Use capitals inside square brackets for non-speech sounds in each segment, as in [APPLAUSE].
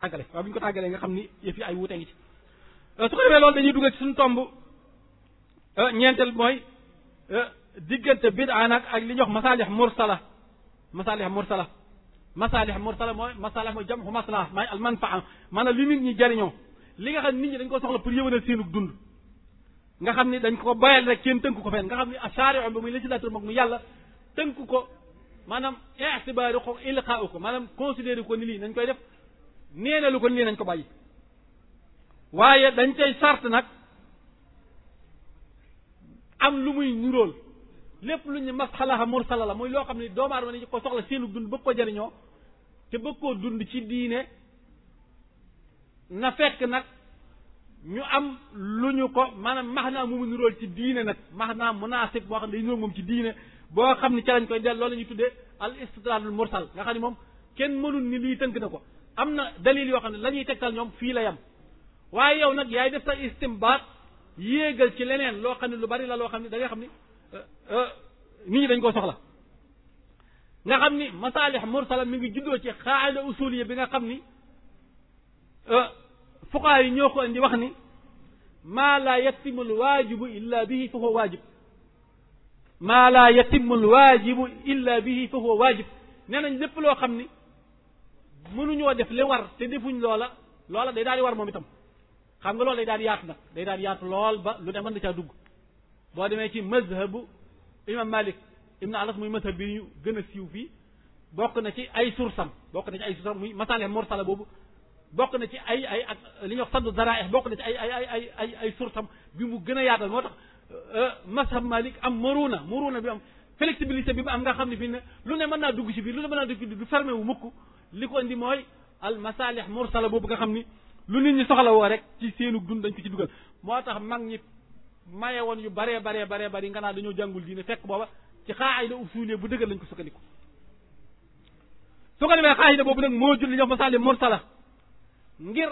tàggale waaw bu ñu ko tàggalee nga xam ni yëf yi ay wuute ngi ci euh, su ko defee loolu dañuy dugal ci suñu tomb euh, ñeenteel mooy euh, diggante bid'a nag ak li ñuy wax masalih mursala masalih mursala masalih mursala mooy masalih mooy jam'u maslaha may al manfaa maanaam li nit ñi jariñoo li nga xam nit ñi dañ ko soxla pour yëwénal seenu dund nga xam ni dañ ko bayal rek kenn tënku ko fenn nga xam ni ashari'u bi muy législateur moom mu yàlla tënk ko maanaam i'tibaari ko ilqaa'u ko maanaam considéré ko ni lii koy def nee lu ko nee nañ ko bàyyi waaye dañ koy sart nag am lu muy nurool lépp lu ñu masxalaha mursala la mooy loo xam ne doomu aadama ni ko soxla seenu dund bëgg ko jariñoo te bëgg koo dund ci diine na fekk nag ñu am lu ñu ko maanaam max naa mu mu nuróol ci diine nag max naa munaasib boo xam ne day nuróol moom ci diine boo xam ne ca lañ koy del loolu la ñuy tuddee al istidlalul mursal nga xam ne moom kenn mënul ni lii tënk na ko am na dalil yoo xam ne la ñuy tegtal ñoom fii la yam waaye yow nag yaay def sa istimbaat yéegal ci leneen loo xam ne lu bari la loo xam ne da nga xam ni euh, euh, nit ñi dañ koo soxla nga xam ni masaalix mursala mi ngi juddoo ci xaada usuliya bi nga xam ni euh, fuqaa yi ñoo ko indi wax ni maa la yatimu alwaajibu illa bihi fa huwa waajib maa laa yatimu alwaajibu illa bihi fa huwa lépp loo xam ni mënuñoo def li war te defuñ loola loola day daal di war moom itam xam nga loolu day daal yaat yaatu nag day daal di yaatu lool ba lu ne mën na caa dugg boo demee ci mazhabu imam Malik ibn Anas muy mazhab bi ñu gën a siiw bi bokk na ci ay sursam bokk na ci ay sursam muy masale morsala boobu bokk na ci ay ay ak li ñuy wax saddu daraih bokk na ci ay ay ay ay ay sursam bi mu gën a yaatal moo tax euh, mazhab Malik am maruna maruna bi am flexibilité bi mu am nga xam ne fii ne lu ne naa dugg ci biir lu ne mën naa dugg du li ko indi mooy al masalih mursala boobu nga xam ni lu nit ñi soxla woo rek ci seenu dund dañ ko ci dugal moo tax mag ñi maye woon yu baree baree baree bari nga naa dañoo jàngul diine fekk booba ci xaayida usuliya bu dëgër lañ ko sukkandiku su ko defee xaayida boobu nag moo jur li ñuy wax masalih mursala ngir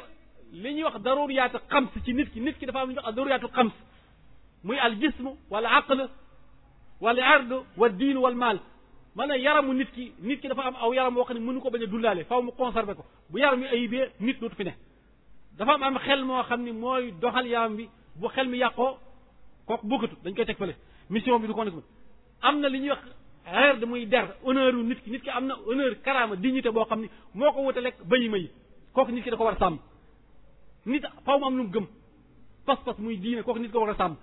li ñuy wax daruriyaatu xams ci nit ki nit ki dafa am li ñuy wax daruriyaatu xams muy al jism wal aql wala ard wa diin wal maal maanaam yaramu nit ki nit ki dafa am aw yaram woo xam ne mënu ko bañ a dundaale faaw mu conserver ko bu yaram yi ayibee nit dootu fi ne dafa am am xel moo xam ne mooy doxal yaram bi bu xel mi yàqoo kooku bokkatu dañ koy teg fële mission bi du ko nekk am na li ñu wax herde muy der honneur yu nit ki nit ki am na honneur karaama dignité boo xam ni moo ko wutaleeg bayi may kooku nit ki da ko war a sàmm nit faw mu am lu mu gëm pas-pas muy diine kooku ko war a sàmm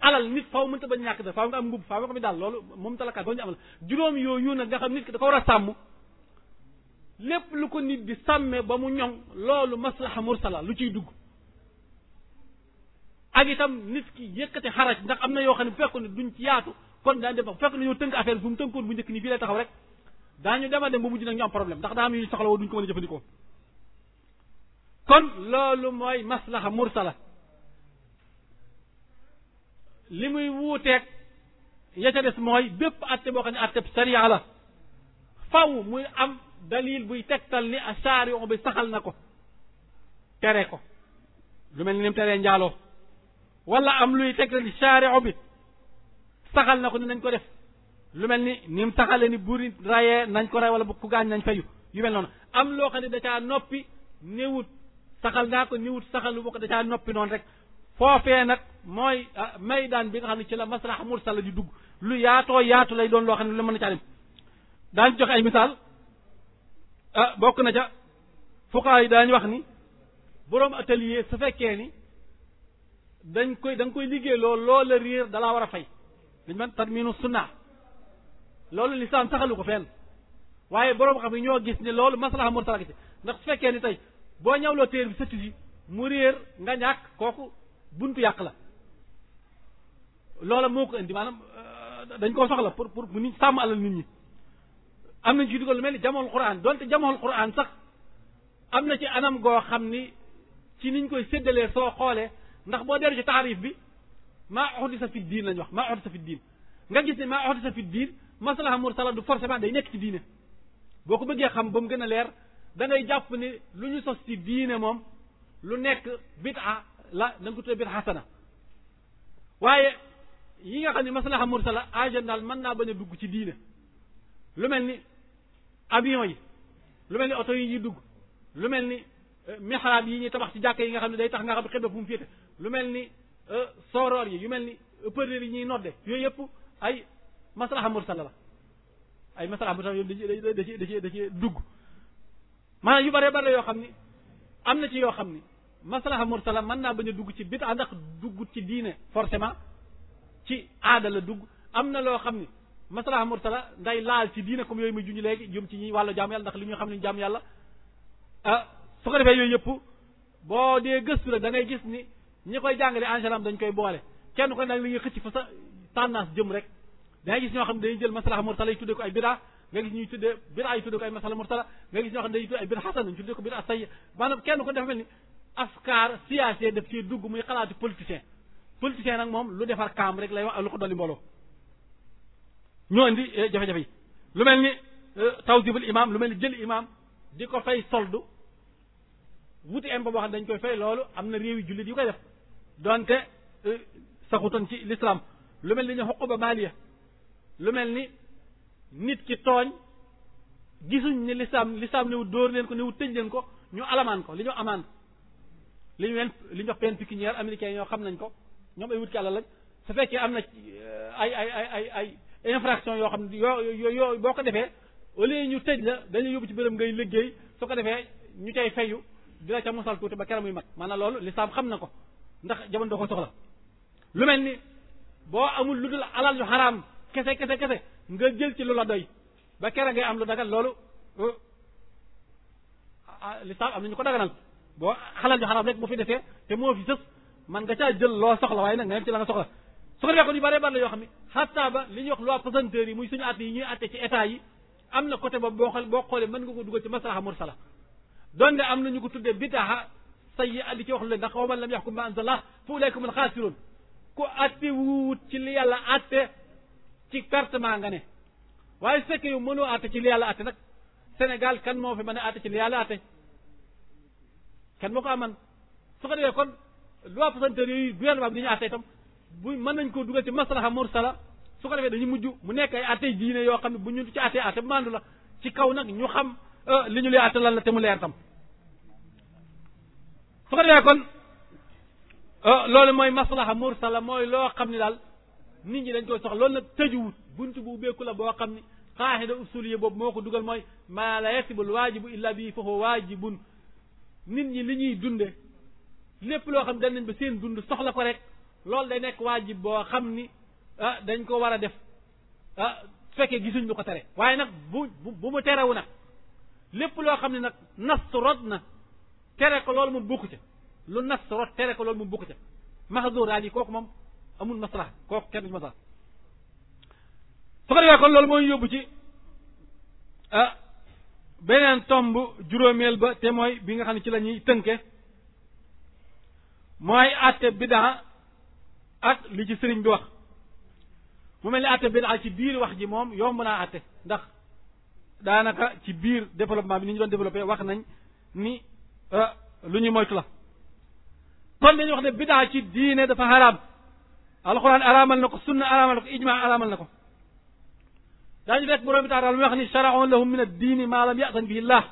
alal nit faaw mënta bañ ñàkk da faaw nga am ngub faaw nga xam ne daal loolu moom talakaat faaw ñu amal juróom yooyu nag nga xam nit ki da war a sàmm lépp lu ko nit di sàmmee ba mu ñoŋ loolu maslaha mursala lu ciy dugg ak itam nit ki yëkkati xaraj ndax am na yoo xam ne bu fekkoon ne duñ ci yaatu kon daan def bu fekkoon ne ñoo tënk affaire fu mu tënkoon bu njëkk nii fii lay taxaw rek daañu dema dem ba mujj nag ñu am problème ndax daa am yu soxla woo duñ ko mën a jëfandikoo kon li muy wuuteeg ya ca des mooy bépp atte boo xam ne atte sariya la faw muy am dalil buy tegtal ni asarion bi saxal na ko tere ko lu mel ni ni mu wala am luy tegtal ni sarion bi saxal na ko ni nañ ko def lu mel ni ni mu ni buri rayee nañ ko ray wala bu ku gaañ nañ fayu yu mel noonu am loo xam ne da caa noppi néewut saxal naa ko néewut saxal lu bokk da caa noppi noonu rek foofee nag mooy ah, maydaan bi nga xam ne ci la masrax mursal di dugg lu yaatoo yaatu lay doon loo xam ne lu mën a caanim daañ joxe ay misaal ah bokk na ca fuqaa yi daañu wax ni boroom atelier su fekkee ni dañ koy da koy liggéey loolu loola riir dalaa war a fay dañ man tarminu sunna loolu lislaam saxalu ko fenn waaye boroom xam yi ñoo gis ne loolu maslaha mursal ci ndax su fekkee ni tey boo ñawloo téer bi sa tuuti mu réer nga ñàkk kooku buntu yàq la loola moo ko indi maanaam euh, dañ koo soxla pour pour bu nit sàmm alal nit ñi am nañ ci ko lu mel ni jamoxul quran donte jamoxul quran sax am na ci anam goo xam ni ci niñ koy séddalee soo xoolee ndax boo dellu ci taarif bi maa uhdisa fi diin lañ wax maa uhdisa fi diin nga gis ne maa uhdisa fi diin maslaha mursala du forcément day nekk ci diine boo ko bëggee xam ba mu gën a leer da jàpp ni lu ñu sos ci diine moom lu nekk bid'a la da nga ko tuddee waaye yi nga xam ne maslaha mursala agent daal mën naa bañ a dugg ci diine lu mel ni avion yi lu mel ni oto yi ñuy dugg lu mel ni euh, mihraab yi ñuy tabax ci jàkk yi nga xam ne day tax nga xam xet ba fu mu féete lu mel ni euh, soroor yi yu mel ni përéer yi ñuy nodde yooyu yëpp ay maslaha mursala la ay maslaha mursala yooyu da ci da ci da ci dugg maanaam yu bare bare yoo xam ni am na ci yoo xam ni maslaha mursala man naa bañ a dugg ci bid'a ndax dugg ci diine forcément ci aada dugg am na loo xam ni maslaha mursala nday laal ci diine comme yooyu muy junj léegi jëm ci ñi wàllu jaam yàlla ndax li ñu xam ne jaam yàlla ah su ko defee yooyu yëpp boo dee gëstu rek da gis ni ñi koy jàngale en général dañ koy boole kenn ko nag li ñuy xëcc fa sa tendance jëm rek da ngay gis ñoo xam ne dañuy jël maslaha mursala yi tuddee ko ay bid'a nga gis ñuy tuddee bid'a yi tuddee ko ay maslaha mursala nga ñoo xam ne dañuy tuddee ay bid'a xasana ñu tuddee ko kenn ko dafa mel ni afkaar siyaase daf cee dugg muy xalaatu politicien politicien nag moom lu defar kaam rek lay wax lu ko dolli mbooloo ñoo indi eh, jafe-jafe yi lu mel ni eh, tawsibul imam lu mel ni jël imam di ko fay soldu wuti impa boo xam ne dañ koy fay loolu am na réew yi jullit yu koy def donte eh, saxutoon ci l'islam lu mel ni ñu xuquba maaliya lu mel ni nit ki tooñ gisuñ ni l'islam l'islam ne wu dóor leen ko ne wu tëj leen ko ñu alamaan ko li ñu amaan li ñu leen li ñu wax peine pécuniaire américain ñoo xam nañ ko ñoom ay wut ki àlla lañ su fekkee am na euh, ay ay ay ay ay infraction yoo xam ne yoo yoo yoo boo ko defee au lieu ñu tëj la dañuy yóbbu ci bërëm ngay liggéey su ko defee ñu cay fayyu dina ca mosal tuuti ba keram muy man na loolu lislaam xam na ko ndax jamono doo ko soxla lu mel ni boo amul lu dul alal yu xaraam kese kese kese nga jël ci lu la doy ba kera ngay am lu dagal loolu euh, ah, lislaam am na ñu ko daganal boo xalal ju xaraam rek bu fi defee te moo fi sës man nga ca jël loo soxla waaye nag nga yem ci la nga soxla su ko defee kon yu bëree bëri la yoo xam ne ba li ñuy wax loi pesanteurs yi muy suñu at yi ñuy atte ci état yi am na côté boobu boo xool boo xoolee mën nga ko dugal ci am na ñu ko tuddee bidaha sayyi'a di ci wax lu leen ndax wa man lam yahkum ma anzala fa ulaykum al xaasirun ku atte wuut ci li yàlla atte ci pertement nga ne waaye su fekkee mën mënoo atte ci li nag Sénégal kan moo fi mën a atte ci li yàlla atte kenn moo ko aman su ko defee kon lu waa pasanteur yooyu gouvernement bi di ñu àtte itam bu mën nañ koo dugal ci maslaha mursala su ko defee dañu mujj mu nekk ay àtte yoo xam ne bu ñu ci àtte àtte la ci kaw nag ñu xam euh, li ñu lay àtte te mu leer tam su ko defee kon euh, loolu mooy maslaha mursala mooy loo xam ne daal nit ñi dañ koy soxla loolu na tëjuwut buntu bu ubbeeku la boo xam ni xaaxida usuliya boobu moo ko dugal mooy maa la yasibul waajibu illa bii fa huwa waajibun nit ñi li ñuy dunde lépp loo xam dañ nañ ba seen dund soxla ko rek loolu day nekk waajib boo xam ni ah, dañ ko war a def ah fekkee gisuñ lu ko tere waaye nag bu bu mu terewu nag lépp loo xam ne nag nas rot na tere ko loolu mu bukk ca lu nas rot tere ko loolu mu bukk ca maxduraat yi kooku moom amul maslaha kooku kenn du maslaha su ko defee kon loolu mooy yóbbu ci ah beneen tomb juróomeel ba te mooy bi nga xam ne ci la ñuy tënke mooy àtte bidaa ak li ci sëriñ bi wax mu mel ni àtte bidaa ci biir wax ji moom yomb naa àtte ndax daanaka ci biir développement bi ni ñu doon développé wax nañ ni euh, lu ñu moytu la kon dañuy wax ne bidaa ci diine dafa xaraam alxuraan araamal na ko sunna araamal na ko ijma araamal na ko daañu fekk borom bi taala muy wax ni sharaon lahum min ad-diini maa lam ya'zan bihi llah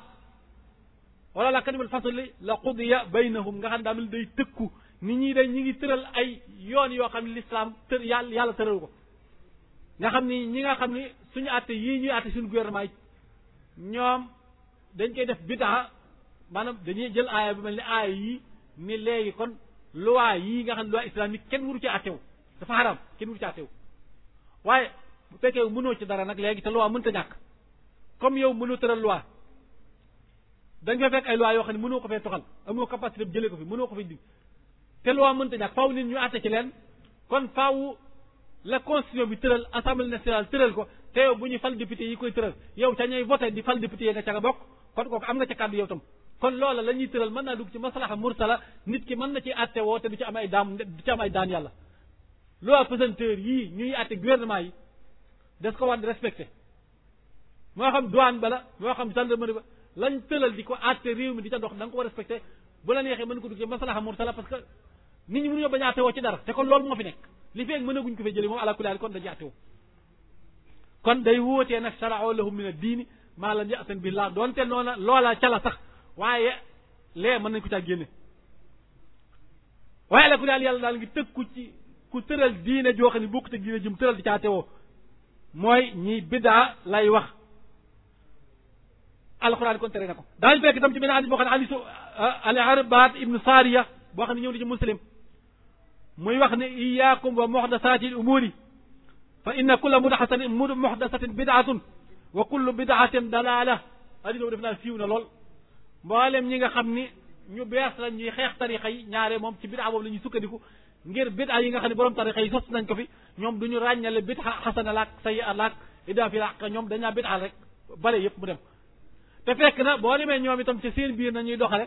wala la kalimul fasli la qudiya baynahum nga xam ne daa day tëkku nit ñi day ñi ngi tëral ay yoon yoo xam ne l'islam tër yàlla yàlla tëral ko nga xam ni ñi nga xam ni suñu àtte yii ñuy àtte suñu gouvernement yi ñoom dañ koy def bidaa maanaam dañuy jël aaya bi mel ni aaya yi ni léegi kon loi nga xam ne loi islamique kenn waru ci àttewu dafa xaram kenn waru ci àttewu bu fekkee mënoo ci dara nag léegi te loi mënta ñàkk comme yow mënoo tëral loi dañ fay fekk ay loi yoo xam ne mënoo ko fee toxal amoo capacité bi jëlee ko fi mënoo ko fi di te loi mënta ñàkk faaw nit ñu àtte ci leen kon faaw la constitution bi tëral assemblée nationale tëral ko te yow bu ñu fal député yi koy tëral yow ca ñay voté di fal député yi nga ca nga bokk kon kooku am nga ca kàddu yow tam kon loola la ñuy tëral mën naa dugg ci maslaha mursala nit ki mën na ci àtte woo te du ci am ay daam du ci am ay daan yàlla loi pesanteur yii ñuy àtte gouvernement yi des ko war di respecté moo xam doon ba la moo xam gendarmerie ba lañ tëlal di ko àtte réew mi di ca ndox da ko war respecté bu la neexee mën ko dugg ci maslaha mursala parce que nit ñi mënuñoo bañ a àttewoo ci dara te kon loolu moo fi nekk li feeg mënaguñ ko fee jëlee moom ala kulli kon kon day wóotee nag shara'u lahum min ad-diini maa lam ya'zan bihi Allah doonte noona loola ca la sax waaye lee mën nañ ko caa génne waaye ala kulli yàlla daal ngi tëkku ci ku tëral diine joo xam ne bokk te diine jëm tëral di ca àttewoo mooy ñiy bidaa lay wax alxuraan kon tere na ko daañu fekk tam ci benn hadis boo xam ne hadisu uh, al arbaat ibnu saariya boo xam ne ñëw na ci muslim muy wax ne iyaakum wa muxdasaati l umuuri fa inna kulla mudaxasatin muxdasatin bidaatun wa kullu bidaatin dalaala hadis boobu def naa siiw na lool mboolem ñi nga xam ni ñu bees la ñuy xeex tarixa yi ñaare moom ci bidaa boobu la ñuy sukkandiku ngir bid'a yi nga xam ne borom tarixa yi sos nañ ko fi ñoom du ñu ràññale bid'a xasana laak sayyi'a laak a laak ñoom dañaa bid'a rek bale yëpp mu dem te fekk na boo demee ñoom itam ci seen biir nañuy doxale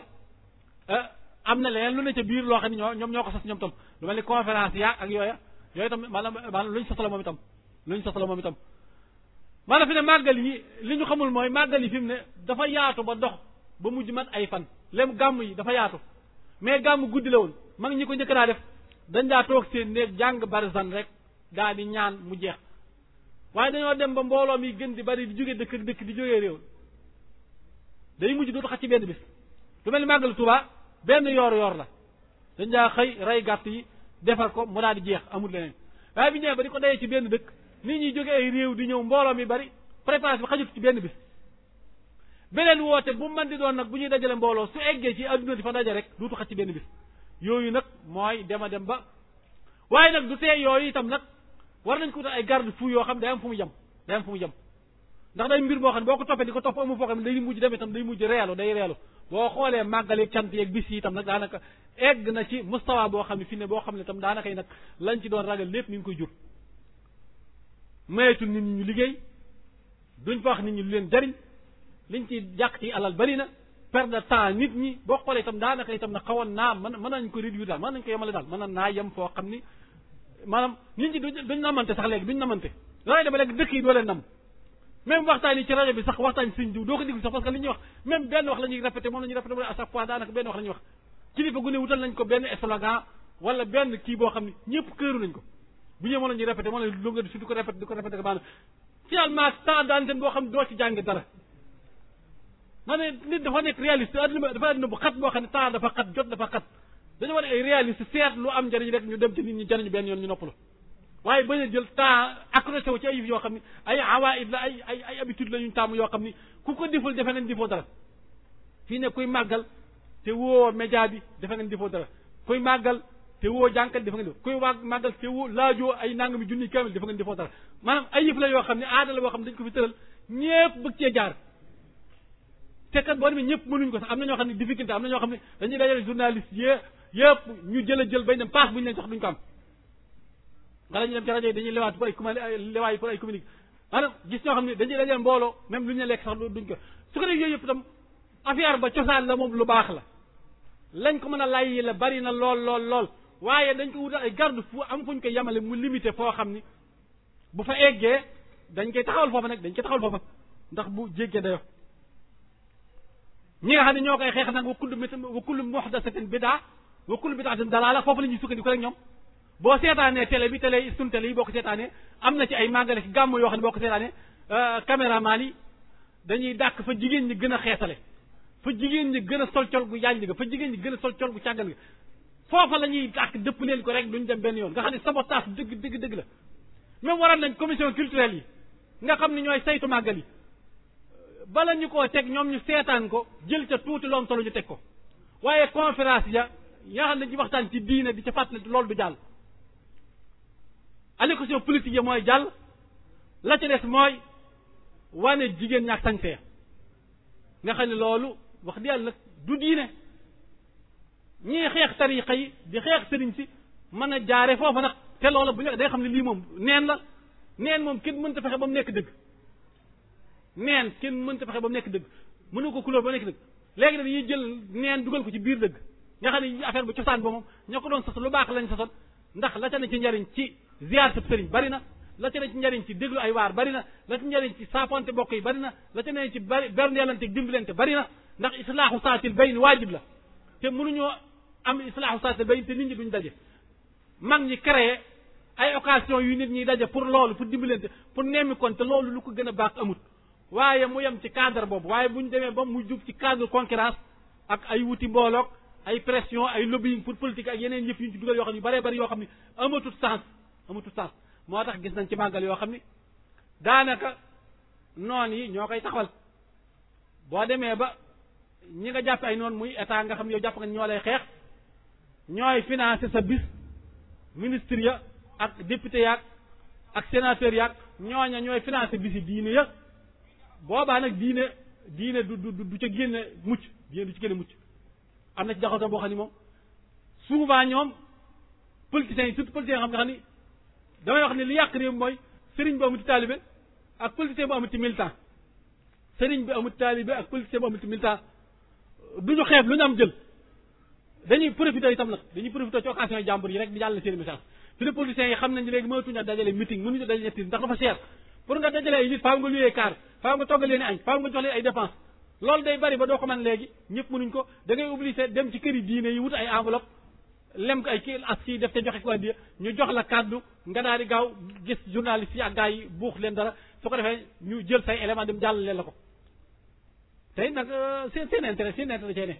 eh, am na leneen lu ne biir loo xam ñoo ñoom ñoo ko ñoom tam lu mel ni conférence yaa ak yooya yooyu itam maanaam a lu ñu sos la moom itam lu ñu sos la moom itam maanaam fi ne màggal yi li ñu xamul mooy màggal yi fi mu ne dafa yaatu ba dox ba mujj mat ay fan lém gàmm yi dafa yaatu mais gàmm guddi la woon mag ñi ko njëkk naa def dañ daa toog seen néeg jàng barzan rek daa di ñaan mu jeex waaye dañoo dem ba mbooloo mi gën di bari di jóge dëkk dëkk di jógee réew day mujj du xaj ci benn bis lu mel ni màggal Tuubaa benn yoor yoor la dañ daa xëy ray gàtt yi defar ko mu daal di jeex amul leneen waaye bi ñëwee ba di ko dayee ci benn dëkk nit ñi jóge ay réew di ñëw mbooloo mi bari préparation bi xajut ci benn bis beneen woote bu mën di doon nag bu ñuy dajale mbooloo su eggee ci adduna di fa daje rek duutu xaj ci benn bis yooyu nag mooy dema dem ba waaye nag du tee yooyu itam nag war nañ ko ay garde fou yoo xam day am fu mu jam day am fu jam ndax day mbir boo xam ne boo ko toppee di ko topp amu foo xam ne day mujj dem itam day mujj boo xoolee màggal yeeg cant yeeg bis yi itam nag daanaka egg na ci mustawa boo xam ne fi ne boo xam ne itam daanaka nag lañ ci doon ragal lépp mi ngi koy jur mayetul nit ñi ñu liggéey duñ fa ni nit lu leen jariñ liñ ci jàq ci alal bari na perte de temps nit ñi boo xoolee itam daanaka itam na xawoon naa mën mën nañ ko réduire daal mën nañ ko yemale daal mën naa yem foo xam ni maanaam nit ñi duñ namante sax léegi duñ namante dangay dem léegi dëkk yi doo leen nam même waxtaan yi ci rajo bi sax ko wax même benn wax la ñuy benn wax la ñuy wax kilifa gu nañ ko benn slogan wala benn kii boo xam ne ñëpp këru nañ ko bu ñëwee moom la ñuy répété moom la longueur de suite di ko répété di ko répété ko baana finalement temps d'antenne boo xam doo ci jànge dara ma ne nit dafa nekk réaliste adduna dafa adduna bu xat boo xam ne temps dafa xat jot dafa xat dañu war ay réaliste seet lu am njëriñ rek ñu dem ci nit ñi jëriñu benn yoon ñu noppalu waaye ba a jël temps accroché wu ci ay yëf yoo xam ne ay awaid la ay ay ay habitude la ñu tàmm yoo xam ni ku ko diful defe nañ difoo dara fii ne kuy màggal te woo média bi defe ngeen difoo dara kuy màggal te woo jànkal defe ngeen difoo kuy waa màggal te woo laajoo ay nangami junni kaamil defe ngeen difoo dara maanaam ay yëf la yoo xam ne aada la boo xam ne dañ ko fi tëral ñépp bëgg cee jaar te kat boo demee ñëpp mënuñ ko sax am na ñoo xam ne difficulté am na ñoo xam ne dañuy dajale journaliste yee yëpp ñu jël a jël bañ dem paas buñ leen sax duñ ko am nga ñu dem ci rajo yi dañuy lewaat pour ay commune lewaay pour ay communique maanaam gis ñoo xam ne dañuy dajale mbooloo même lu ñu lekk sax duñ ko su ko def yooyu yëpp itam affaire ba cosaan la moom lu baax la lañ ko mën a lay yi la bari na lool lool lool waaye dañ ko wutal ay garde fu am fuñ ko yemale mu limité foo xam ni bu fa eggee dañ koy taxawal foofa nag dañ koy taxawal foofa ndax bu jéggee dayo ñi nga xam ne ñoo koy xeex nag wa kullu wa kullu muhdathatin bid'a wa kullu bid'atin dalaala foofu la ñuy sukkandiku rek ñoom boo seetaanee télé bi télé sun télé yi boo ko seetaanee am na ci ay màggale ci gàmm yoo xam ne boo ko seetaanee euh, caméraman yi dañuy dàq fa jigéen ñi gën a xeesale fa jigéen ñi gën a sol col gu yaañ ga fa jigéen ñi gën a sol col gu càggan ga foofa la ñuy dàq dëpp leen ko rek duñ dem benn yoon nga xam ne sabotage dëgg dëgg dëgg la même waroon nañ commission culturelle yi nga xam ne ñooy saytu màggal yi bala ñu ko teg ñoom ñu seetaan ko jël ca tuuti loom solo ñu teg ko waaye conférence ya yaa xam ne dañuy waxtaan ci diine di ca fàttali loolu du jàll allocution politique ya mooy jàll la ca des mooy wane jigéen ñaak sañsee nga xam ne loolu wax di yàlla nag du diine ñii xeex tariqa yi di xeex sëriñ si mën a jaare foofa nag te loola bu ñu day xam ne lii moom neen la neen moom kenn mënta fexe ba mu nekk dëgg neen kenn mënta fexe ba nekk dëgg mënu ko couleur ba nekk dëgg léegi dañuy jël neen dugal ko ci biir dëgg nga yi ne affaire bu cosaan ba moom ña ko doon sos lu baax lañ sosoon ndax la ca ne ci njariñ ci ziar sab sëriñ bari na la ca ne ci njariñ ci déglu ay waar bari na la ca njariñ ci saafonte bokk yi bari na la ca ne ci bari berndeelante dimbalante bari na ndax islaaxu saatil bayn waajib la te mënuñoo am islaaxu saatil bayn te nit ñi duñ daje mag ñi créé ay occasion yu nit ñi daje pour loolu pour dimbalante pour nemmi te loolu lu ko gën a baax amut waaye mu yem ci cadre boobu waaye bu ñu demee ba mu jub ci cadre concurrence ak ay wuti mbooloog ay pression ay lobbying pour politique ak yeneen yëf yu ñu ci dugal yoo xam ne yu bëree yoo xam ne amatut sens amatut sens moo tax gis nañ ci màggal yoo xam ne daanaka noon yi ñoo koy taxawal boo demee ba ñi nga jàpp ay noonu muy état nga xam ne yow jàpp nga ñoo lay xeex ñooy financé sa bis ministre ya ak député yaak ak sénateur yaak ñooña ñooy financé bisi diine ya boobaa nag diine diine du du du ca génne mucc diine du ci génne mucc am na ci jaxasoo boo xam ni moom souvent ñoom politiciens yi surtout politiciens xam nga xam ni ni li yàq mooy sëriñ bu amut taalibe ak politicien bu amut ci militant sëriñ bi amut taalibe ak politicien bu amut ci militant du ñu xeeb lu ñu am jël dañuy profité itam nag dañuy profité ci occasion yi jàmbur yi rek di jàll seen message dajale meeting ndax dafa cher pour nga dajale ay nit faaw nga luyee kaar faaw nga toggal leen añ faaw nga jox leen ay dépense loolu day bari ba doo ko man léegi ñëpp mënuñ ko dangay ngay obligé dem ci këri diine yi wut ay enveloppe lem ko ay kii as kii def te joxe ko addiya ñu jox la kàddu nga daal di gaaw gis journaliste yi ak gars yi buux leen dara su ko defee ñu jël say élément dem jàllale la ko tey nag euh, seen seen intérêt seen intérêt cee ne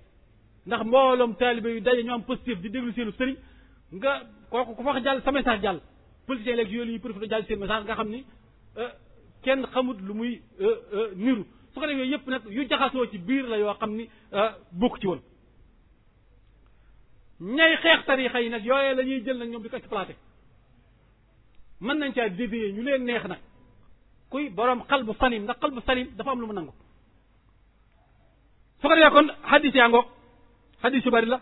ndax mbooloom taalibe yu daje ñu am positif di déglu seenu sëriñ nga kooku ku fa wax jàll sa message jàll politiciens léegi yooyu la ñuy profité jàll seen message nga xam ni Euh, kenn xamut lu muy euh, euh, niru su ko defee yëpp nag yu jaxasoo ci biir la yoo xam ni bokk ci woon ñay xeex tarixa yi nag yooyee la jël nag ñoom di ko exploité mën nañ caa dévier ñu leen neex nag kuy boroom xal bu salim ndax xal bu salim dafa am lu mu nangu su ko defee kon xadis yaa ngoog xadis yu bari la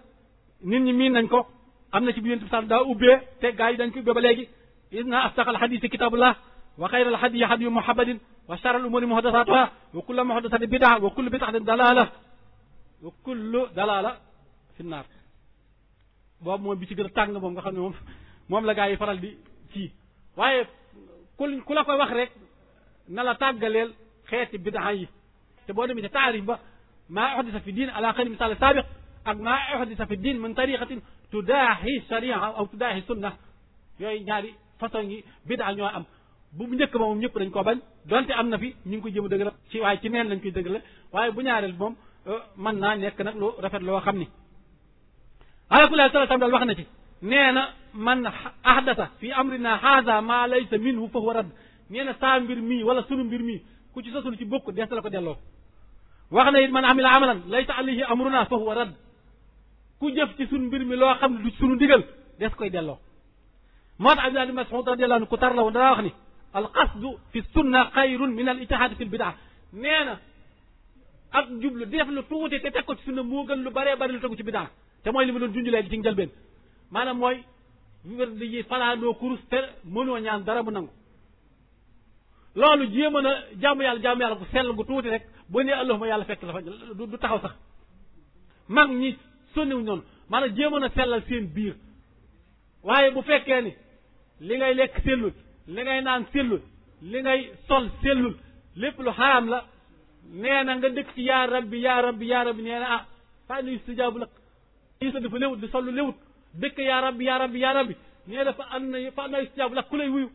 nit ñi miin nañ ko am na ci bi yéen daa ubbee te gaa yi dañ ko ubbee ba léegi is naa astaxal xadisi kitabullah wa xayral hadyi hadyu muhammadin wa sharral umuri muhdathatuha wa kullu muhdathatin bid'a wa kullu bid'atin dalala wa kullu dalala fi naar boobu moom bi ci gën a tàng moom nga xam ne moom moom la gaa yi faral di ci waaye ku ku la koy wax rek na la tàggaleel xeeti bid'a yi te boo demee ci taarif ba maa uhdisa fi diin ala xayri misaal saabiq ak maa uhdisa fi diin min tariqatin tudaahi sharia aw tudaahi sunna yooyu ñaari façon yi bid'a ñoo am bu njëkk ba moom ñëpp dañ koo bañ donte am na fi ñu ngi koy jëm a dëgëral ci waaye ci neen lañ koy dëgëral waaye bu ñaareel moom euh, mën naa nekk nag lu rafet loo xam ni alakulai sala tam daal wax na ci nee na man ahdasa fi amrina haada ma laysa minhu fa huwa radd nee na saa mbir mi wala sunu mbir mi ku ci sosul ci bokk des la ko delloo wax na it man amila amalan laysa alayhi amruna fa huwa radd ku jëf ci sunu mbir mi loo xam ne du sunu ndigal des koy delloo moo tax abdullah ibn mas'ud radiyallahu anhu ku tar la wax ni al qasdu fi sunna xayrun min al itihaad fi l bidaa na ak jublu def lu tuuti te teg ko ci sunna moo lu baree bari lu tegu ci bidaa te mooy li mu doon junjulee ci njëlbeen maanaam mooy wérd yi fanaanoo kurus te mënoo ñaan dara mu nangu loolu jéem a jaamu yàlla jaamu yàlla gu sell gu tuuti rek boo nee allahuma yàlla fekk la fa du taxaw sax mag ñi sonniwu noonu maanaam jéem a sellal seen biir waaye bu fekkee ni li ngay lekk sellut li naan sellul li ngay sol sellul lépp lu xaraam la nee na nga dëkk ci yaa rabbi yaa rabbi yaa rabbi nee na ah faa nuyu sijaabu lak yi sa dafa léwut dëkk yaa rabbi yaa rabbi yaa rabbi nee na fa am na fa am na sijaabu lak ku lay wuyu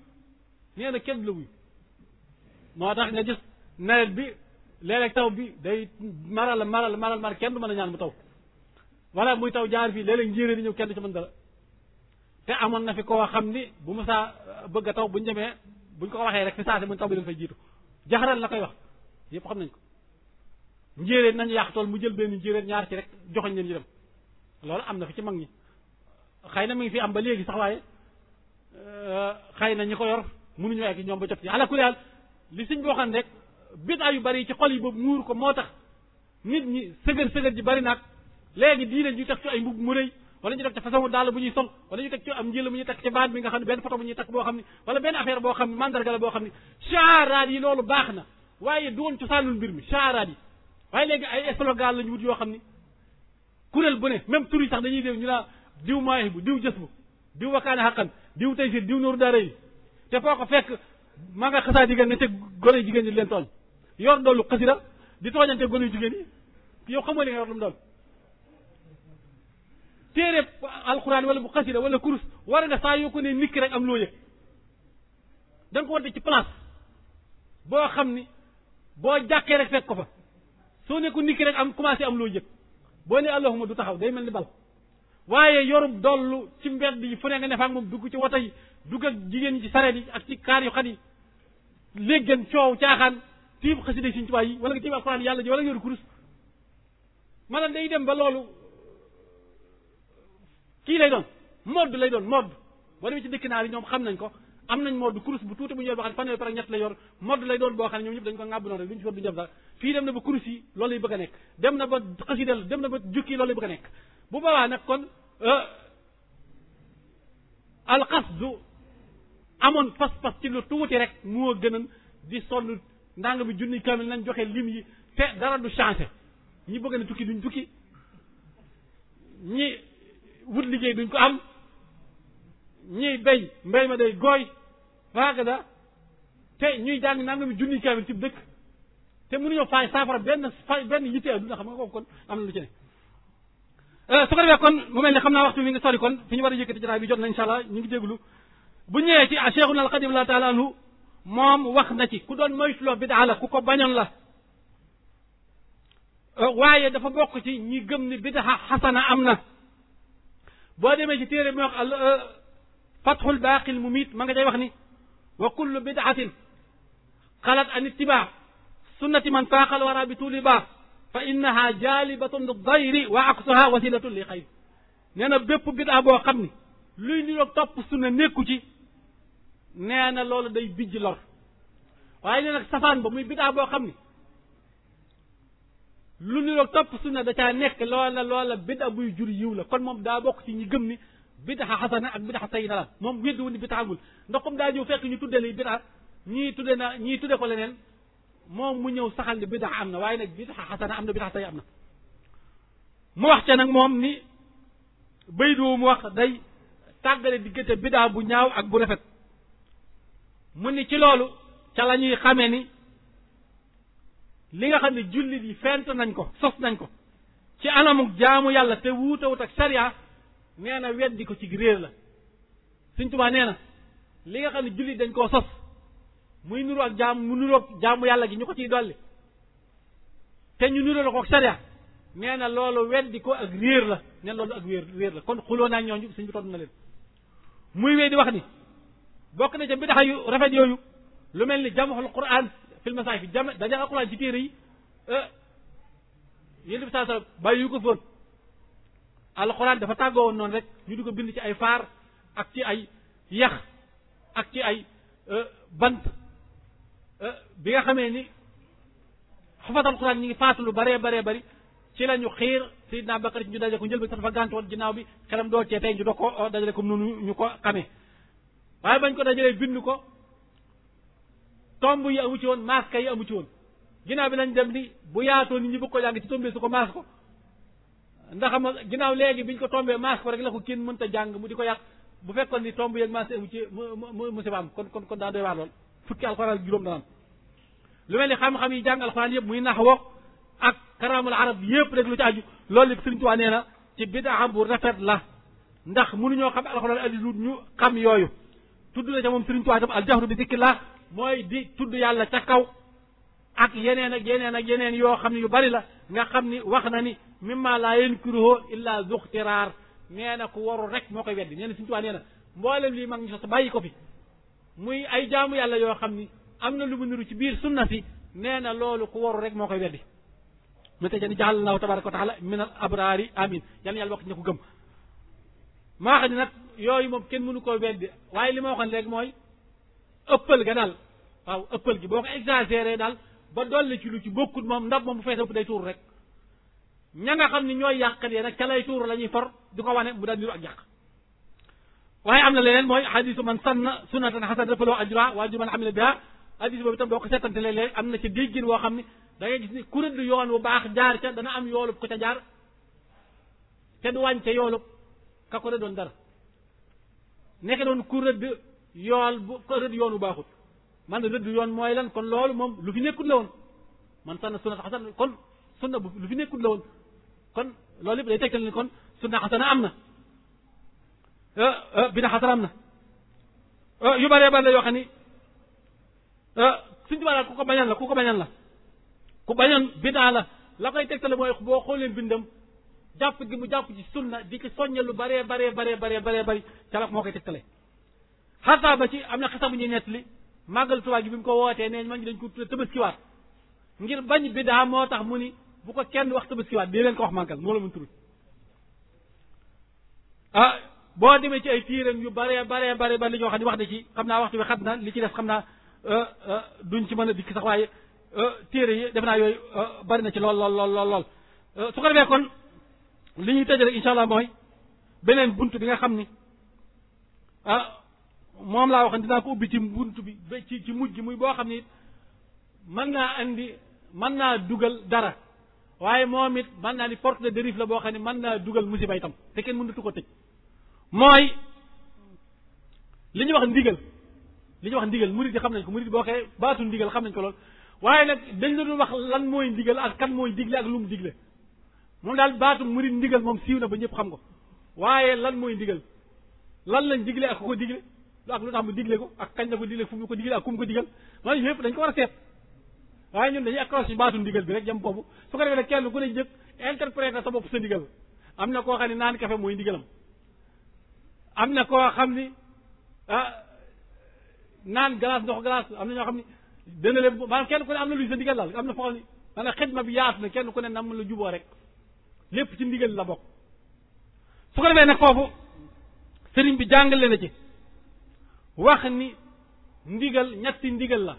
nee na la wuyu moo tax nga gis nawet bi léeg taw bi day maral maral maral maral kenn du mën ñaan mu taw wala muy taw jaar fii léeg-léeg njéeréer di ñëw kenn du ci mën te amoon na fi koo xam ni bu mu saa euh, bëgg a taw buñu demee buñ ko waxee rek fi saasi mu taw bi leen fay jiitu jaxaral la koy wax yépp xam nañ ko njéeréer nañu yàq tool mu jël benn njéeréer ñaar ci rek joxoñ leen ñu dem loolu am na fi ci mag ñi xëy na mi ngi fi am ba léegi sax waaye euh, xëy na ñi ko yor mënuñu egg ñoom ba jot ci ala kulli haal li suñ boo xam rek bidaa yu bari ci xol yi boobu muur ko moo tax nit ñi sëgër sëgër ji bari nag léegi diine ñu tax ay mbub mu rëy wala ñu def ca façon daal bu ñuy sol wala ñu teg ci am njël bu ñuy baat bi nga xam ne benn photo bu ñuy boo xam ne wala benn affaire boo xam ne mandarga la boo xam ne caaraat loolu baax na waaye du woon cosaanul bir mi caaraat yi waaye léegi ay slogan lañu wut yoo xam ne kuréel bu ne même tur yi sax dañuy def naa diw maayi bu diw jës bu diw wakkaane diw tey si diw nooru daara yi te foo ko fekk maa nga xasaa jigéen nga te gone jigéen ñi leen tooñ yor doolu xasira di tooñante gone jigéen yi yow xamoo li nga yor lu mu doon téere alxuraan wala bu xasida wala kurus war nga saa yoo ko ne nikk rek am loo yëg da ko war ci place boo xam ni boo jàkkee rek fekk ko fa soo ne ko nikk rek am commencé am loo yëg boo ne allahuma du taxaw day mel ni bal waaye yorub dollu ci mbedd yi fu ne nga ne fa moom dugg ci wata yi dugg ak jigéen ñi ci sareet yi ak ci kaar yu xat yi léeggan coow caaxaan tiim xasida Sëriñ Tuubaa yi wala nga tiim alxuraan yàlla ji wala nga yor kurus ba loolu kii lay doon modd lay doon modd boo demee ci dëkk naar yi ñoom xam nañ ko am nañ modd kurus bu tuuti bu ñu yor boo xam ne fanweer par ak ñett lay yor modd lay doon boo xam ne ñoom ñëpp dañ ko ŋàbb noonu rek fii dem na ba kurus yi loolu lay bëgg a nekk dem na ba xasidel dem na ba jukki loolu lay bëgg a nekk bu boobaa nag kon euh, alxasdu amoon pas-pas ci lu tuuti rek moo gënoon di sonn ndànk bi junni kamil nañ joxe lim yi te dara du changé ñi bëgg tukki duñ tukki wut liggéey duñ ko am ñuy bay mbay ma day gooy waagada te ñuy daan jàng nangami junni kaamil ci dëkk te mënuñoo faay saafara benn faay benn yitte adduna xam nga kooku kon am na lu ci ne euh, su ko defee kon mu mel ne xam naa waxtu mi ngi sori kon fi ñu war a yëkkati jataay bi jot na insha allah ñu ngi déglu bu ñëwee ci cheikhuna alxadim la taala anhu moom wax na ci ku doon moytuloo bidaa la ku ko bañoon la euh, waaye dafa bokk ci ñi gëm ni bidaa xasana am na boo demee ci téere bi ma wax al euh, fatxul nga day wax ni wa kullu bidaatin xalat an ittibaa sunnati man faaqal wara bi tuuli baa fa innaha jaalibatun li dayri wa aksuha wasilatun li xayr nee na bépp bidaa boo xam ni luy niroog topp sunna nekku ci nee na loolu day bijj lor waaye nee nag safaan muy bidaa boo xam ni lu niroog topp sunna da caa nekk loola loola bid'a buy jur yiw la kon moom daa bokk ci ñi gëm ni bid'a xasana ak bid'a sayyida la moom weddi wu ndax comme daa ñëw fekk ñu tudde li bid'a ñii tudde na ñii tudde ko moom mu ñëw saxal ni bid'a am na waaye nag bid'a xasana am na bid'a sayyida am na mu wax ca nag moom ni baydu mu wax day tàggale diggante biddaa bu ñaaw ak bu rafet mu ni ci loolu ca la ñuy ni li nga xam ne jullit yi fent nañ ko sos nañ ko ci anamuk jaamu yàlla te wuutawut ak sariya nee na weddi ko ci réer la Sëñ Tuubaa nee na li nga xam ne jullit dañ koo muy nuru ak jaam yàlla gi ñu ko ciy dolli te ñu nuru la ko ak sariya nee na loolu weddi ko ak réer la nee loolu ak wéer réer la kon xuloo naa ñooñu sëñ bi tontu na leen muy wéy di wax ni bokk na ca bidaxa yu rafet yooyu lu mel ni jamaxul Qur'an fil masaahif jàmm daje alxuraan ci téere yi eh, yéen bi saa sa bàyyi yu ko foon alxuraan dafa tàggoo woon noonu rek ñu di ko bind ci ay faar ak ci ay yax ak ci ay eh, bant eh, bi nga xamee ni xafat alxuraan ñi ngi faatu lu baree baree bari ci la ñu xiir Seydina Bakar ñu daje ko njël bi sax dafa gàntoon ginnaaw bi xelam doo cee ñu doo ko dajale comme noonu ñu ko xamee waaye bañ ko dajalee bind ko tomb yi amu ci woon masque yi amu ci woon ginnaaw bi nañ dem ni bu yaatoo nit ñu bëgg ko jàng ci tombee su ko masque ko ndax xam nga ginnaaw léegi biñ ko tombee masque ko rek la ko kenn mënta jàng mu di ko yàq bu fekkoon ni tomb yeeg masque amu ci musiba am kon kon kon daa doy waar lool fukki alxuraan juróom dana lu mel ni xam-xam yi jàng alxuraan yëpp muy nax wo ak karaamul arab yëpp rek lu ci aju loolu lépp Sëriñ Tuubaa nee na ci bidaa bu rafet la ndax mënuñoo xam alxuraan addi lu ñu xam yooyu tudd na ca moom Sëriñ Tuubaa tam aljahru bi zikrillah mooy di tudd yàlla ca kaw ak yeneen ak yeneen ak yeneen yoo xam ne yu bari la nga xam ni wax na ni mimma laa yankuruhu illa zuxtiraar nee na ku warul rek moo koy weddi nee na suñu na mboolem lii mag ñu sos bàyyi ko fi muy ay jaamu yàlla yoo xam ni am na lu mu niru ci biir sunna si nee na loolu ku warul rek moo koy weddi mu te ni jaxal allahu tabaraka wa taala min abraari amin yal yàlla bokk ñu ko gëm maa xam ne nag yooyu moom kenn mënu koo weddi waaye li ma waxoon léegi mooy ëppal ga daal waaw ëppal gi boo ko exagéré daal ba dolli ci lu ci bokkut moom ndab moom bu fees ëpp day tuur rek ña nga xam ni ñooy yàqat yee nag ca lay tuur la ñuy for di ko wane mu daal niru ak yàq waaye am na leneen mooy xadisu man sanna sunnatan xasana faloo ajra wa ajru man amila biha hadis boobu itam boo ko seetante léeg-léeg am na ca déggin woo xam ne da ngay ku rëdd yoon bu baax jaar ca dana am yoolub ko ca jaar te du wàññi ca yoolub ka ko nekk doon yool bu ko yoon yoonu baaxut man rëdd yoon mooy lan kon loolu moom lu fi nekkut la woon man sanna sunna xasan kon sunna bu lu fi nekkut la woon kon loolu yëpp day tegtal ni kon sunna xasana am na eh, eh, bida xasana am na eh, yu bëree bëri la yoo xam ni suñu ku ko bañan la ku ko bañan la ku bañan binaa la la koy tegtale mooy boo xoolee bindam jàpp gi mu jàpp ci sunna di ci soññe lu bëree bëree bëree bëree bëree bëri ca la moo koy tegtale xataa ba ci am na xisa bu ñuy nettali màggal Tuubaa gi bi mu ko wootee nee mag ñi dañ ko tuddee tabaskiwaat ngir bañ bi daa moo tax mu ni bu ko kenn wax tabaskiwaat dee leen ko wax màggal moo la mun tudd ah boo demee ci ay tiiram yu bare bare bare ba li ñoo xam ne wax na ci xam naa waxtu bi xam na li ci def xam naa euh, euh, duñ ci mën a dikk sax waaye euh, téere yi def naa yooyu bari na ci lool lool lool lool su ko defee kon li ñuy tëjale incha allah mooy beneen bunt bi nga xam ni ah, moom laa waxoon dinaa ko ubbi ci bunt bi ba ci ci mujj muy boo xam ne it naa andi man naa dugal dara waaye moom it mën naa ni porte de dérive la boo xam ne mën naa dugal musiba itam te kenn tu ko tëj mooy li ñu wax ndigal li ñu wax ndigal murid yi xam nañ ko murid boo xee baatu ndigal xam nañ ko lool waaye nag dañ la doon wax lan mooy ndigal ak kan mooy digle ak lu mu digle moom daal baatu murid ndigal moom siiw na ba ñëpp xam ko waaye lan mooy ndigal lan lañ digle ak ku ko digle lu ak lu tax mu digle ko ak kañ la ko digle fu mu ko digle ak ku mu ko digal loolu yëpp dañ ko war a seet waaye ñun dañuy accroché baatu ndigal bi rek jëm boobu su ko defee kenn ku ne jëkk interpréter sa bopp sa ndigal am na koo xam ne naan kafe mooy ndigalam am na koo xam ah, naan glace ndox glace am na ñoo xam ne dana leen maanaam kenn ku na luy sa ndigal daal am na foo xam ne maanaam xidma bi yaatu na kenn ku ne nam la juboo rek lépp ci ndigal la bokk su bi jàngale na ci wax ni ndigal ñetti ndigal la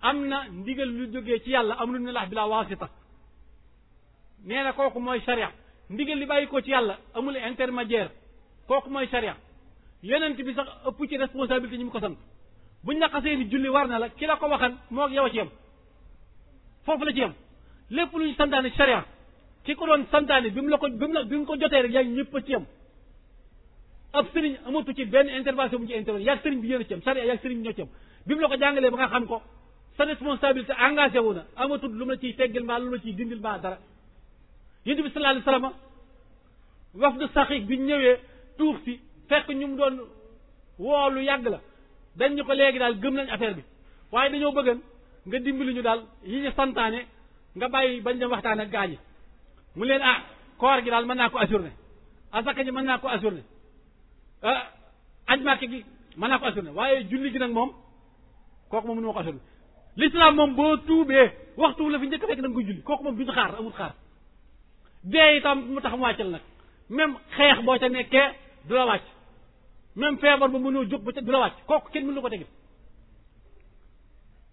am na ndigal lu jógee ci yàlla amrun min Allah bila wasita nee kooku mooy sharia ndigal li bàyyi ko ci yàlla amul intermédiaire kooku mooy sharia yonent bi sax ëpp ci responsabilité ñu mu ko sant buñ la xasee ni julli war na la ki la ko waxan moo yow a ci yem foofu la ci yem lépp lu ñu santaane sharia ki ko doon santaane bi mu la ko bi mu la bi mu ko jotee rek yaa ngi ñëpp ci yem ab sëriñ amatu ci benn intervention bu ñu ci intervenir yaag sëriñ bi yéen a ci am sariya yaag sëriñ bi ñoo ci am bi mu la ko jàngalee ba nga xam ko sa responsabilité engagé wu na amatul lu ma la ciy teggil mbaa lu ma la ciy dindil mbaa dara yonent bi sallallahu alayhi wasallam wafdu saxiix bi ñëwee tuuf si fekk ñu mu doon woo lu yàgg la dañ ñu ko léegi daal gëm nañ affaire bi waaye dañoo bëggan nga dimbali ñu daal yi ñu santaane nga bàyyi bañ dem waxtaan ak gaañi mu leen ah koor gi mën naa ko assurné asaka ji mën naa ko assurné Euh, aj màkk gi mën naa ko assuré waaye julli gi nag moom kooku moom mënu ma ko assuré l'islam moom boo tuubee waxtu la fi njëkk fekk da nga koy julli kooku moom duñu xaar amul xaar dee itam mu tax mu la nag même xeex boo ca nekkee du la wàcc même feebar ba mënoo jóg ba ca du la wàcc kooku kenn mënu ko tegil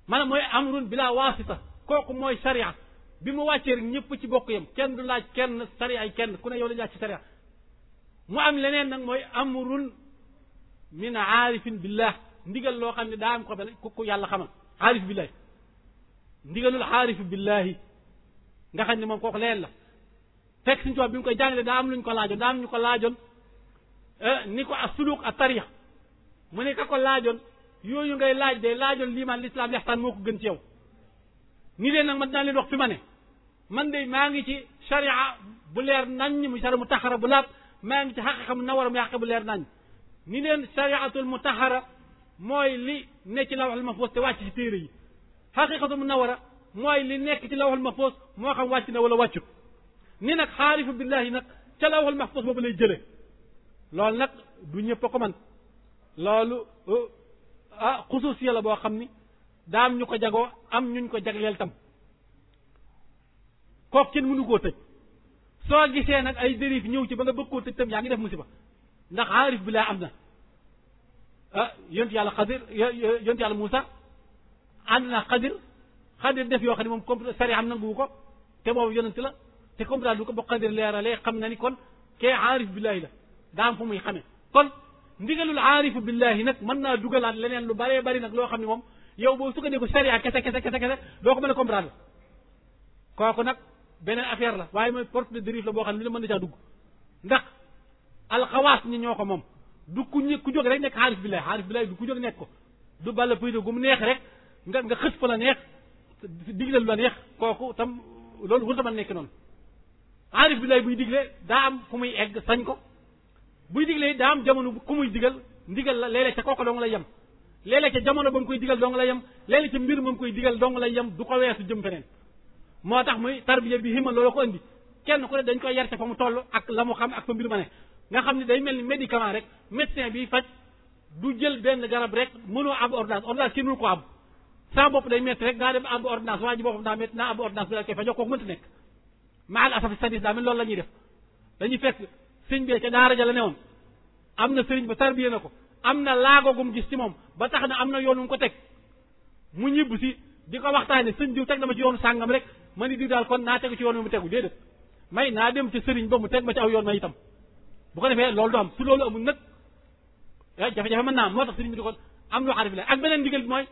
na mooy amrun bila waasita kooku mooy sariya bi mu wàccee rek ñëpp ci bokk yam kenn du laaj kenn sariya yi kenn ku ne yow la ñu ci sariya mu am leneen nag mooy amrun min aarifin billah ndigal loo xam ne daa am ko benn ku ku yàlla xamal aarif billahi ndigalul aarif billahi nga xam ne moom kooku leen la fekk suñu tubaab bi mu koy jàngale daa am luñ ko laajoon daa am ñu ko laajoon eh, ni ko as-suluk at-tariqa mu ne ka ko laajoon yooyu ngay laaj de laajoon liimaan lislaam lextaan moo ku gën ci yow ni leen nag man dinaa leen wax fi ma ne man de maa ngi ci sharia bu leer naññ mu sharia mu taxara bu laab maa ngi ci xaqiqa mu nawara mu xaqiqa bu leer nañ ni leen sariatul mutahara mooy li ne ci lawxul mahfuus te wàcc ci téere yi xaqiqatu mu nawara mooy li nekk ci lawxul mahfuus moo xam wàcc na wala wàccut ni nag xaarifu billahi nag ca lawxul mahfuus boobu lay jëlee loolu nag du ñëpp a ko man loolu euh, ah la boo xam ni daam ñu ko jagoo am ñuñ ko jagleel tam kooku kenn mënu koo tëj soo gisee nag ay dérive ñëw ci ba nga bëgg koo tëj tam yaa ngi def musiba ndax aarif bi laa am na ah yont yàlla xadir yont yàlla Moussa ànd naa xadir xadir def yoo xam ne moom comme sari am nanguwu ko te boobu yonent la te comprendre du ko ba xadir leeralee xam na ni kon kee aarif billaahi la daa am fu muy xamee kon ndigalul aarifu billaahi nag mën naa dugalaat leneen lu baree bari nag loo xam ne moom yow boo sukkandiku sariya kese kese kese kese doo ko mën a comprendre kooku beneen affaire la waaye mooy porte de dérive la boo xam ne lu ne mën na caa dugg ndax alxawaas ñi ñoo ko moom du ku ñë ku jóg rek nekk xaalis billaay xaalis billaay du ku jóg nekk ko du balla paydo gu mu neex rek nga nga xës fa la neex digle la neex kooku tam loolu wër sama nekk noonu xaalis billaay buy digle daa am ku muy egg sañ ko buy digle daa am jamono ku muy digal ndigal la léeg-léeg ca kooka dong lay yem léeg-léeg ca jamono ba mu koy digal dong la yem léeg-léeg mbir ma koy digal dong lay yem du ko weesu jëm feneen moo tax muy tarbiya bi himma loolu ko indi kenn ku ne dañ koy yar ca fa mu toll ak la mu xam ak fa mbir ma ne nga xam ne day mel ni médicament rek médecin bi faj du jël benn garab rek mënoo ab ordonnance ordonnance kenn mënu ko am saa bopp day métti rek naa dem ab ordonnance waa ji boppam daa métti naa ab ordonnance bi la koy fajoo kooku mënta nekk maal asafi sadis daa mel loolu la ñuy def dañu fekk sëñ bi ca daara ja la newoon am na sëriñ ba tarbiya na ko am na laagogum gis ci moom ba tax na am na yoon wu ko teg mu ñibb si di ko waxtaane sëñ diw na ma ci yoonu sàngam rek ma ni diw daal kon naa tegu ci yoon bi mu tegu déedéet may naa dem ci sëriñ ba mu teg ma ci aw yoon ma itam bu ko defee loolu du am su loolu amul nag eh, jafe-jafe ma naa moo tax sëriñ bi di kon am lu xarif la ak beneen ndigal bi mooy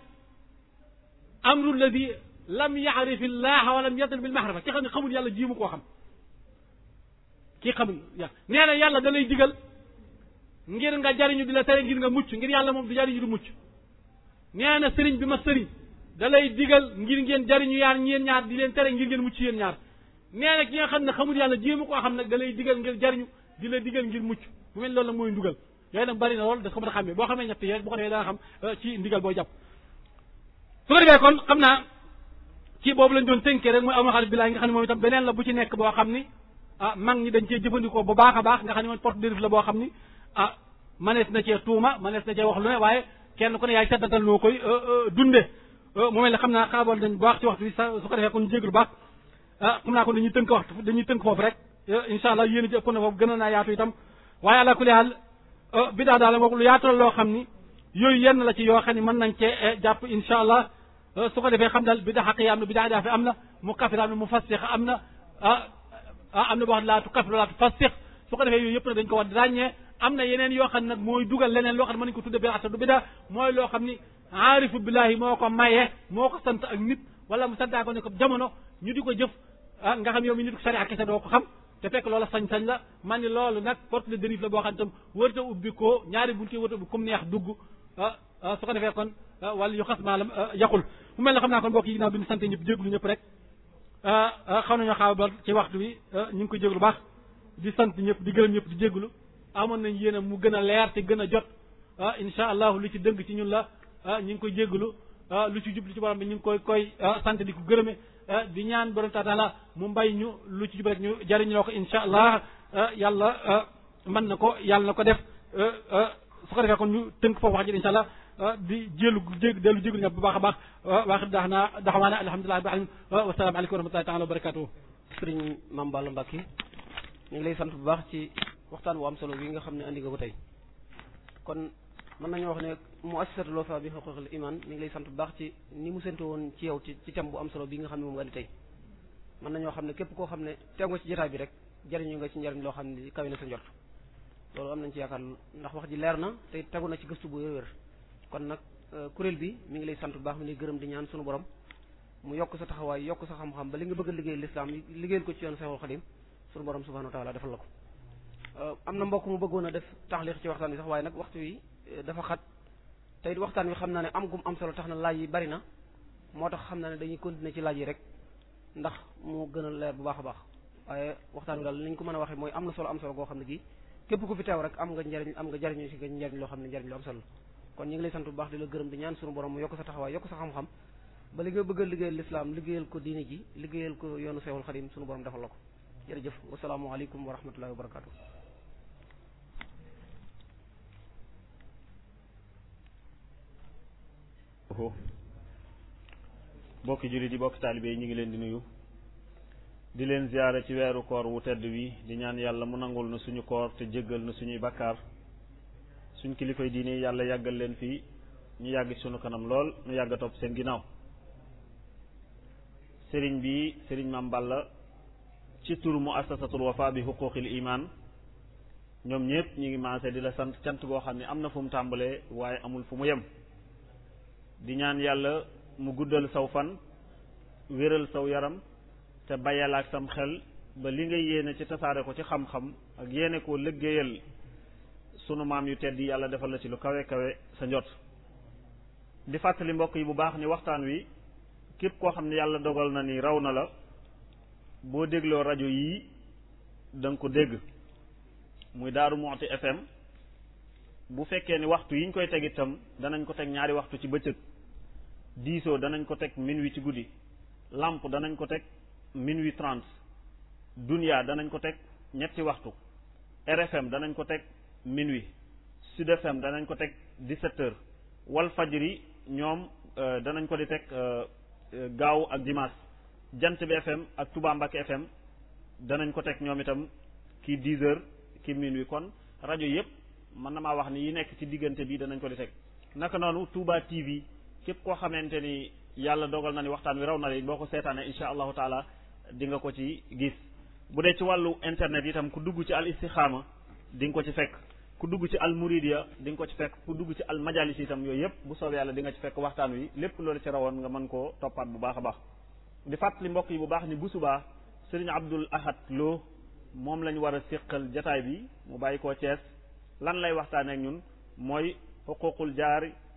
amru ladi lam yaarif illaah wa lam yadrib bil mahrifa ki xam ne xamul yàlla jiimu koo xam kii xamul yàlla da lay digal ngir nga jariñu di la tere ngir nga mucc ngir yàlla moom du jariñu du muc nee na sëriñ bi ma sëriñ da lay digal ngir ngeen jariñu yaar yéen ñaar di leen tere ngir ngeen mucc yéen ñaar nee na ki nga xam ne xamul yàlla jéemu ko xam nag da lay digal ngir jariñu di la digal ngir mucc bu mel loolu la mooy ndugal yooyu nag bari na lool da ko mën a xàmmee boo xamee ñett yi rek boo ko defee danga xam euh, ci ndigal booy jàpp ko defee naa ci boobu lañ doon tënkee rek mooy amaxalis bilaay nga xam ne moom itam beneen la bu ci nekk boo xam ni ah mag ñi dañ cee jëfandikoo bu baax a baax nga xam ne moom porte dérive la boo xam ni ah manees na cee tuuma manees na cee wax lu waaye kenn ku ne yaay seddatal noo koy euh, euh, dunde Euh, mu mel ne xam naa xaabool nañ bu baax ci waxtu bi sa su ko defee kon jéglu baax ah xam naa kon dañuy tënk waxtu dañuy tënk foofu rek euh, incha allah yéen a ji ëppoon na foofu gën naa yaatu itam waaye ala kulli haal euh, bidaa daal moom lu yaatu la loo xam ni yooyu yenn la ci yoo xam ne mën nañ cee eh, jàpp incha allah su ko defee xam daal bidaa xaqiya am na bidaa daafi am na mu kafir am na mu fasix am na ah ah am na boo xam laatu kafir yëpp nag dañ ko war di ràññee am na yeneen yoo xam nag mooy dugal leneen loo xam ne mën nañu ko tudde bidaa te du bidaa mooy loo xam ni aarifu billaahi moo ko maye moo ko sant ak nit wala mu santaa ko ne ko jamono ñu di ko jëf ah nga xam yow mi nit ko sariya kese doo ko xam te fekk loola sañ-sañ la man ni loolu nag porte de dérive la boo xam tam wërta ubbi koo ñaari buntu wërta bu comme neex dugg ah, ah, su ko defee kon ah, wala yu xas maalam yaqul mu mel na xam naa kon mbokk yi ginnaaw bi ñu sant ñëpp jéglu ñëpp rek xaw nañoo xaaw ba ci waxtu bi ñu ngi koy jéglu baax di sant ñëpp di gërëm ñëpp di jéglu amoon nañ yéen mu gën a leer te gën a jot ah incha allahu li ci dëng ci ñun la ah ñu ngi koy jéggalu ah, lu ci jub lu ci borom bi ñu ngi koy koy ah, sant di ko gërëme ah, di ñaan borom taala mu mbay ñu lu ci jub rek ñu jariñoo ko incha allah yàlla man na ko yàlla na ko def su ko defee kon ñu tënk foofu wax ji incha allah di jéelu jég dellu jéglu nga bu baax a baax waaxit daax naa daxawaana alhamdulilah bi alim wasalaamu aleykum wa rahmatullahi taala wa barakatuhu sëriñ Mame Balla Mbacke ñu ngi lay sant bu baax ci waxtaan bu am solo bi nga xam ne andi nga ko tey mën nañoo wax ne muassasatu Wafa bi huquqil iman mi ngi lay sant bu baax ci ni mu séntu woon ci yow ci ci thème am solo bi nga xam ne moom nga di tey mën nañoo xam ne képp koo xam ne teew nga ci jotaay bi rek jariñu nga ci njariñ loo xam ne kawe na sa njort loolu am ci yaakaar ndax wax ji leer na te tegu na ci gëstu bu wér kon nag euh, kuréel bi mi ngi lay sant baax mi ngi gërëm di ñaan sunu borom mu yokk sa taxawaay yokk sa xam-xam ba li nga bëgg a liggéey lislaam liggéeyal ko ci yoon Seexul Xadim sunu borom subhanahu wa taala defal la ko euh, am na mbokk mu bëggoon a def taxliq ci waxtaan bi sax waaye nag waxtu wi dafa xat tey waxtaan wi xam naa ne am gum am solo tax na laaj yi bari na moo tax xam naa ne dañuy continuer ci laaj yi rek ndax mu gën a leer bu baax a baax li ko mën a waxee mooy am na solo am solo goo xam ne gi képp ku fi teew rek am nga njariñ am nga jariñ loo xam ne njariñ loo am solo kon ñu ngi lay sant bu baax di la gërëm di ñaan suñu borom mu yokk sa taxawaay yokk sa xam-xam ba nga bëgg a liggéeyal lislaam liggéeyal ko diini ji liggéeyal ko yoonu seexul xadim suñu borom defal la ko jërëjëf wasalaamaaleykum wa rahmatullahi wa barakatuh barakatuhu bokki jullit yi bokki taalibe yi ñu ngi leen di nuyu di leen ziyaara ci weeru koor wu tedd wi di ñaan yàlla mu nangul na suñu koor te jëggal na suñuy bakkaar suñ kilifay diine yàlla yàggal leen fii ñu yàgg suñu kanam lool ñu yàgg topp seen ginnaaw sëriñ bi sëriñ mam Balla ci tur mu assasatul wafa bi xuquqil iman ñoom ñëpp ñu ngi maase di la sant cant boo xam ne am na fu mu tàmbalee waaye amul fu mu yem di ñaan yàlla mu guddal saw fan wéral saw yaram te bayalaak sam xel ba li nga yéene ci tasaare ko ci xam-xam ak yéene ko liggéeyal sunu maam yu tedd yàlla defal la ci lu kawe kawe sa njot di fàttali mbokk yi bu baax ni waxtaan wi képp koo xam ne yàlla dogal na ni raw na la boo dégloo rajo yii da ko dégg muy Daaru Muxti FM bu fekkee ni waxtu yi ñu koy teg itam danañ ko teg ñaari waxtu ci bëccëg diisoo danañ ko teg min wi ci guddi lamp danañ ko teg min wi trente dunia danañ ko teg ñetti waxtu RFM danañ ko teg min wi Sud FM danañ ko teg di sept heures wal fajri ñoom euh, danañ ko di teg euh, euh, gaaw ak dimanche jant bi FM ak Touba Mbacké FM danañ ko teg ñoom itam kii dix heures kii min wi kon rajo yëpp mën na maa wax ni yi nekk ci diggante bi danañ ko di teg naka noonu Touba TV képp koo xamante ni yàlla dogal na ni waxtaan wi raw na leen boo ko seetaanee incha allahu taala di nga ko ci gis bu dee ci wàllu internet itam ku dugg ci al istixaama di nga ko ci fekk ku dugg ci al muridiya di nga ko ci fekk ku dugg ci al majalis itam yooyu yëpp bu soobee yàlla di nga ci fekk waxtaan wi lépp loolu ci rawoon nga man koo toppaat bu baax a baax di fàttali mbokk yi bu baax ni bu subaa sëriñ Abdul Ahad loo moom lañu war a séqal jataay bi mu bàyyi koo Cees lan lay waxtaanee ñun mooy xuququl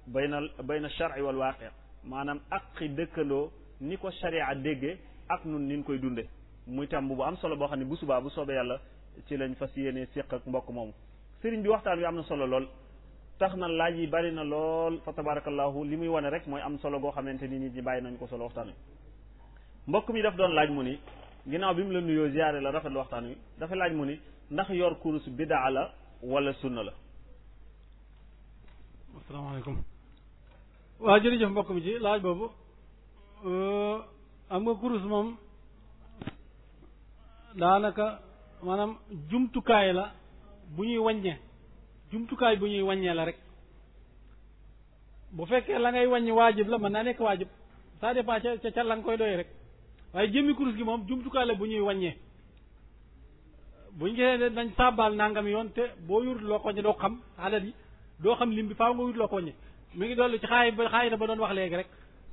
bayna bayna shar'i wal waaqi maanaam aqi dëkkandoo ni ko sharia dégge ak nun nin koy dunde muy tam bu am solo boo xam ne bu subaa bu soobee yàlla ci lañ fas yéenee séq ak mbokk moomu sëriñ bi waxtaan wi am na solo lool tax na laaj yi bari na lool fa tabarakallahu li muy wane rek mooy am solo goo xamante ni nit ñi bàyyi nañ ko solo waxtaan wi mbokk mi daf doon laaj mu ni ginnaaw bi mu la nuyoo ziyaare la rafetlu waxtaan wi dafa laaj mu ni ndax yor kurus bidaa la wala sunna la asalaamaaleykum waaw jërëjëf mbokk mi ci laaj boobu am nga kurus moom daanaka maanaam jumtukaay la bu ñuy waññee jumtukaay bu ñuy wàññee la rek bu fekkee la ngay wàññi waajib la mën naa nekk waajib ça dépend ca ca la nga koy doy rek waaye jëmmi kurus gi moom jumtukaay la bu ñuy wàññee buñ gisee nee dañ sàbbaal nangam yoon te boo yurut loo ko wàññe doo xam xalat yi doo xam lim bi faaw nga yurut loo ko wàññe mi ngi dolli ci xaay ba xaay ba doon wax léegi rek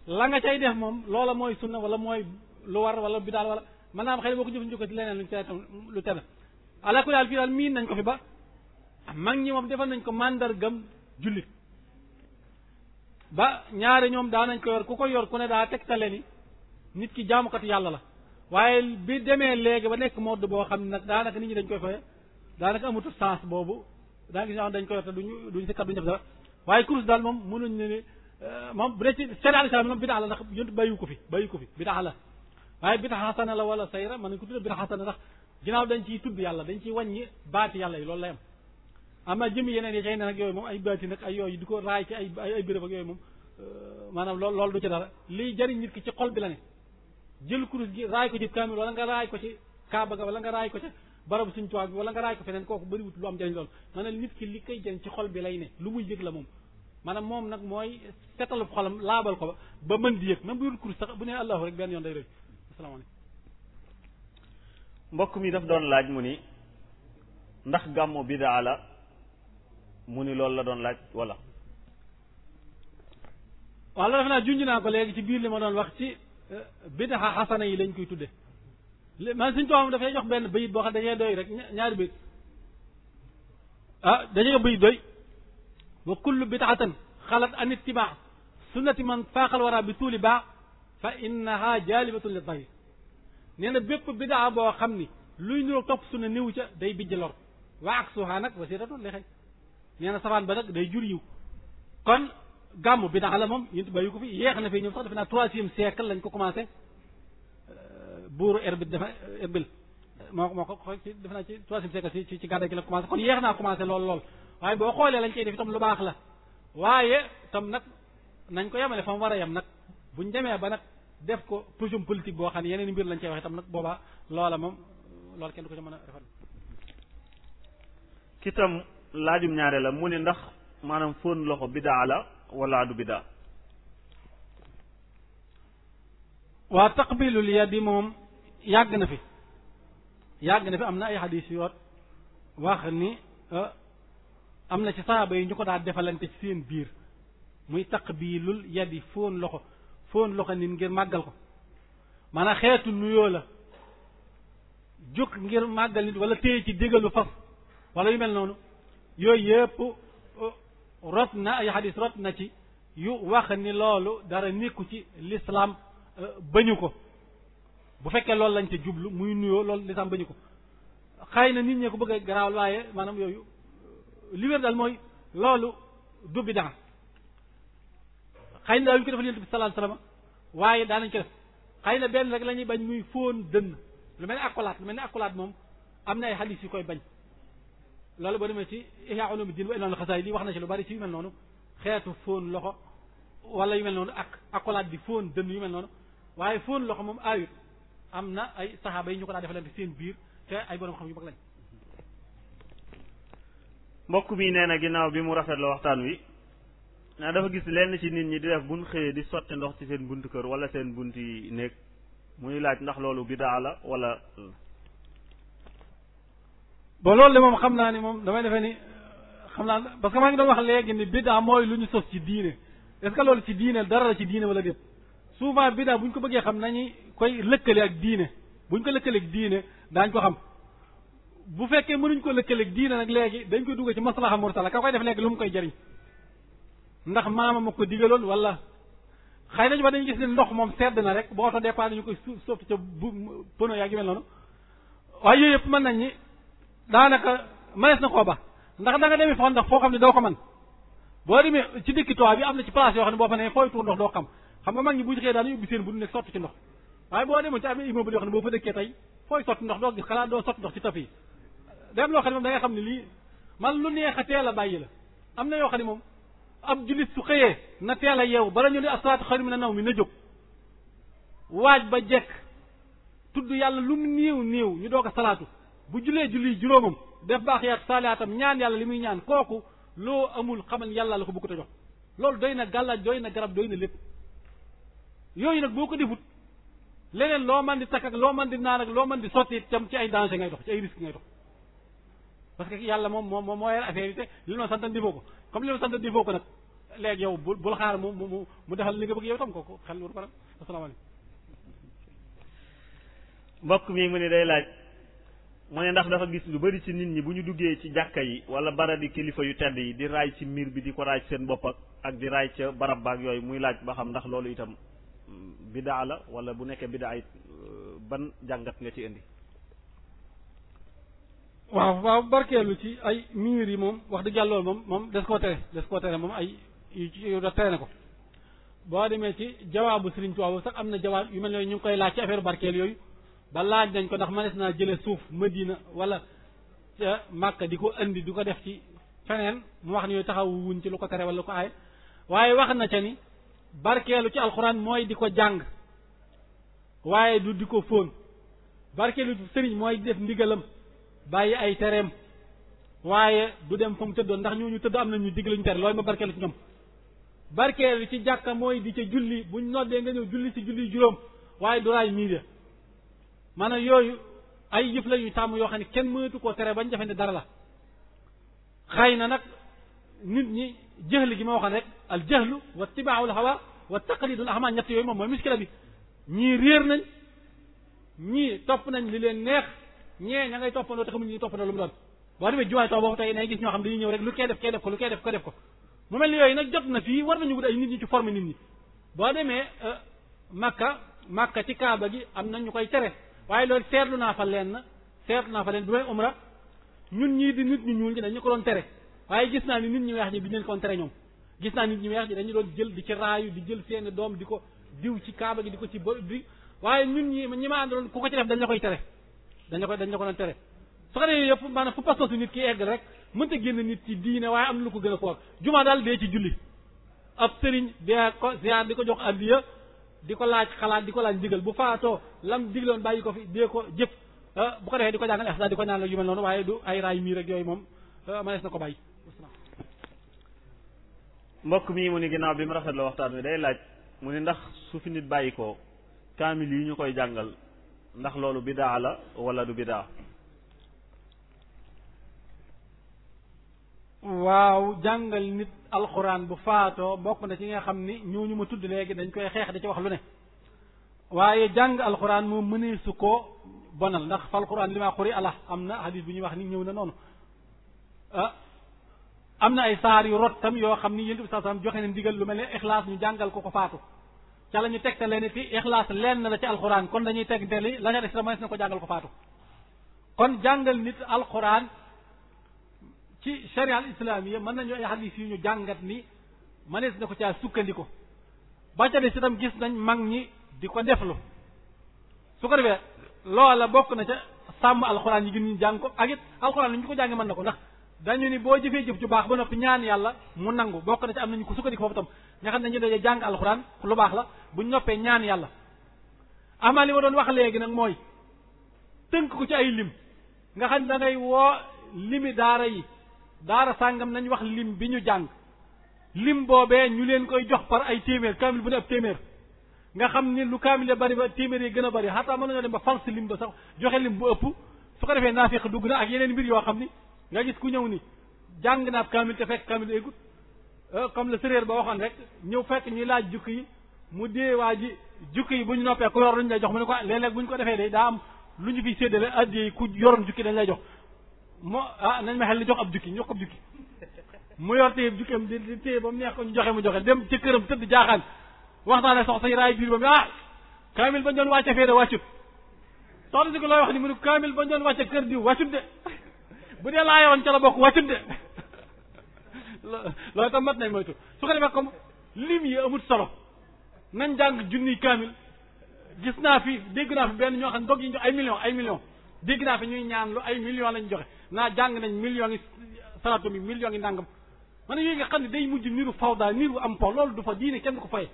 la nga cay def moom loola mooy sunna wala mooy lu war wala bi daal wala mën naa am xëy na boo ko jëfandikoo ci leneen luñ tere lu tere ala kulli haal fii daal miin nañ ko fi ba mag ñi moom defal nañ ko màndargam jullit ba ñaari ñoom daa nañ ko yor ku ko yor ku ne daa tegtale ni nit ki jaamukatu yàlla la waaye bi demee léegi ba nekk modd boo xam ne nag daanaka nit ñi dañ koy foye daanaka amutu sens boobu daa gis dañ koy yor te duñu duñ si kat duñu waaye kurus daal moom mënuñ ne ne euh, moom bu dee ci seedaal islam moom bidaa la ndax yontu bàyyiwu ko fi bàyyiwu ko fi bidaa la waaye bidaa xasana la wala sayra mën nañ ko tudd bidaa xasana ndax ginnaaw dañ ciy tudd yàlla dañ ciy wàññi baati yàlla yi loolu lay am ama jëmi yeneen yi cay ne nag yooyu moom ay baati nag ay yooyu di ko raay ci ay ay béréb ak yooyu moom euh, maanaam lool loolu du ci dara liy jariñ nit ki ci xol bi la jël kurus gi raay ko ci kaamil wala nga raay ko ci kaaba ga wala nga ko barabu suñ tubaab bi wala nga laaj ko feneen kooku bëriwut lu am jëriñ loolu maanaam nit ki li kay jëriñ ci xol bi lay ne lu muy yëg la moom maanaam moom nag mooy setal xolam laabal ko ba mën di yëg même bu dul kur sax bu nee allahu rek benn yoon day rëy asalaamaaleykum mbokk mi daf doon laaj mu ni ndax gàmmu bidaa la mu ni loolu la doon laaj wala waaw loolu def naa junj naa ko léegi ci biir li ma doon wax ci bidaa xasana yi lañ koy tudde man suñu toxam dafay jox benn bayit boo xam dañuy doy rek ñaari bayit ah dañuy bayit doy wa kullu bid'atan xalat an ittiba sunnati man faaqal wara bi tuuli baa fa innaha jalibatun li tayr nee na bépp bidaa boo xam ni luy nuroo topp sunna néew ca day bijj lor waa ak suuxaa nag wasiratun li xëy nee na safaan ba day jur yiw kon gàmm bidaa la moom yéen it bàyyi ko fi na fi ñoom sax defe naa troisième siècle lañ ko commencé buuru Erbil dafa Erbil moo moo ko ci def naa ci troisième siècle ci ci gàddaay gi la commencé kon yeex naa commencé lool lool waaye boo xoolee lañ cey def itam lu baax la waaye tam nag nañ ko yemale fa mu war a yem nag buñ demee ba nag def ko toujours politique boo xam ne yeneen mbir lañ cey wax itam nag boobaa loola moom loolu kenn du ko ci mën a defal kitam laajum ñaare la mu ne ndax maanaam fóon loxo bidaa la wala du bidaa waa taqbilul yadi moom yàgg na fi yàgg na fi am na ay xadiis yu wax ni euh, am na ci saaba yi ñu ko daal defalante ci seen biir muy taqbiilul yadi foon loxo foon loxo nit ngir màggal ko maanaam xeetu nuyoo la jóg ngir màggal nit wala téye ci digalu fas wala yu mel noonu yooyu yëpp euh, rot na ay xadiis rot na ci yu wax ni loolu dara nekku ci lislaam euh, bëñu ko bu fekkee loolu lañ te jublu muy nuyoo loolu lislaam bañu ko xëy na nit ñee ko bëgg a garaawal waaye maanaam yooyu li wér daal mooy loolu du bidaa xëy na daal ko defal yonent bi sallallahu alayhi wasallam waaye daanañ ko def xëy na benn rek la bañ muy fóon dënn lu mel ne accolade lu mel ne accolade moom am na ay xadiis yu koy bañ loolu boo demee ci Ihya Ulumuddin wa Ilmul Xasaa'ili wax na ci lu bari ci yu noonu xeetu fóon loxo wala yu mel noonu ak accolade bi fóon dënn mel noonu waaye fóon loxo moom aayut am na ay saxaaba yi ñu ko daa defalante seen biir te ay borom xam yu mag lañ. mbokk mi nee na ginnaaw bi mu rafet la waxtaan wi na dafa gis lenn ci nit ñi di def buñ xëyee di sotti ndox ci seen buntu kër wala seen bunt yi néeg muy laaj ndax loolu bidaa la wala. bon loolu de moom xam naa ni moom damay defee ni xam naa parce que maa ngi doon wax léegi ni bidaa mooy lu ñu sos ci diine est-ce que loolu ci diine dara la ci diine wala dépp souvent bidaa bu ñu ko bëggee xam nañuy koy lëkkale ak diine buñ ko lëkkaleeg diine daañ ko xam bu fekkee mënuñ ko lëkkaleeg diine nag léegi dañ koy dugg ci maslaha mursala ka koy def léegi lu mu koy jariñ ndax maama ma ko digaloon wala xëy nañu ba dañu gis ne ndox moom sedd na rek boo dee départ ñu koy sotti ca bu pono yaa gi mel noonu waaye yëpp mën nañ ni daanaka mënees na koo ba ndax da demee foofu ndax foo xam ne doo ko man boo demee ci dëkki toit bi am na ci place yoo xam ne boo fa ne fooy tuur ndox doo xam bu ñu ci ndox waaye boo demoon ci am immeuble yoo xam ne boo fa dëkkee tey fooy sotti ndox doo gis xalaat doo sotti ndox ci taf yi dem loo xam ne moom da xam ne lii man lu neex a teel a bàyyi la am na yoo xam ne moom ab jullit su xëyee na teel a yeewu bala ñu ne asalaatu xayrun na naw mi na jóg waaj ba jekk tudd yàlla lu mu néew néew ñu doog a salaatu bu julee julli juróomam def baax yaat saalihaatam ñaan yàlla li muy ñaan kooku loo amul xamal yàlla la ko bëgg a jox loolu doy na gàllaaj na garab doy na lépp nag boo ko defut leneen loo man di takk ak loo man di naan ak loo man di sotti itam ci ay danger ngay dox ci ay risque ngay dox parce que yàlla moom moom moom moo yor affaire te li noo santan difoo ko comme li noo santan difoo ko nag léegi yow bu bul xaar mu mu mu defal li nga bëgg yow tam ko xel waru ko def asalaamaaleykum mbokk mi mu ne day laaj mu ne ndax dafa gis lu bari ci nit ñi bu ñu duggee ci jàkka yi wala barabi kilifa yu tedd yi di raay ci miir bi di ko raaj seen bopp ak di raay barab baak yooyu muy laaj ba xam ndax loolu itam bidaa la wala bu nekkee bidaa it euh, ban jàngat nga ci indi waaw waaw barkeelu ci ay miir yi moom wax dëgg yàlla moom moom des koo tere des koo tere moom ay yu ci na demee ci jawaabu Sëriñ Tuubaa sax am na jawaab yu mel ne ñu ngi koy laaj ci affaire barkeel yooyu ba laaj nañ ko ndax mënees naa jële suuf Madina wala ca Màkka di ko indi di ko def ci feneen mu wax ne yooyu taxawu wuñ ci lu ko tere wala lu ko aaye waaye wax na ca ni barkeelu ci alxuraan mooy di ko jàng waaye du di ko fóon barkeelu ci sëriñ mooy di def ndigalam bàyyi ay tereem waaye du dem fa mu tëddoon ndax ñooñu tëdd am na ñu digg luñu tere loolu nga barkeelu ci ñoom barkeelu ci jàkka mooy di ca julli buñ noddee nga ñëw julli ci julli juróom waaye du raay miide maanaam yooyu ay yëf la yu tàmm yoo xam ne kenn mënatu ko tere bañ jafe ne dara la xëy na nag nit ñi jëxli gi ma waxoon rek al jahlu wa tibaaul hawa wa taqalidul ahma ñett yooyu moom mooy muskila bi ñii réer nañ ñii topp nañ li leen neex ñee ña ngay toppandoo te xamuñ li toppandoo lu mu doon boo demee jumaay taw boobu tey nay gis ñoo xam dañuy ñëw rek lu kee def kee def ko lu kee ko mu mel ni yooyu nag jot na fii war nañu wut ay nit ñi ci former nit ñi boo demee euh, makka makka ci kaaba gi am nañ ñu koy tere waaye loolu seetlu naa fa leen seetlu naa fa leen bi may umra ñun ñii di nit ñu ñuul ñi ñu ko doon tere waaye gis naa ni nit ñu weex ñi bi ñu leen ko tere ñoom gis naa nit ñu weex dañu doon jël di ci raayu di jël seeni doom di ko diw ci kaaba gi di ko ci ba di waaye ñun ñi ñi ma àndaloon ku ko ci def dañ la koy tere dañ la koy dañ la ko doon tere su ko defee yëpp maanaam fu pastosu nit ki rek mënta génn nit ci diine waaye am lu ko gën a foor juma daal dee ci julli ab sëriñ dee ko ziar di ko jox addiya di ko laaj xalaat di ko laaj ndigal bu faatoo lam digloon bàyyi ko fi dee ko jëf ah, bu ko defee di ko jàngal waaye du mii rek yooyu moom ah, manees na ko bàyyi mbokk mii mu ni ginnaaw bi mu rafet la waxtaan wi day laaj mu ni ndax su fi nit bàyyi ko kaamil yi ñu koy jàngal ndax loolu bidaa la wala du bidaa waaw jàngal nit alxuraan bu faatoo bokk na ci nga xam ni ñooñu ma tudd léegi dañ koy xeex da ci wax lu ne waaye jàng alxuraan moom mënee su ko bonal ndax fa alxuraan li xuri ala am na xadiis bu ñuy wax ni ñëw na noonu ah, am na ay saar yu rot tam yoo xam ni yonent bi sallallahu alayhi wasallam joxe na ndigal lu mel ne ixlaas ñu jàngal ko ko faatu ca la ñu tegtale ne fii ixlaas lenn la ci alxuraan kon dañuy teg ndeli la ca des ko jàngal ko faatu kon jàngal nit alxuraan ci sharia al islamiyya mën nañu ay xadiis yu ñu jàngat ni mënees na ko caa sukkandiku ba ca des itam gis nañ mag ñi di ko deflu su ko defee loola bokk na ca sàmm alxuraan yi gën ñu jàng ko ak it alxuraan yi ñu ko jàngee mën na ko ndax. dañu ni boo jëfee jëf ju baax ba noppi ñaan yàlla mu nangu bokk na ci am nañu ko sukkandiku foofu tam nga xam ne dañu daje jàng alxuraan lu baax la bu ñu noppee ñaan yàlla ama doon wax léegi nag mooy tënk ko ci ay lim nga xam ne da ngay woo daara yi daara sàngam nañ wax lim bi ñu jàng lim boobee ñu leen koy jox par ay téeméer kaamil bu ne ab téeméer nga xam ni lu kaamil bari ba téeméer yi gën a bari xataa mën nañoo dem ba fals lim ba sax joxe lim bu ëpp su ko defee naafiq dugg na ak yeneen mbir yoo xam ni nga gis ku ñëw ni jàng naab kaamil te fekk kaamil éegut euh, comme le séréer ba waxoon rek ñëw fekk ñuy laaj jukki yi mu dee waa ji jukki yi bu ñu noppee ku yor lay jox mu ko léeg-léeg bu ñu ko defee day daa lu ñu fiy séddale addiye ku yoroon jukki dañ jox moo ah nañ ma xel jox ab jukki ñox ab jukki mu yor téye jukkeem di di mu neex ñu joxe mu joxe dem ci këram tëdd jaaxaan waxtaan ak soxna yi raay biir ba mu ah kaamil bañ doon wàcce fee de wàccut soxna si ko looy wax ni mu ne kaamil bañ doon wàcce kër di wàccut de bu dee laayoon ca la bokk wàccut de loolu tam mat nañ moytu su ko defee comme lim yi amut solo nañ jàng junniy kaamil gis naa fi dégg naa fi benn ñoo xam ne dog yi ñu ay million ay millions dégg naa fi ñuy ñaan lu ay millions lañ joxe naa jàng nañ million yi salaatu bi millions yi nangam man yooyu nga xam ne day mujj niru fawda niru am po loolu du fa diine kenn du ko fayee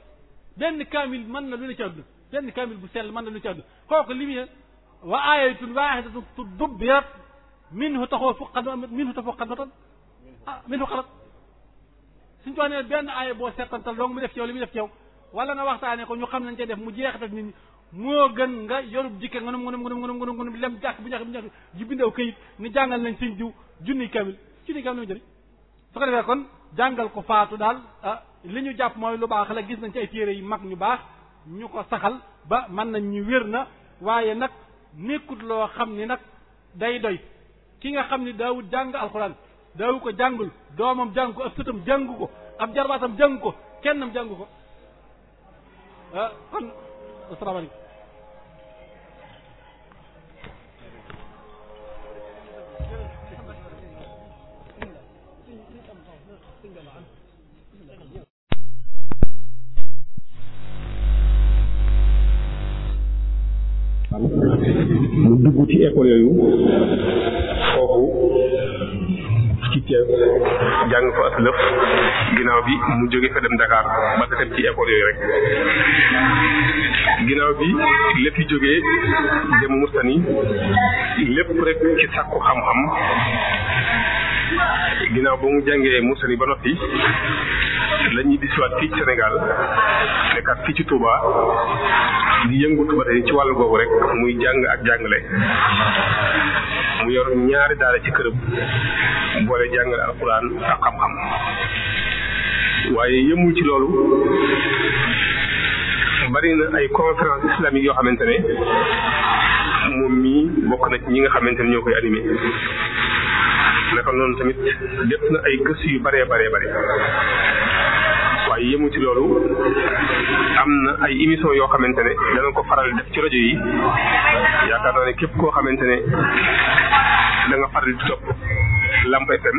benn kaamil mën na lu ne ci àdduna benn kaamil bu sell mën na lu ne ci àdduna kooku miin minhu taxoo fu xad minhu taxoo xad matan ah minhu xalat suñu too nee benn aaya boo seetantal dong mu def ci yow li mu def ci yow wala nga waxtaane ko ñu xam nañ cee def mu jeex def nit ñi moo gën nga yorub jikke nganum nganum nganum nganum nganum nganum lem jàkk bu ñax bu ñax ji bindaw këyit ni jàngal nañ sëñ diw junniy kamil junniy kamil jëriñ su ko defee kon jàngal ko faatu daal ah, li ñu jàpp mooy lu baax la gis nañ ci ay téere yi mag ñu baax ñu ko saxal ba mën nañ ñu wér na waaye nag nekkut loo xam ni nag day doy ki nga xam ni daawul jàng alxuraan daawu ko jàngul doomam jàng ko ab sëtam jàng ko ab jarbaatam jàng ko kennam jàng ko ah Thiès jàng fa aslëf ginnaaw bi mu jóge fa dem Dakar ba dem ci école yooyu rek ginnaaw bi lépp yi jógee dem Moustani lépp rek ci sàkku xam-xam ginnaaw ba mu jàngee Moustani ba noppi lañuy ñuy disiwaat fii ci Sénégal nekkaat fii ci Touba di yëngutu ba tey ci wàllu boobu rek muy jàng ak jàngale mu yor ñaari daara ci këram boole jàngale alxuraan ak xam-xam waaye yëmul ci loolu bari ay conférence islamique yoo xamante ne moom mii bokk na ñi nga xamante ne ñoo koy animé naka noonu tamit def na ay gëstu yu bare bare bare waaye ci loolu am na ay émission yoo xamante ne ko faral def ci rajo yi yaakaar naa ne képp koo xamante ne da nga faral di topp Lamp FM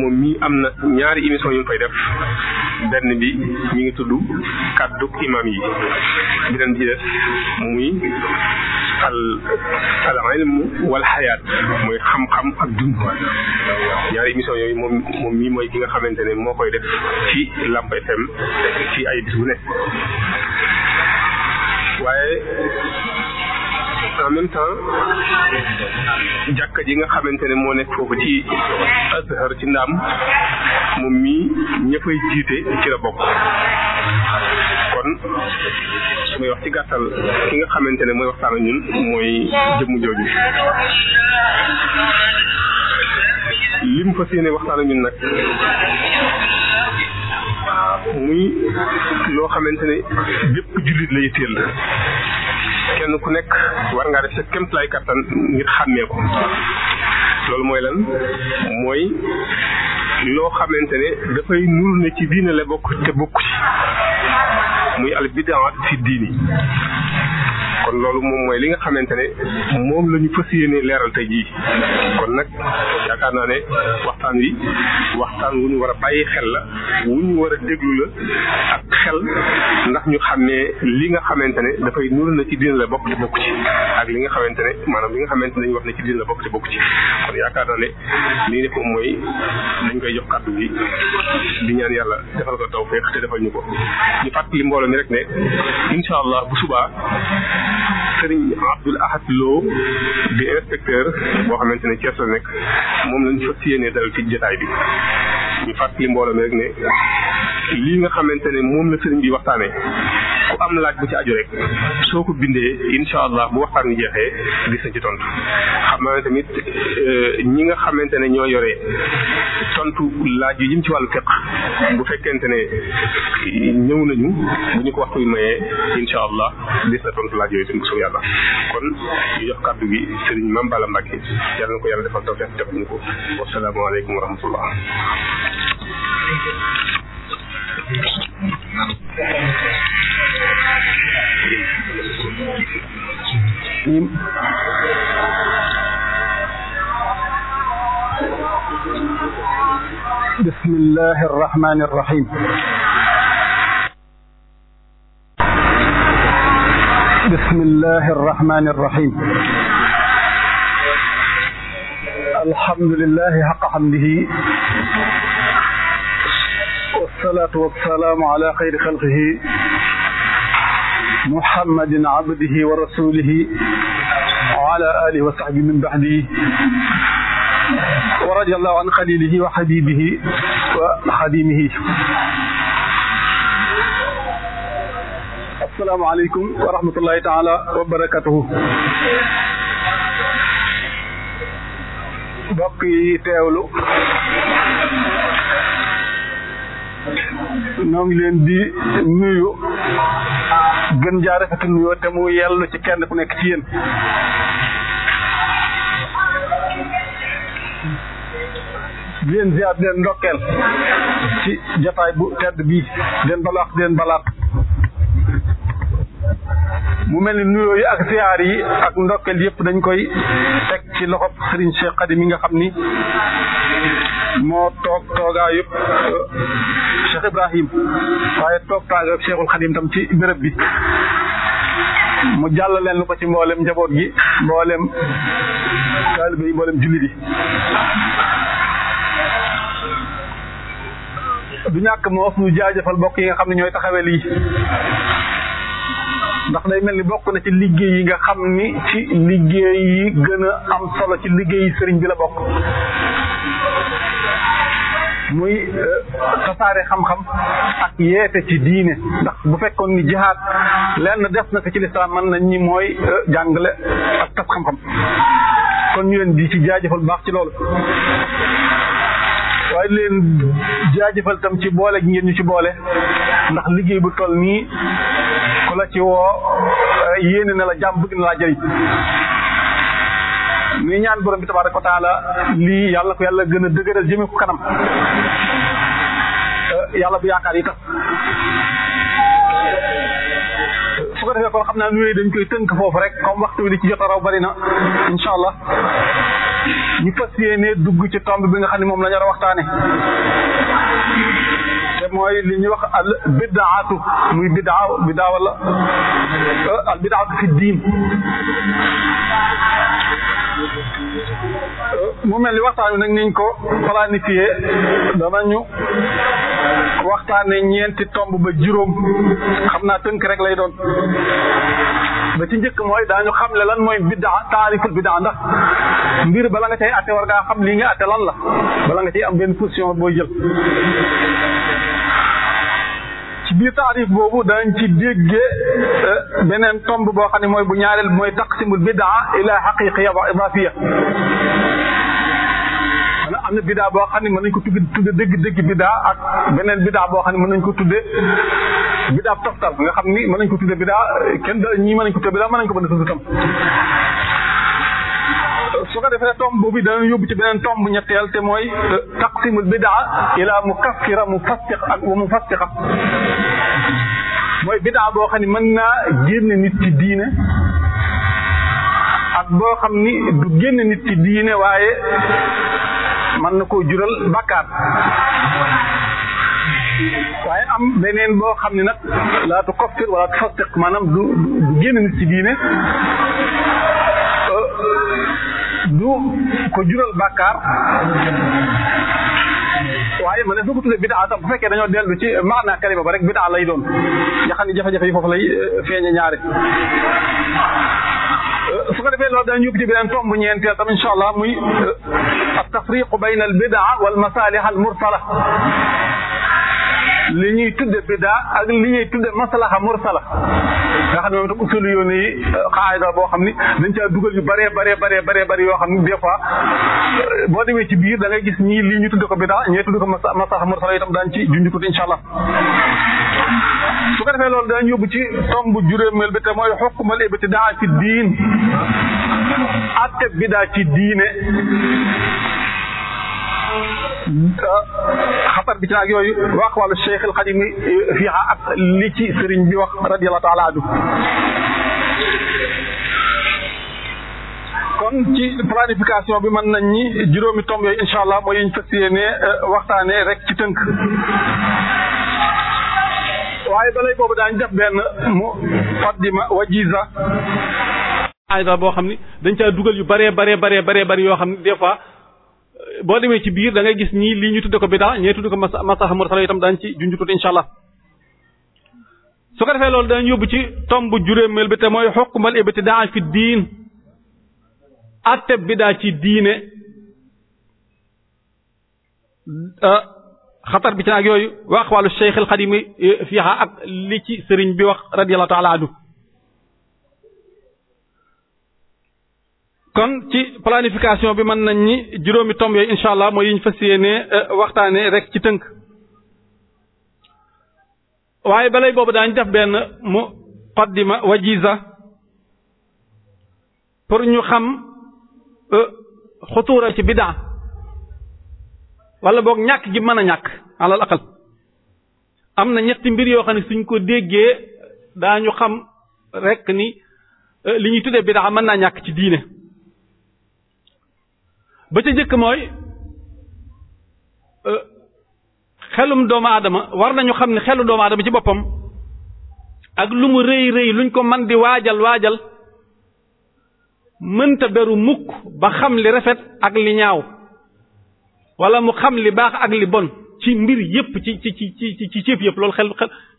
moom mii am na ñaari émission yu mu fay def benn bi mi ngi tudd kàddu imam yi beneen bi muy al al ilm wal xayaat mooy xam-xam ak dund ñaari émission yooyu moom moom mii mooy ki nga xamante ne moo koy def ci Lamp FM ci ay bis bu nekk waaye en même temps jàkka ji nga xamante ne moo nekk foofu ci Azhar ci ndaam moom mii ña fay jiite ci la bokk kon su may wax ci gàttal ki nga xamante ne mooy waxtaan ak ñun mooy jëmm jooju li mu fas yéene waxtaan ak ñun nag muy loo xamante ne bépp jullit lay téel kenn ku nekk war ngaa def sa kéemtalaay kattan ngir xàmmee ko loolu mooy lan mooy loo xamante ne dafay nur ne ci diine la bokk te bokk ci muy al bidaa fi diini kon loolu moom mooy li nga xamante ne moom la ñu fas yéene leeral te jii kon nag yaakaar naa ne waxtaan wi waxtaan wu ñu war a bàyyi xel la war a déglu la ak xel ndax ñu xam ne li nga xamante ne dafay nuru na ci diin la bokk te bokk ci ak li nga xamante ne maanaam li nga xamante ne dañu wax ne ci la bokk te bokk ci kon yaakaar naa ne lii ne ko mooy dañ koy jox kàddu gi di ñaan yàlla defal ko tawfeex te defal ñu ko ñu fàttali mbooloo mi rek ne incha allah bu subaa sëriñ Abdoul Ahad bi di inspecteur boo xamante ne Thiès la nekk moom lañ fas yéenee dal ci jotaay bi ñu fàttali mbooloo mi rek ne lii nga xamante ne moom la sëriñ bi waxtaane ku am laaj bu ci aju rek soo ko bindee incha allah bu waxtaan wi jeexee gis na ci tontu xam tamit euh, ñi nga xamante ne ñoo yore tontu laaj yi jëm ci wàllu bu fekkente ne ñëw nañu bu ko waxtu mayee incha allah gis na tontu laaj yooyu yàlla kon ñu jox gi sëriñ Mame Balla Mbacke yàlla na ko yàlla defal tawfeex def ñu ko wasalaamaaleykum wa rahmatullah بسم الله الرحمن الرحيم الحمد لله حق حمده والصلاة والسلام على خير خلقه محمد عبده ورسوله وعلى آله وصحبه من بعده ورضي الله عن خليله وحبيبه وخديمه asalaamaaleykum wa rahmatullahi taala wa barakatuhu mbokk yi teewlu ñoo ngi leen di nuyu gën jaar rafetu nuyoo te mu yellu ci kenn bu nekk ci yéen di leen ziar di leen ndokkeel ci jataay bu tedd bii di leen leen balaat mu mel ni nuyoo yi ak ziyaar yi ak ndokkeel yëpp dañ koy teg ci loxob Serigne Cheikh Khadim mi nga xam ni moo toog toogaa yëpp euh, Cheikh Ibrahim waaye toog tam ci béréb bi mu jàll leen ko ci mbooleem njaboot gi mbooleem taalibe yi mboolem jullit yi du ñàkk moo ëpp ñu jaajëfal mbokk yi nga xam ne ñooy taxawee lii ndax day mel ni bokk na ci liggéey yi nga xam ni ci liggéey yi gën a am solo ci liggéey sëriñ bi la bokk muy euh, tasaare xam-xam ak yeete ci diine ndax bu fekkoon ni jihaad lenn def na ko ci lislaam mën nañ ñi mooy euh, jàngale ak tas xam-xam kon ñu leen di ci jaajëfal baax ci loolu waaye leen jaajëfal tam ci boole gi ngeen ñu ci boole ndax liggéey bu toll nii ku la ci woo eh, yéene na la jàmm bëgg na laa jëriñ ni ñaan borom bi tabaaraka wa taala lii yàlla ko yàlla gën a dëgëral jëme ko kanam eh, yàlla bu yaakaar yi tax defee kon xam naa dañ koy tënk foofu rek comme waxtu wi li ci jot a raw bari na incha allah ñu fas yéenee dugg ci tomb bi nga xam ne moom la ñu waxtaane te mooy li ñuy wax al bidaatu muy bidaa bidaa al bidaatu fi diin mu mel ni waxtaan wi nag niñ ko planifié danañu waxtaane ñeenti tomb ba juróom xam naa tënk rek lay doon ba ci njëkk mooy daañu xamle lan mooy biddaa taariful biddaa ndax mbir bala nga cay atte war ngaa xam lii nga atte lan la bala nga ciy am benn position boo jël ci biir taarif boobu dañ ci dégge euh, beneen tomb boo xam ne mooy bu ñaareel mooy taqsimul biddaa ila xaqiqiya wa idafiya wala am na bidaa boo xam ne mën nañ ko tudde tudde dëgg dëgg bidaa ak beneen bidaa boo xam ne mën nañ ko tudde bidaa toftal nga xam ni mën nañ ko tudde bidaa kenn ñi ñii mën nañ ko tudde bidaa mën nañ ko bëgg a tudd tam su ko defee tomb boobu danañ yóbbu ci beneen tomb ñetteel te mooy euh, taqsimul bidaa ila mukaffira mufassiq ak wa mufassiqa mooy bidaa boo xam ne mën naa génn nit ci diine ak boo xam ni du génn nit ci diine waaye mën na koo jural bàkkaar waaye am beneen boo xam ne nag laa tu koffir wala tu fasiq maanaam du du génn nit ci diine euh, du ko jural bàkkaar waaye ma ne su bidaa sax bu fekkee dañoo dellu ci maana kalima ba rek bidaa lay doon nga xam ne jafe-jafe yi foofu lay euh, feeñe ñaari su ko defee loolu dana ñu ubbi ci beneen tomb ñeenteel tam incha allah muy euh, at tafriqu bayna al bidaa wal masalih al mursala li ñuy tudde bidaa ak li ñuy tudde maslaha mursala nga xam ne moom tam usulu yoon yi xaayda euh, boo xam ni dañ caa dugal yu bare bare bare bare bare yoo xam ni des fois euh, boo demee ci biir da gis ñii lii ñu tudde ko bidaa ñee tudde ko maslaha mursala tam daan ci junj ko incha allah su ko defee loolu daañu yóbbu ci tomb juróomeel bi te mooy xukmal ibtidaa ci diin atte bidaa ci diine xatar bi ci naag yooyu wax wàllu Cheikh al Xadim ak li ci sëriñ bi wax radiyallahu taala anhu kon ci planification bi mën nañ ni juróomi tomb yooyu incha allah mooy yiñ fas yéene euh, waxtaanee rek ci tënk waaye balay boobu daañ def benn mu faddima wajiza boo xam ni dañ caa dugal yu bare bare bare bare bare yoo xam ni des fois boo demee ci biir dangay gis nii lii ñu tudde ko bida ñee tudde ko mas masaha mursala itam daañu ci junj tuuti insha allah su ko defee loolu dañu yóbbu ci tomb juróomeel bi te mooy xukumal ibtidaa fi diin atteb bidaa ci diine xatar bi ci naag yooyu wa aqwalu Cheikh al Xadim fiha ak li ci sëriñ bi wax radiyallahu ta'ala anhu kon ci planification bi mën nañ ni juróomi tomb yooyu incha allah mooy yi ñu fas yéenee euh, waxtaanee rek ci tënk waaye balay boobu daañu def benn muqaddima wajiza pour ñu xam euh, xutuura ci bidaa walla boog ñàkk gi mën a ñàkk alal aqal am na ñetti mbir yoo xam ne suñ ko déggee daañu xam rek ni euh, li ñuy tuddee bidaa mën naa ñàkk ci diine. ba ca njëkk mooy euh, xelum doomu aadama war na nañu xam ne xelu doomu aadama ci boppam ak lu mu rëy rëy luñ ko man di waajal waajal mënta beru mukk ba xam li rafet ak li ñaaw wala mu xam li baax ak li bon ci mbir yépp ci ci ci ci ci cëf yépp loolu xel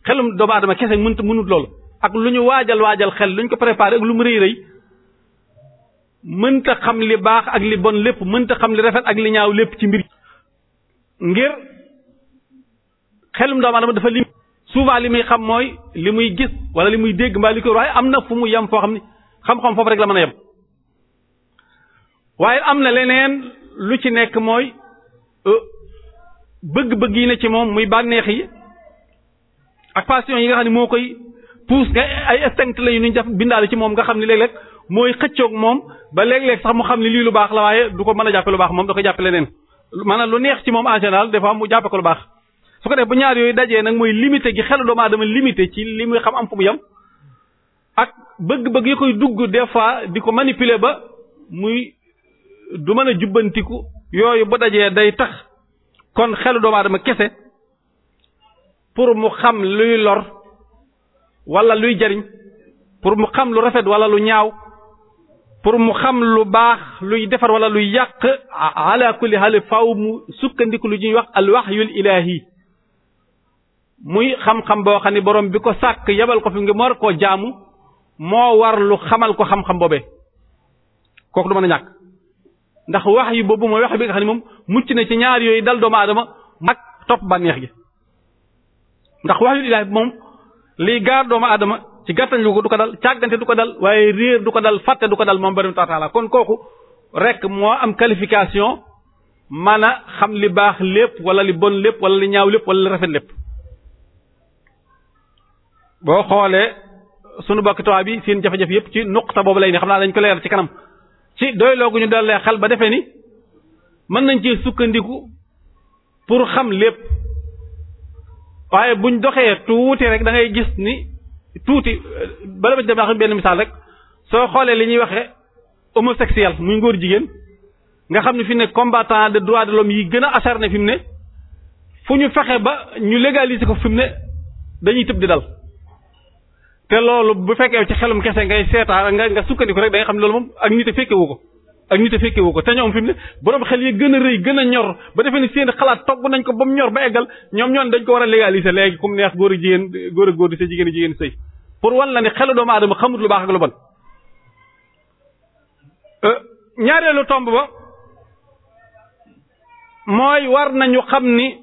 xelum doomu aadama kese mënta mënut loolu ak lu ñu waajal waajal xel lu ko préparé ak lu mu rëy rëy mënta xam li baax ak li bon lépp mënta xam li rafet ak li ñaaw lépp ci mbir ngir xelum doomu adama dafa lim souvent li muy xam mooy li muy gis wala li muy dégg mbaa li koy waaye am na fu mu yem foo xam ne xam-xam foofu rek la a yem waaye am na leneen lu ci nekk mooy euh, bëgg-bëgg yi ne ci moom muy bànneex yi ak passion yi nga xam ne moo koy pousse nga ay instinct la yu ñu def bindaale ci moom nga xam ne léeg-léeg mooy xëccook moom ba léeg-léeg sax mu xam ni lii lu baax la waaye du ko mën a jàppe lu baax moom da ko jàppe leneen a lu neex ci moom en général des fois mu jàppe ko lu baax su ko def bu ñaar yooyu dajee nag mooy limité gi xelu doomu aadama limité ci li muy xam am fu mu yem ak bëgg-bëgg yi koy dugg des fois di ko manipuler ba muy du mën a jubbantiku yooyu bu dajee day tax kon xelu doomu aadama kese pour mu xam luy lor walla luy jariñ pour mu xam lu rafet wala lu ñaaw pour mu xam lu baax luy defar wala luy yàq ala kulli hal faaw mu sukkandiku lu ñuy wax al wahyul ilaahi muy xam-xam boo xam ne borom bi ko sàkk yebal ko fi nga mu war koo jaamu moo war lu xamal ko xam-xam boobee kooku du mën a ñàkk ndax wax yi boobu mooy wax bi nga xam ne moom mucc na ci ñaar yooyu dal doomu aadama mag topp bànneex gi ndax wahyul ilaahi moom liy gaar doomu aadama ci gàttañ lu ko du ko dal càggante du ko dal waaye réer du ko dal fàtte du ko dal moom bari taala kon kooku rek moo am qualification man xam li baax lépp wala li bon lépp wala li ñaaw lépp wala li rafet lépp boo xoolee sunu bokki tubaab bi seen jafe-jafe yépp ci nuqta boobu lay ni xam naa dañ ko leeral ci kanam ci doy loogu ñu xal ba defee ni mën nañ ci sukkandiku pour xam lépp waaye buñ doxee tuuti rek da ngay gis ni tuuti bala ma ci def benn misaal rek soo xoolee li ñuy waxee homosexuel muy ngóor jigéen nga xam ne fi ne combattant de droit de l'homme yi gën a acharné fi mu ne fu ñu fexe ba ñu légaliser ko fi mu ne dañuy tëb di dal te loolu bu fekkee ci xelum kese ngay seetaan nga nga sukkandiku rek da nga xam ne loolu moom ak nii nit a fekkewu ko ak nit a fekkewu ko te ñoom fi mu ne borom xel yi gën a rëy gën a ñor ba defee ni seen xalaat togg nañ ko ba mu ñor ba eggal ñoom ñoon dañ ko war a légaliser léegi comme neex góor a jigéen góor a góor di sa jigéen a jigéen sëy pour wan la ne xelu doomu aadama xamut lu baax ak lu bon. Euh, ñaareelu tomb ba mooy war nañu xam ni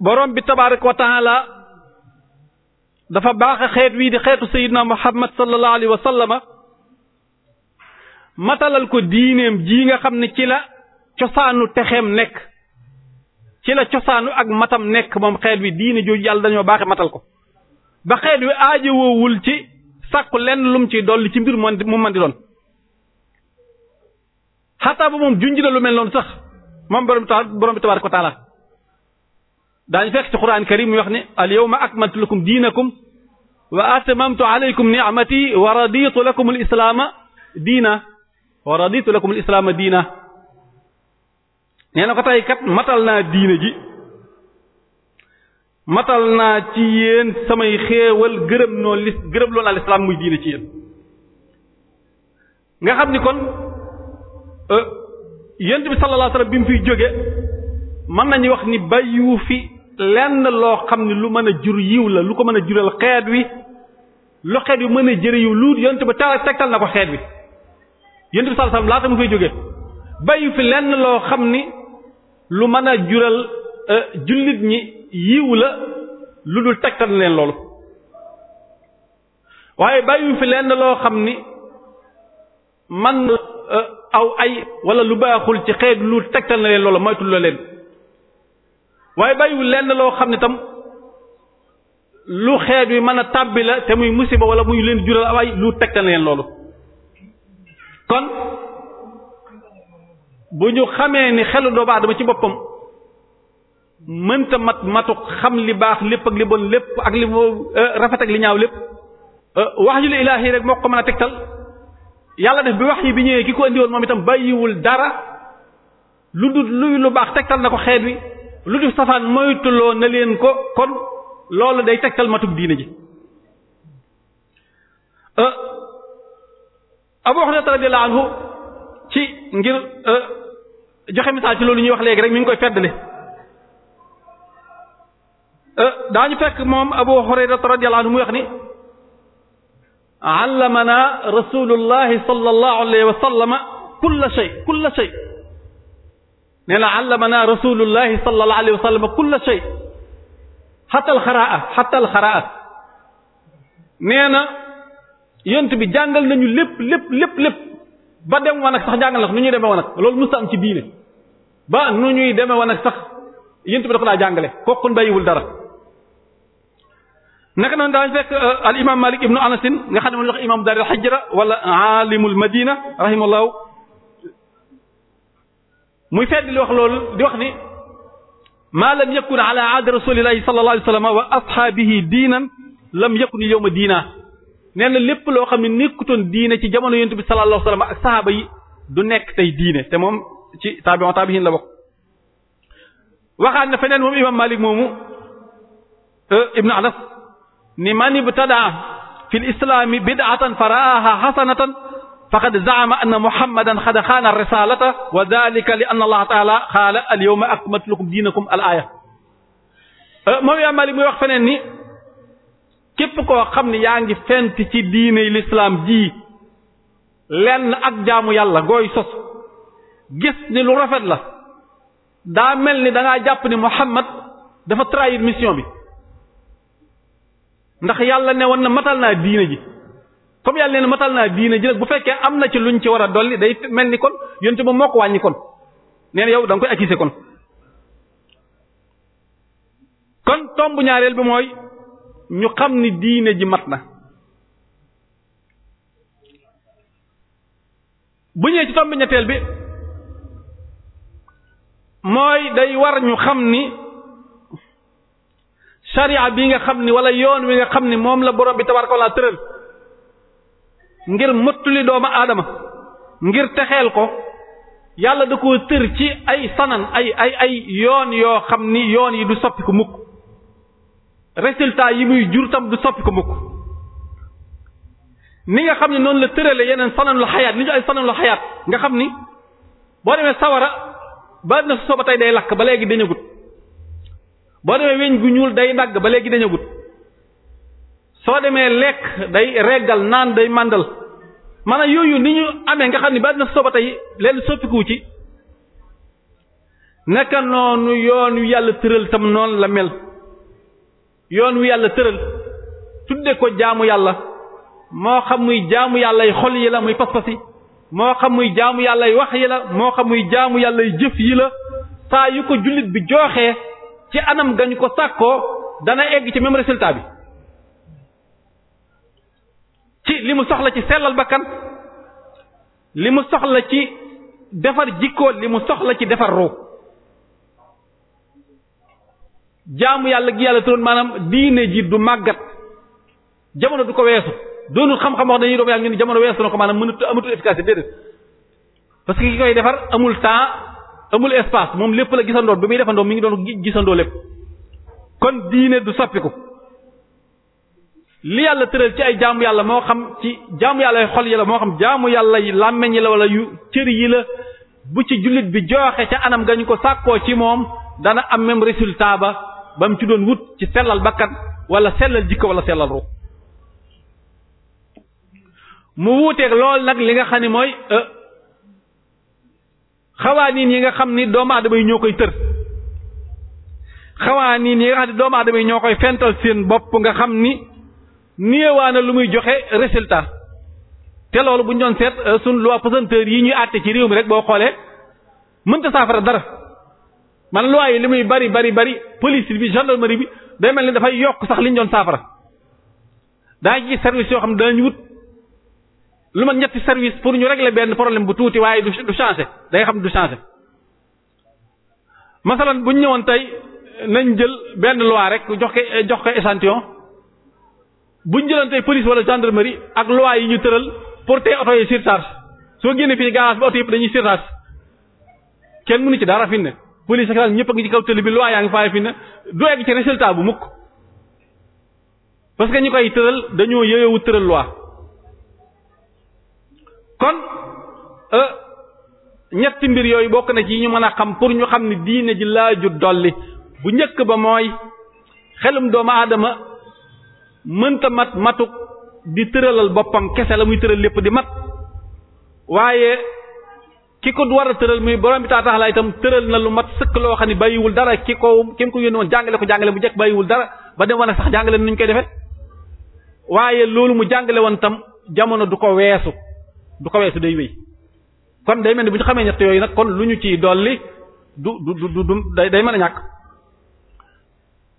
boroom bi tabaaraka wa taala dafa baax a xeet wii di xeetu sayyidina Muhammad sallallahu alayhi wa sallama matalal ko diineem jii nga xam ne ci la cosaanu texeem nekk ci la cosaanu ak matam nekk moom xeet wi diine jooju yàlla dañoo baaxe matal ko ba xeet wi aajowoowul ci sàkku lenn lum ci dolli ci mbir mu man di doon xataa ba moom junj na lu mel noonu sax moom borom borom bi tabaaraka wa taala daañu fekk ci quraan karim mu wax ne al yawma akmaltu lakum diinakum wa atmamtu alaykum ni'mati wa raditu lakum al islaama diina wa raditu lakum al islaama diina nee na ko tey kat matal naa diine ji matal naa ci yéen samay xéewal gërëm noo lis gërëm loon al islaam muy diine ci yéen nga xam ni kon euh, yent bi sallallahu bi mu fiy jóge mën nañu wax ni bàyyiwu fi lenn loo xam ne lu mën a jur yiw la lu ko mën a jural xeet wi lu xeet wi mën a jëre yiw lu yent bi ta tegtal na ko xeet wi yonent bi sallallahu laata mu fay jóge bàyyi fi lenn loo xam ni lu mën a jural euh, jullit ñi yiw la lu dul tegtal leen loolu waaye bàyyi fi lenn loo xam ni man euh, aw ay walla lu baaxul ci xeet lu tegtal na leen loolu moytul la leen waaye bàyyiwu lenn loo xam ne tam lu xeet wi mën a tàbbi la te muy musiba wala muy leen jural ay lu tegtal na leen loolu kon bu ñu xamee ni xelu doomu aadama ci boppam mënta mat matuk xam li baax lépp ak li bon lépp ak li euh, rafet ak li ñaaw lépp euh, wax yu la ilaahi rek moo ko mën a tegtal yàlla def bi wax yi bi ñëwee ki ko andiwoon moom itam bàyyiwul dara lu dul luy lu baax tegtal na ko xeet wi lu dul safaan moytuloo na leen ko kon loolu day tegtal matuk diine ji euh, Abu Hurayra radiyallahu anhu ci ngir euh, joxe misaal ci loolu ñuy wax léegi rek mi ngi koy feddale euh, daañu fekk moom Abu Hurayra radiyallahu anhu muy wax ni allamana rasulullahi sallallahu alayhi wa sallama kulla shay kulla shay nee na allamana rasulullahi sallallahu alayhi wa sallama kulla shay hatta al-xaraa hatta al-xaraa nee na yont bi jàngal nañu lépp lépp lépp lépp ba dem wanag sax jàngal na nu ñuy demee wanag loolu musta am ci diine ba nu ñuy demee wanag sax yont bi da ko daa jàngale kooku bàyyiwul dara naka noonu daañu fekk euh, al imam malik ibnu anasin nga xam ne moom la ko imam dar al hijra wala alimul madina rahimahullahu muy fedd li wax loolu di wax ni ma lam yakun ala aada rasulillahi sallallahu alayhi wa sallam wa ashaabihi diinan lam yakun yawma diina nee na lépp loo xam ne nekkutoon diine ci jamono yonent bi sallallahu alayhi wasallam ak saxaaba yi du nekk tey diine te moom ci taabi'u taabi'in la bokk. waxaat na feneen moom imaam Malik moomu Ibn Anas ni man ibtadaa fil islaami bid'atan faraaha hasanatan faqad za'ama anna muhammadan qad xaana risaalata wa dhalika li anna allah ta'ala qaala al yawma akmaltu lakum diinakum al aaya moom imaam Malik muy wax feneen ni. képp koo xam ne yaa ngi fent ci diiney lislaam ji lenn ak jaamu yàlla gooy sos gis ni lu rafet la daa mel ni dangaa jàpp ni Muhammad dafa trahir mission bi ndax yàlla ne woon matal naa diine ji comme yàlla ne matal naa diine ji nag bu fekkee am na ci luñ ci war a dolli day mel ni kon yonte ba moo ko wàññi kon nee yow da nga koy accuser kon kon tombu ñaareel bi mooy ñu xam ni diine ji mat na bu ñëwee ci tomb ñetteel bi mooy day war ñu xam ni sariya bii nga xam ni wala yoon wi nga xam ni moom la borom bi tabaraka wala tëral ngir mottuli doomu aadama ngir texeel ko yàlla da ko tër ci ay sanan ay ay ay yoon yoo xam ni yoon yi du soppiku mukk résultat yi muy jur tam du soppi ko mukk ni nga xam ne noonu la tërale yeneen sananul xayaat li ñu ay sananul xayaat nga xam ni boo demee sawara ba na soba tey day lakk ba léegi dañagut boo demee weñ gu ñuul day dagg ba léegi dañagut soo demee lekk day reggal naan day màndal maanaam yooyu ni ñu amee nga xam ne ba na soba tey leen soppikuwu ci naka noonu yoonu yàlla tëral tam noonu la mel yoon wi yàlla tëral tudde ko jaamu yàlla moo xam muy jaamu yàllay xol yi la muy pas-pas moo xam muy jaamu yàllay wax yi la moo xam muy jaamu yàllay jëf yi la saa yu ko jullit bi jooxee ci anam gañu ko sàkkoo dana egg ci même résultat bi ci li mu soxla ci sellal bakkan li mu soxla ci defar jikko li mu soxla ci defar ruux jaamu yàlla gi yàlla tëroon maanaam diine ji du màggat jamono du ko weesu doonul xam-xam wax dañuy doom yàlla ngeen ni jamono weesu na ko maanaam mënut amatul efficacité déedéet parce que ki koy defar amul temps amul espace moom lépp la gisandoo bi muy defandoo mi ngi doon gisandoo lépp kon diine du soppiku li yàlla tëral ci ay jaamu yàlla moo xam ci jaamu yàlla xol yi la moo xam jaamu yàlla yi làmmeñ yi la wala yu cër yi la bu ci jullit bi jooxe ca anam gañu ko sàkkoo ci moom dana am même résultat ba ba mu ci doon wut ci sellal bakkan wala sellal jikko wala sellal ruux mu wuuteeg lool nag li nga xam ni mooy euh, xawaaniin yi nga xam ni doomu aadama yi ñoo koy tër xawaaniin yi nga xam ni doomu aadama yi ñoo koy fental seen bopp nga xam ni néewaana lu muy joxe résultat te loolu bu ñu doon seet euh, suñ loi pesanteur yi ñuy àtte ci réew mi rek boo xoolee mënta saafara dara man loi yi li muy bari bari bari police bi gendarmerie bi day mel ni dafay yokk sax liñ doon saafara daa gis service yoo xam ne danañ wut lu ma ñetti service pour ñu régler benn problème bu tuuti waaye du du changer day xam du changer masalan bu ñu ñëwoon tey nañ jël benn loi rek jox ko jox ko échantillon bu ñu jëloon tey police wala gendarmerie ak loi yi ñu tëral pour tey oto yi surcharge soo génnee fii garage ba oto yëpp dañuy surcharge kenn mënu ci dara police ak ñëpp a ngi ci kaw tëli bi loi yaa ngi faaye fi ne doo egg ci résultat bu mukk parce que ñi koy tëral dañoo yëyowu tëral loi kon euh, ñetti mbir yooyu bokk na ci ñu mën a xam pour ñu xam ne diine ji laaju dolli bu njëkk ba mooy xelum doomu aadama mënta mat matuk di tëralal boppam kese la muy tëral lépp di mat waaye ki ko war a tëral muy borom bi taatax la itam tëral na lu mat sëkk loo xam ne bàyyiwul dara ki ko ki mu ko yónni woon jàngale ko jàngale bu jekk bàyyiwul dara ba dem wane sax jàngale nu ñu koy defee waaye loolu mu jàngale woon tam jamono du ko weesu du ko weesu day wéy kon day mel ni bu ñu xamee ñett yooyu nag kon lu ñu ciy dolli du du du du day mën a ñàkk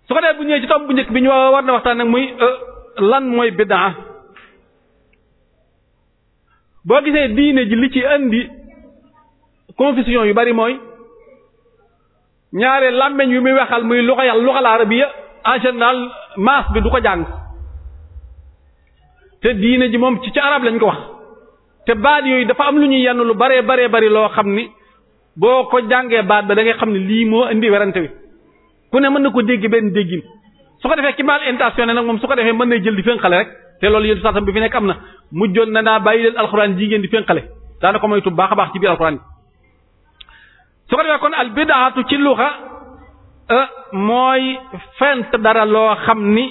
su ko dee bu ñëwee ci tomb bu njëkk bi ñu war na waxtaan nag muy euh, lan mooy bid'a boo confusion yu bari mooy ñaare làmmeñ wi muy waxal muy lu xayal lu xal arabiya en général maas bi du ko jàng te diine ji moom ci ci arab lañ ko wax te baat yooyu dafa am lu ñuy yenn lu baree baree bari loo xam ni boo ko jàngee baat ba da ngay xam ne lii moo indi werante wi ku ne mën na ko dégg benn déggin su ko defee ki mal intentionné nag moom su ko defee mën na jël di fénqale rek te loolu yéen saatam bi fi nekk am na mujjoon na naa bàyy leen alxuraan jigéen di fénqale daana ko moytu baax a baax ci biir su ko defee kon al bidaatu ci luxa euh, mooy fent dara loo xam ni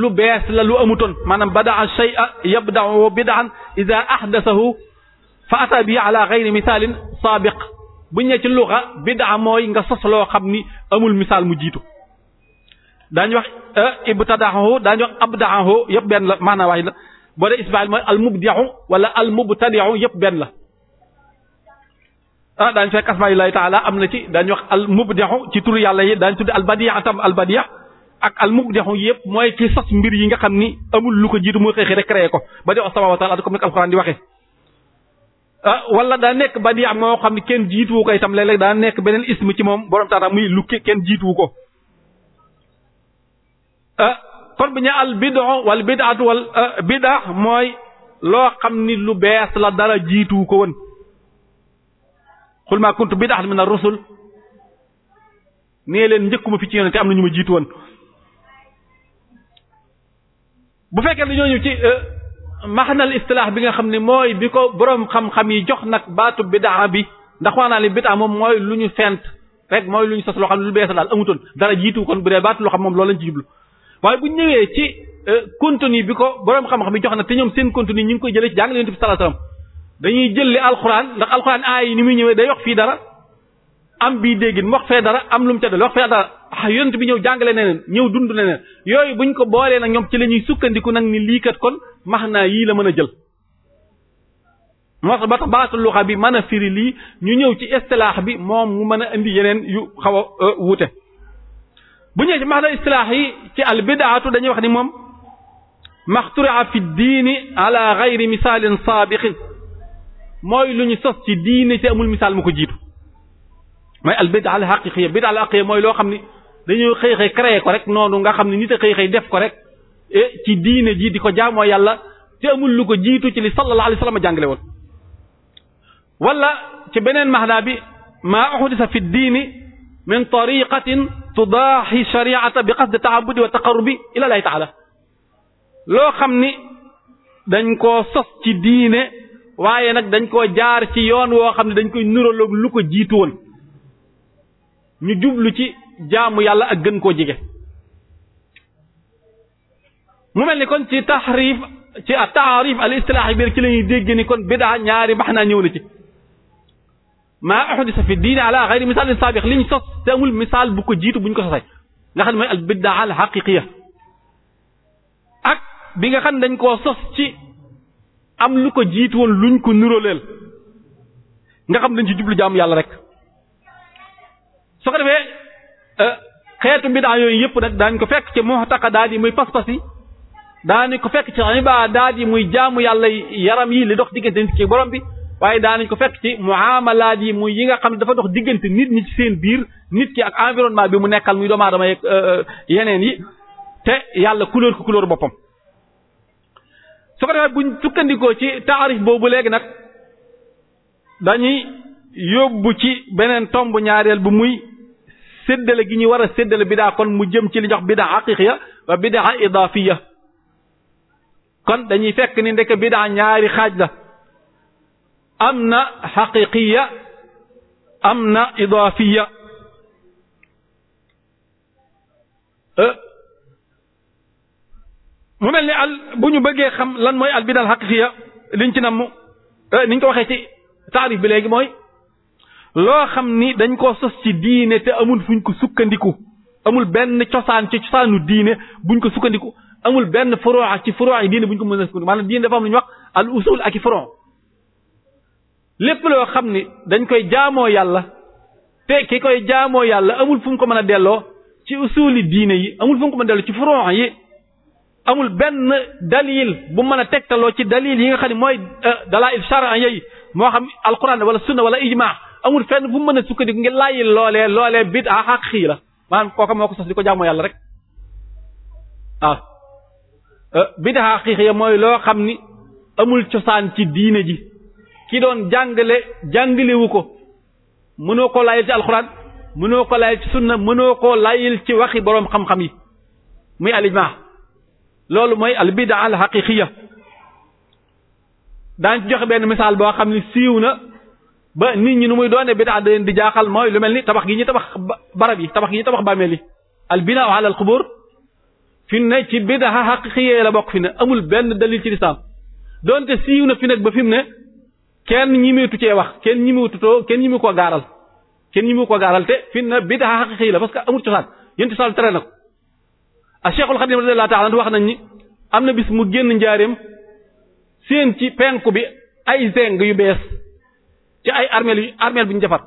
lu bees la lu amutoon maanaam badaa shay'a yabda'u bid'an idha ahdathahu fa ata bi ala ghayri misaalin bu ñu ci luxa bidaa mooy nga sos loo xam ni amul misaal mu jiitu daañu wax euh, ibtadaahu daañu wax abdaahu yëpp benn la maanaa waaye la boo dee isbaal mooy al wala al mubtadi'u yëpp benn la ah daañu fekk asmaa illaahi taala am na ci daañu wax al mubdihu ci turu yàlla yi daañu tuddi al badi'a tam al badi'a ak al mubdihu yëpp mooy ci sos mbir yi nga xam ni amul lu ko jiitu muy xëy xëy rek créé ko badi'u samaawaati wal ardi ni ko alxuraan di waxee. ah wala daa nekk badi'a moo xam ni kenn jiituwu ko itam léeg-léeg daa nekk beneen ism ci moom borom taata muy lu kenn jiituwu ko ah, kon bi ñu al bid'u wal ah, bid'a mooy loo xam ni lu bees la dara jiituwu ko woon. xul maa kuntu bid'atan a rusul nee leen njëkkuma fi ci yonent te am na ñu ma jiitu woon bu fekkee dañoo ñëw ci euh, maxanal istilaax bi nga xam ne mooy bi ko boroom xam-xam yi jox nag baatu bidaa bi ndax wax naa ne moom mooy lu ñu fent rek mooy lu ñu sos loo xam ne lu beesa daal amutoon dara jiitu kon bu dee baatu loo xam moom loolu lañ ci jublu waaye bu ñëwee ci euh, contenu bi ko boroom xam-xam yi jox nag te ñoom seen contenu ñu ngi koy jëlee ci jàngale dañuy jël li alxuraan ndax alxuraan aay yi ni muy ñëwee day wax fii dara am bii déggin wax dara am lu mu ca dal ah, bi ñëw jàngale neneen ñëw dund neneen yooyu buñ ko boolee nag ñoom ci la sukkandiku nag ni lii kat kon yii la mën a jël. moo tax ba tax bi mën a firi lii ñu ñëw ci istilaax bi moom mu mën a indi yeneen yu xaw a euh, wuute bu ñëwee ci yi ci al bidaatu dañuy wax ni moom maxturaa fi diini ala gayri misaalin saabiqin mooy lu ñu sos ci diine ci amul misaal mu ko jiitu mooy al bid'a al haqiqiyya bid'a al haqiqiyya mooy loo xam ni dañoo xëy xëy ko rek noonu nga xam ne nit a xëy def ko rek eh, ci diine ji di ko jaamoo yàlla te amul lu ko jiitu ci li sallallahu alayhi wasallam jàngale woon wala ci beneen maxnaa bi maa uhdisa fi diini min tariqatin tudaahi shari'ata bi qasd ta'abbudi wa taqarrubi ila ta'ala loo xam ni dañ koo sos ci diine waaye nag dañ koo jaar ci yoon woo xam ne dañ koy nuraloog lu ko jiitu ñu jublu ci jaamu yàlla ak gën koo jige mu mel ni kon ci taxrif ci a taarif al istilaahi biir ci ni kon bidaa ñaari max naa ñëw na ci maa uhdisa fi diine ala xayri misaalin saabiq liñ sos te amul misaal bu ko jiitu buñ ko sosay nga xam mooy al bidaa ak bi nga xam dañ koo sos ci am lu ko jiitu woon luñ ko nuraleel nga xam dañ ci jublu jaam yàlla rek soo ko defee euh, xeetu mbiddaa yooyu yëpp nag daañ ko fekk ci mu'taqadaat yi muy pas-pas yi daanañ ko fekk ci ibaadaat yi muy jaamu yàlla yaram yi li dox diggante nit ki borom bi waaye daanañ ko fekk ci muamalaat yi muy yi nga xam ne dafa dox diggante nit ñi ci seen biir nit ki ak environnement bi mu nekkal muy doomu aadama yeeg euh, euh, yeneen yi te yàlla couleur ku couleur boppam su ko defee buñ sukkandikoo ci taarif boobu léegi nag dañuy yóbbu ci beneen tomb ñaareel bu muy séddale gi ñu war a séddale bidaa kon mu jëm ci li jox bidaa haqiqiya wa bidaa idaafiya kon dañuy fekk ni ndeke bidaa ñaari xaaj la am na haqiqiya am na idaafiya mu mel ni al bu ñu bëggee xam lan mooy al bidal xaqiqiya liñ ci namm eh, niñ ko waxee ci taarif bi léegi mooy loo xam ni dañ koo sos ci diine te amul fu ñu ko sukkandiku amul benn cosaan ci cosaanu diine buñ ko sukkandiku amul benn furu'a ci furu'a diine buñ ko mën a sukkandiku maanaam diine dafa am lu ñuy wax al usul ak i lépp loo xam ni dañ koy jaamoo yàlla te ki koy jaamoo yàlla amul fu mu ko mën a delloo ci usuli diine yi amul fu mu ko mën a delloo ci furu'a yi amul benn dalil bu mën a tegtaloo ci dalil yi nga xam ne mooy euh, dalail shar'a yi moo xam alquran wala sunna wala ijma amul fenn bu mën a sukkandiku ngir laayil loolee loolee bid'a haqqi la maanaam kooka moo ko ko jaamoo yàlla rek waaw ah. euh, bid'a mooy loo xam ni amul cosaan ci diine ji ki doon jàngale jàngalewu ko mënoo koo laayil ci alquran mënoo ko laayil ci sunna mënoo koo laayil ci waxi boroom xam-xam yi muy al ijma loolu mooy al bidaa al xaqiqiya daan joxe benn misaal boo xam ni siiw na ba nit ñi nu muy doone bidaa da di jaaxal mooy lu mel ni tabax gi ñu tabax barab yi tabax gi ñu tabax bàmmeel yi al binaa ala al xubur fi ne ci bidaa xaqiqiya la bokk fi ne amul benn dalil ci lislaam donte siiw na fi nag ba fi mu ne kenn ñimitu cee wax kenn ñimiwututoo kenn ñimiwu ko gaaral kenn ñimiwu ko gaaral te fi na bidaa xaqiqiya la parce que amul cosaan yénti sal tere a Cheikhul Khadim radiyallahu ta'ala wax nañ ni am na bis mu génn njaareem seen ci penku bi ay zeng yu bees ci ay armeel yu armeel bi ñu defar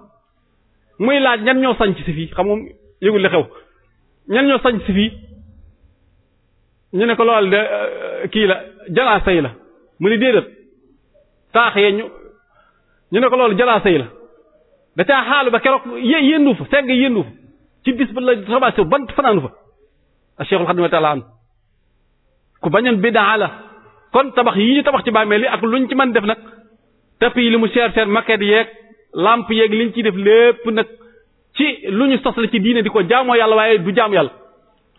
muy laaj ñan ñoo sañc si fii xam moom yëgul li ñoo sañc si ñu ne ko lool de euh, kii la jalaa say la mu ni déedéet taax yee ñu ñu ne ko loolu jalaa say la da caa xaalu ba keroog yé yéndu fa segg yéndu fa ci bis ba la sabase bant fanaanu fa Cheikhul Xadim taala an ku bañoon bidaa la kon tabax yi ñu tabax ci bàmmeel yi ak luñ ci man def nag tepp yi li mu seer seer maquette yeeg lamp yeeg liñ ciy def lépp nag ci lu ñu sos la ci diine di ko jaamoo yàlla waaye du jaam yàlla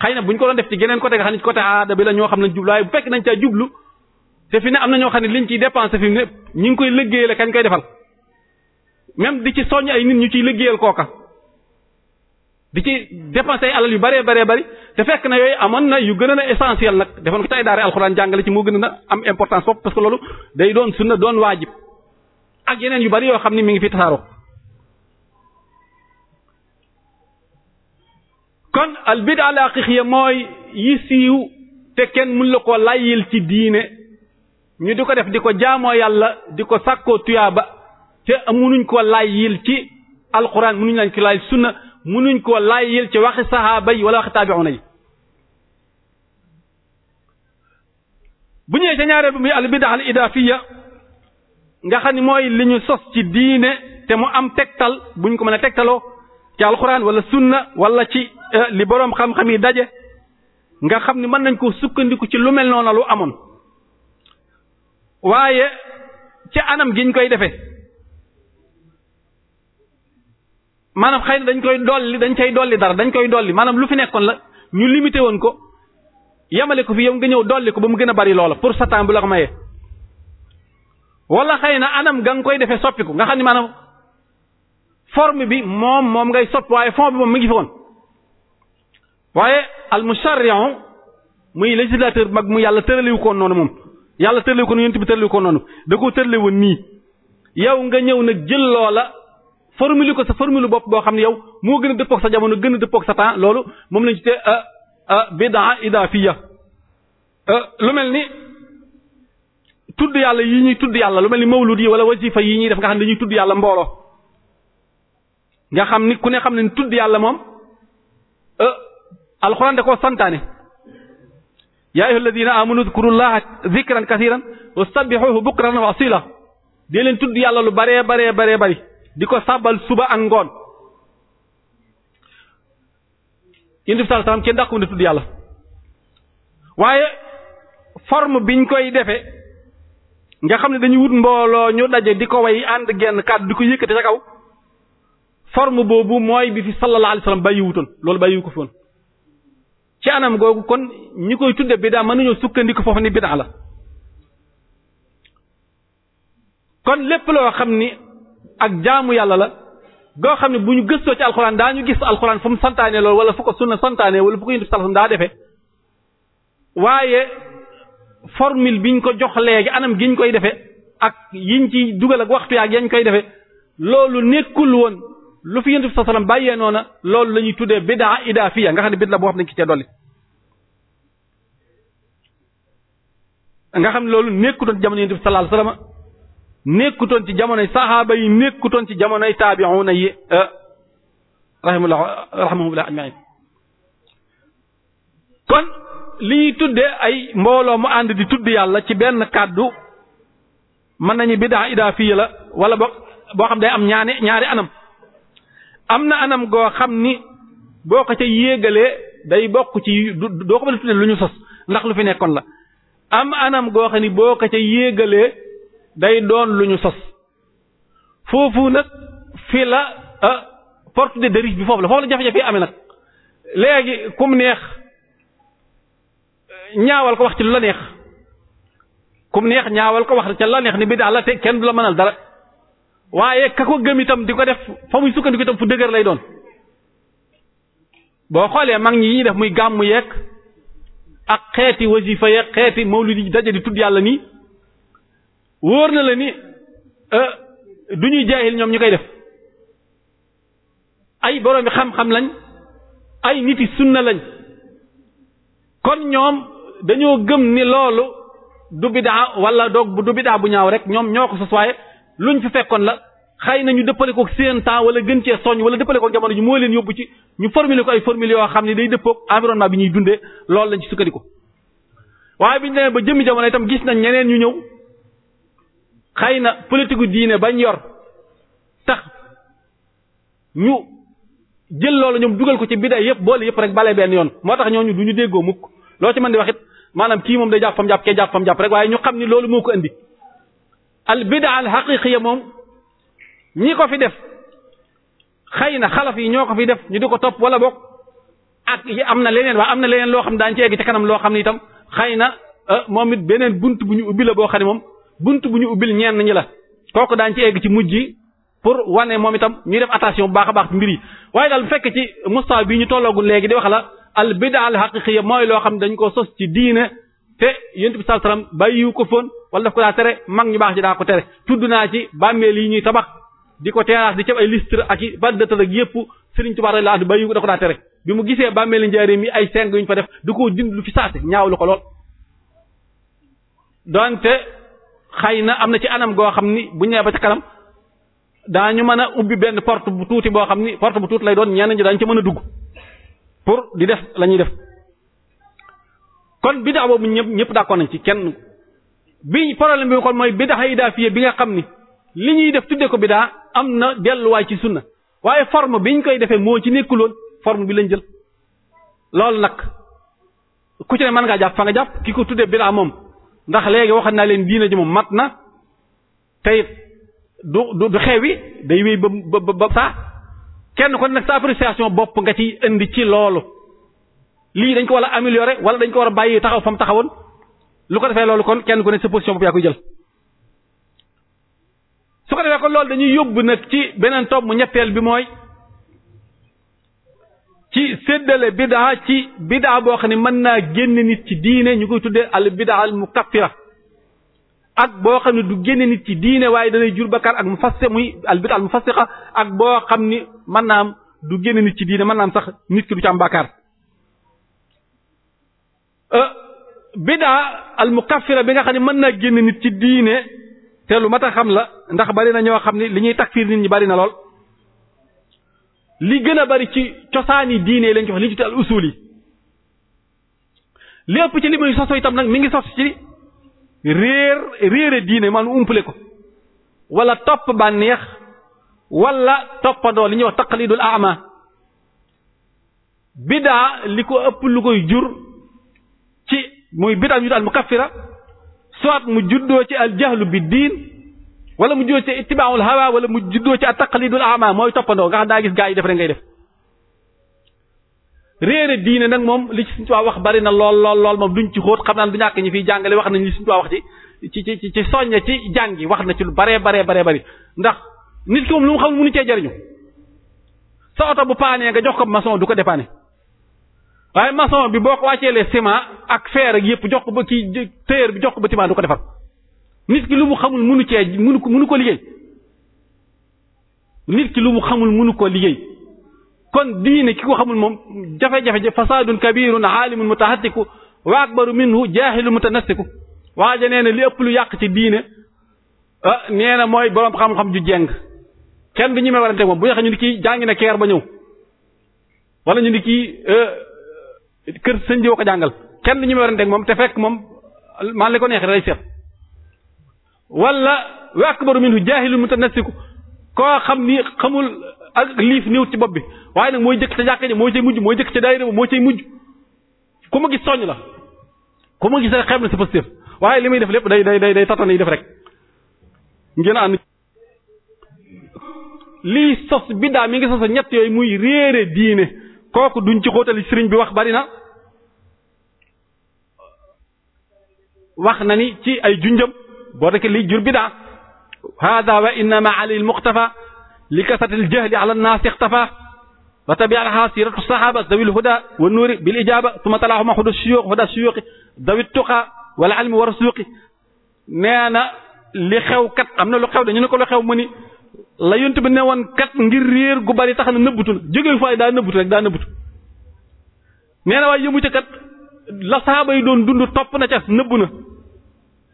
xëy na bu ñu ko doon def ci geneen côté nga xam ne côté aada bi la ñoo xam ne jublu waaye bu fekk nañ caa jublu te fi ne am na ñoo xam ne liñ ciy dépensé fi mu ne ñu ngi koy liggéeyal kañ koy defal même di ci ay nit ñu ciy liggéeyal kooka di ci dépensé ay yu bëree bëree bëri te fekk na yooyu amoon na yu gën a essentiel nag defoon ko ci ay alxuraan jàngale ci moo gën na am importance foofu parce que loolu day doon sunna doon waajib ak yeneen yu bari yoo xam ne mu ngi fi tasaaroo. kon al bid'a al haqiqiyya mooy yi siiw te kenn mën la koo layyil ci diine ñu di ko def di ko jaamoo yàlla di ko sàkkoo tuyaaba te mënuñ ko layyil ci alxuraan mënuñ lañ ko layyil sunna munuñ koo layyil ci waxi saxaaba yi wala waxi na yi bu ñëwee ca ñaareel bi muy al bidaa al idaafiya nga xam ni mooy li ñu sos ci diine te mu am tegtal buñ ko mën a tegtaloo ci alxuraan wala sunna wala ci eh, li boroom xam-xam yi daje nga xam ni mën nañ ko sukkandiku ci lu mel noonu lu amoon waaye ci anam giñ koy defee maanaam xëy na dañ koy dolli dañ cay dolli dara dañ koy dolli maanaam lu fi nekkoon la ñu limité woon ko yemale ko fi yow nga ñëw dolli ko ba mu gën a bari loola pour sa bu la ko mayee wala xëy na anam ga nga koy defee soppiku nga xam ne maanaam forme bi moom moom ngay sopp waaye fond bi moom mi ngi fi woon waaye al musharri'u muy législateur mag mu yàlla tëraliwu koon noonu moom yàlla tëraliwu ko noonu yonent bi tëraliwu noonu da koo tërali woon nii yow nga ñëw nag jël loola formule ko sa formule bopp boo xam ne yow moo gën a dëppook sa jamono gën a dëppook sa temps loolu moom lañu ci te euh, euh, bid'a idafiya euh, lu mel ni tudd yàlla yi ñuy tudd yàlla lu mel ni mawlud yi wala wasifa yi ñuy def nga xam ne dañuy tudd yàlla mbooloo nga xam ni ku ne xam ne tudd yàlla moom alxuraan da koo santaane yaa ayyuha alladina amanu udkurullaha zikran kasiran wastabbihuhu bukratan wa asila dee tudd yàlla lu bare bare bare bari di ko sàbbal suba ak ngoon yonent bi sallallahu alayhi wasallam kenn dàqu na tudd yàlla waaye forme biñ koy defe nga xam ne dañuy wut mbooloo ñu daje di ko way ànd genn kàddu di ko yëkkate ca kaw form boobu mooy bi fi sallallahu alayhi wasallam bàyyi wutoon loolu bàyyi ko fi woon ci anam googu kon ñi koy tudde biddaa mënuñoo sukkandiku foofu ni biddaa la kon lépp loo xam ni ak jaamu yàlla la goo xam ne bu ñu gëstoo ci alxuraan daa ñu gis alxuraan fu mu santaane loolu wala fu ko sunna santaane wala fu ko yëngatu sax daa defee waaye formule biñ ko jox leegi anam giñ koy defee ak yiñ ci dugal ak waxtu yaak yañ koy defee loolu nekkul woon lu fi yëngatu sax sax bàyyee noona loolu la ñuy tuddee bid'a idaafiya nga xam ne bid la boo xam ne ki nga xam ne loolu nekkutoon doon yonent bi sallallahu alayhi wasallam nékkutoon ci jamonoy saxaaba yi nékkutoon ci jamonoy taabi'una yi eh, rahimahullah rahimahumullah ajma'in kon li ñuy tuddee ay mbooloo mu ànd di tudd yàlla ci benn kàddu mën nañu bid'a idaafiya la wala boo boo xam day am ñaani ñaari anam am na anam goo xam ni boo ko ca yéegalee day bokk ci doo ko mën a tuddee lu ñu sos ndax lu fi nekkoon la am anam goo xam ni boo ko ca yéegalee day doon lu ñu sos foofu nag fi la ah, porte de dérive bi foofu la foofu la jafe-jafe ame amee nag léegi kum neex ñaawal ko wax la neex kum neex ñaawal ko wax ca la neex ni biddaa la te kenn du la mënal dara waaye ka ko gëm itam di ko def fa muy sukkandiku itam fu dëgër lay doon boo xoolee mag ñi ñuy def muy gàmmu yeeg ak xeeti wasifa yeeg xeeti mawlid yi daje di tudd yàlla nii wóor na la ni euh, du ñuy jaahil ñoom ñu koy def ay borom bi xam-xam lañ ay niti na lañ kon ñoom dañoo gëm ni loolu du bidaa dog doog bu du bu ñaaw rek ñoom ñoo ko sos waaye luñ fi fekkoon la xëy na ñu dëppale ko seen temps wala gën cee soñ wala dëppale ko jamono ji moo leen yóbbu ci ñu formuler ko ay formule yoo xam ne day dëppook environnement bi ñuy dundee loolu lañ ci sukkandiku waaye bi ñu demee ba jëmmi jamono itam gis nañ ñeneen ñu ñëw xëy na politique diine bañ yor tax ñu jël loolu ñoom dugal ko ci bidda yëpp boole yëpp rek bale benn yoon moo tax ñoo ñu du ñu déggoo mukk loo ci mën di waxit it maanaam kii moom day jàpp fam jàpp kee jàpp fam jàpp rek waaye ñu xam ni loolu moo ko indi al bid'a al haqiqiyya moom ñi ko fi def xëy na xalaf yi ñoo ko fi def ñu di ko topp wala bokk ak am na leneen waa am na leneen loo xam daañu ci egg ci kanam loo xam ne itam xëy na euh, moom it beneen bunt bu ñu ubbi la boo xam ne moom bunt bu ñu ubbil ñenn ñi la kooku daañ ci egg ci mujj pour wane moom itam ñuy def attention bu baax a baax ci mbir yi waaye daal bu fekk ci mustawa bi ñu tolloogul léegi di wax la al bida al haqiqiyya mooy loo xam dañ ko sos ci diine te yonent bi sallallahu alayhi wasallam bàyyiwu ko foon wala daf ko daa tere mag ñu baax ci daa ko tere tudd naa ci bàmmeel yi ñuy tabax di ko terrasse di ci ay listre ak i bandatal ak yëpp Sëriñ Tuubaa la and bàyyiwu ko da ko daa bi mu gisee bàmmeeli njaareem yi ay seng yuñ fa def du ko jënd lu fi saase ñaawlu ko lool xëy na am na ci anam goo xam ni bu ñëwee ba ci kanam ñu mën a ubbi benn porte bu tuuti boo xam ni porte bu tuuti lay doon ñenn ñi daañu ci mën a dugg pour di def lañuy ñuy def kon bid'a boobu ñëpp ñëpp d'accord nañ ci kenn bi problème bi kon mooy bid'a yi daa fiye bi nga xam ni li ñuy def tudde ko bid'a am na delluwaay ci sunna waaye forme biñ koy defee moo ci nekkuloon forme bi lañ jël loolu nag ku ci ne mën ngaa jàpp fa nga jàpp ki ko tuddee bid'a moom ndax léegi waxat naa leen diina ji moom mat na tey du du du xewi day wéy ba ba ba saa kenn kon nag sa appréciation bopp nga ci indi ci loolu lii dañ ko war a améliorer wala dañ ko war a bàyyi taxaw fam taxawoon lu ko defee loolu kon kenn ku ne sa position bopp yaa koy jël su ko defee kon loolu dañuy yóbbu nag ci beneen tomb ñetteel bi mooy ci séddale bidaa ci bidaa boo xam ne mën naa génn nit ci diine ñu koy tuddee al bidaa al mukaffira ak boo xam ne du génne nit ci diine waaye danay jur bakkaar ak mu fasse muy al bidaa al mufassiqa ak boo xam ni mën naa am du génne nit ci diine mën naa am sax nit ki du ci am bakkaar euh, bidaa bi nga xam ne mën naa génn nit ci diine te lu mat a xam la ndax bari na ñoo xam ne li ñuy takfiir nit ñi bari na lool li gën a bari ci cosaani diine lañ ko li ñu tuddee al usul yi li ëpp ci li muy soso itam nag mi ngi sos ci réer réere diine maanaam umpale ko walla topp bànneex wala toppadoo li ñuy wax taqlidul ama bidaa li ko ëpp lu koy jur ci muy bidaa ñu daal mu kaffira soit mu juddoo ci al jahlu bi diin wala mu juddoo ci ittibaawul hawa wala mu juddoo ci at-taqlidul a'ma mooy toppandoo nga xam daa gis gaa yi def rek diine nag moom li ci Sëriñ wax bari na lool lool lool moom ñu ci xóot xam naan du ñàkk ñi fiy jàngale wax nañ li Sëriñ Tuubaa wax ci ci ci wax na ci lu baree baree baree bari ndax nit ki moom lu mu xam mënu cee jariñu sa oto bu paanee nga jox ko maçon du ko dépanner waaye maçon bi boo ko wàcceelee ciment ak feer ak yëpp jox ko ba kii tailleur bi jox ko ba ciment du ko defar nit ki lu mu xamul munu cee munu ko munu ko liggéey nit ki lu mu xamul munu koo liggéey kon diine ki ko xamul moom jafe-jafe fasaadun kabirun aalimun mutahattiku wa akbaru minhu jaahilun mutanassiku waaja nee na li ëpp lu yàq ci diine ah nee na mooy borom xam-xam ju jeng kenn du ñu may warante moom bu ñu ñu ni kii jàngi na keer ba ñëw wala ñu ni kii eh, kër sëñ bi ko jàngal kenn du ñu may warante moom te fekk moom man li ko neexee day seet wala wa akbaru minhu jaahilun mutanassiku koo xam ni xamul ak liif néew ci bopp bi waaye nag mooy jëkk ca jàkka ji moo cay mujj mooy jëkk ca daayira moo cay mujj ku ma gis soññ la ku ma gis rek xeeb na si positif waaye li muy def lépp day day day day tatane yi def rek ngeen ànd lii sos biddaa mi ngi sosa ñett yooyu muy réere diine kooku duñ ci xóotali sëriñ bi wax bari na wax na ni ci ay junjam boo dekee liy jur bidaa hada wa innama ali almuqtafa li kasatil jahli ala nnaas ixtafa wa tabi'aha siratu sahaba dawil huda wa nuuri bil ijaba tuma talahuma huda suyuq huda suyuqi dawit tuqa wal ilmi wa rasuqi nee na li xew kat am na lu xew dañu ne ko lu xew mu ni la yont bi ne woon kat ngir réer gu bari tax na nëbbutu na jógewu faay daa nëbbutu rek daa nëbbutu nee na waaye yëmu ca kat la saaba yi doon dund topp na ca nëbbu na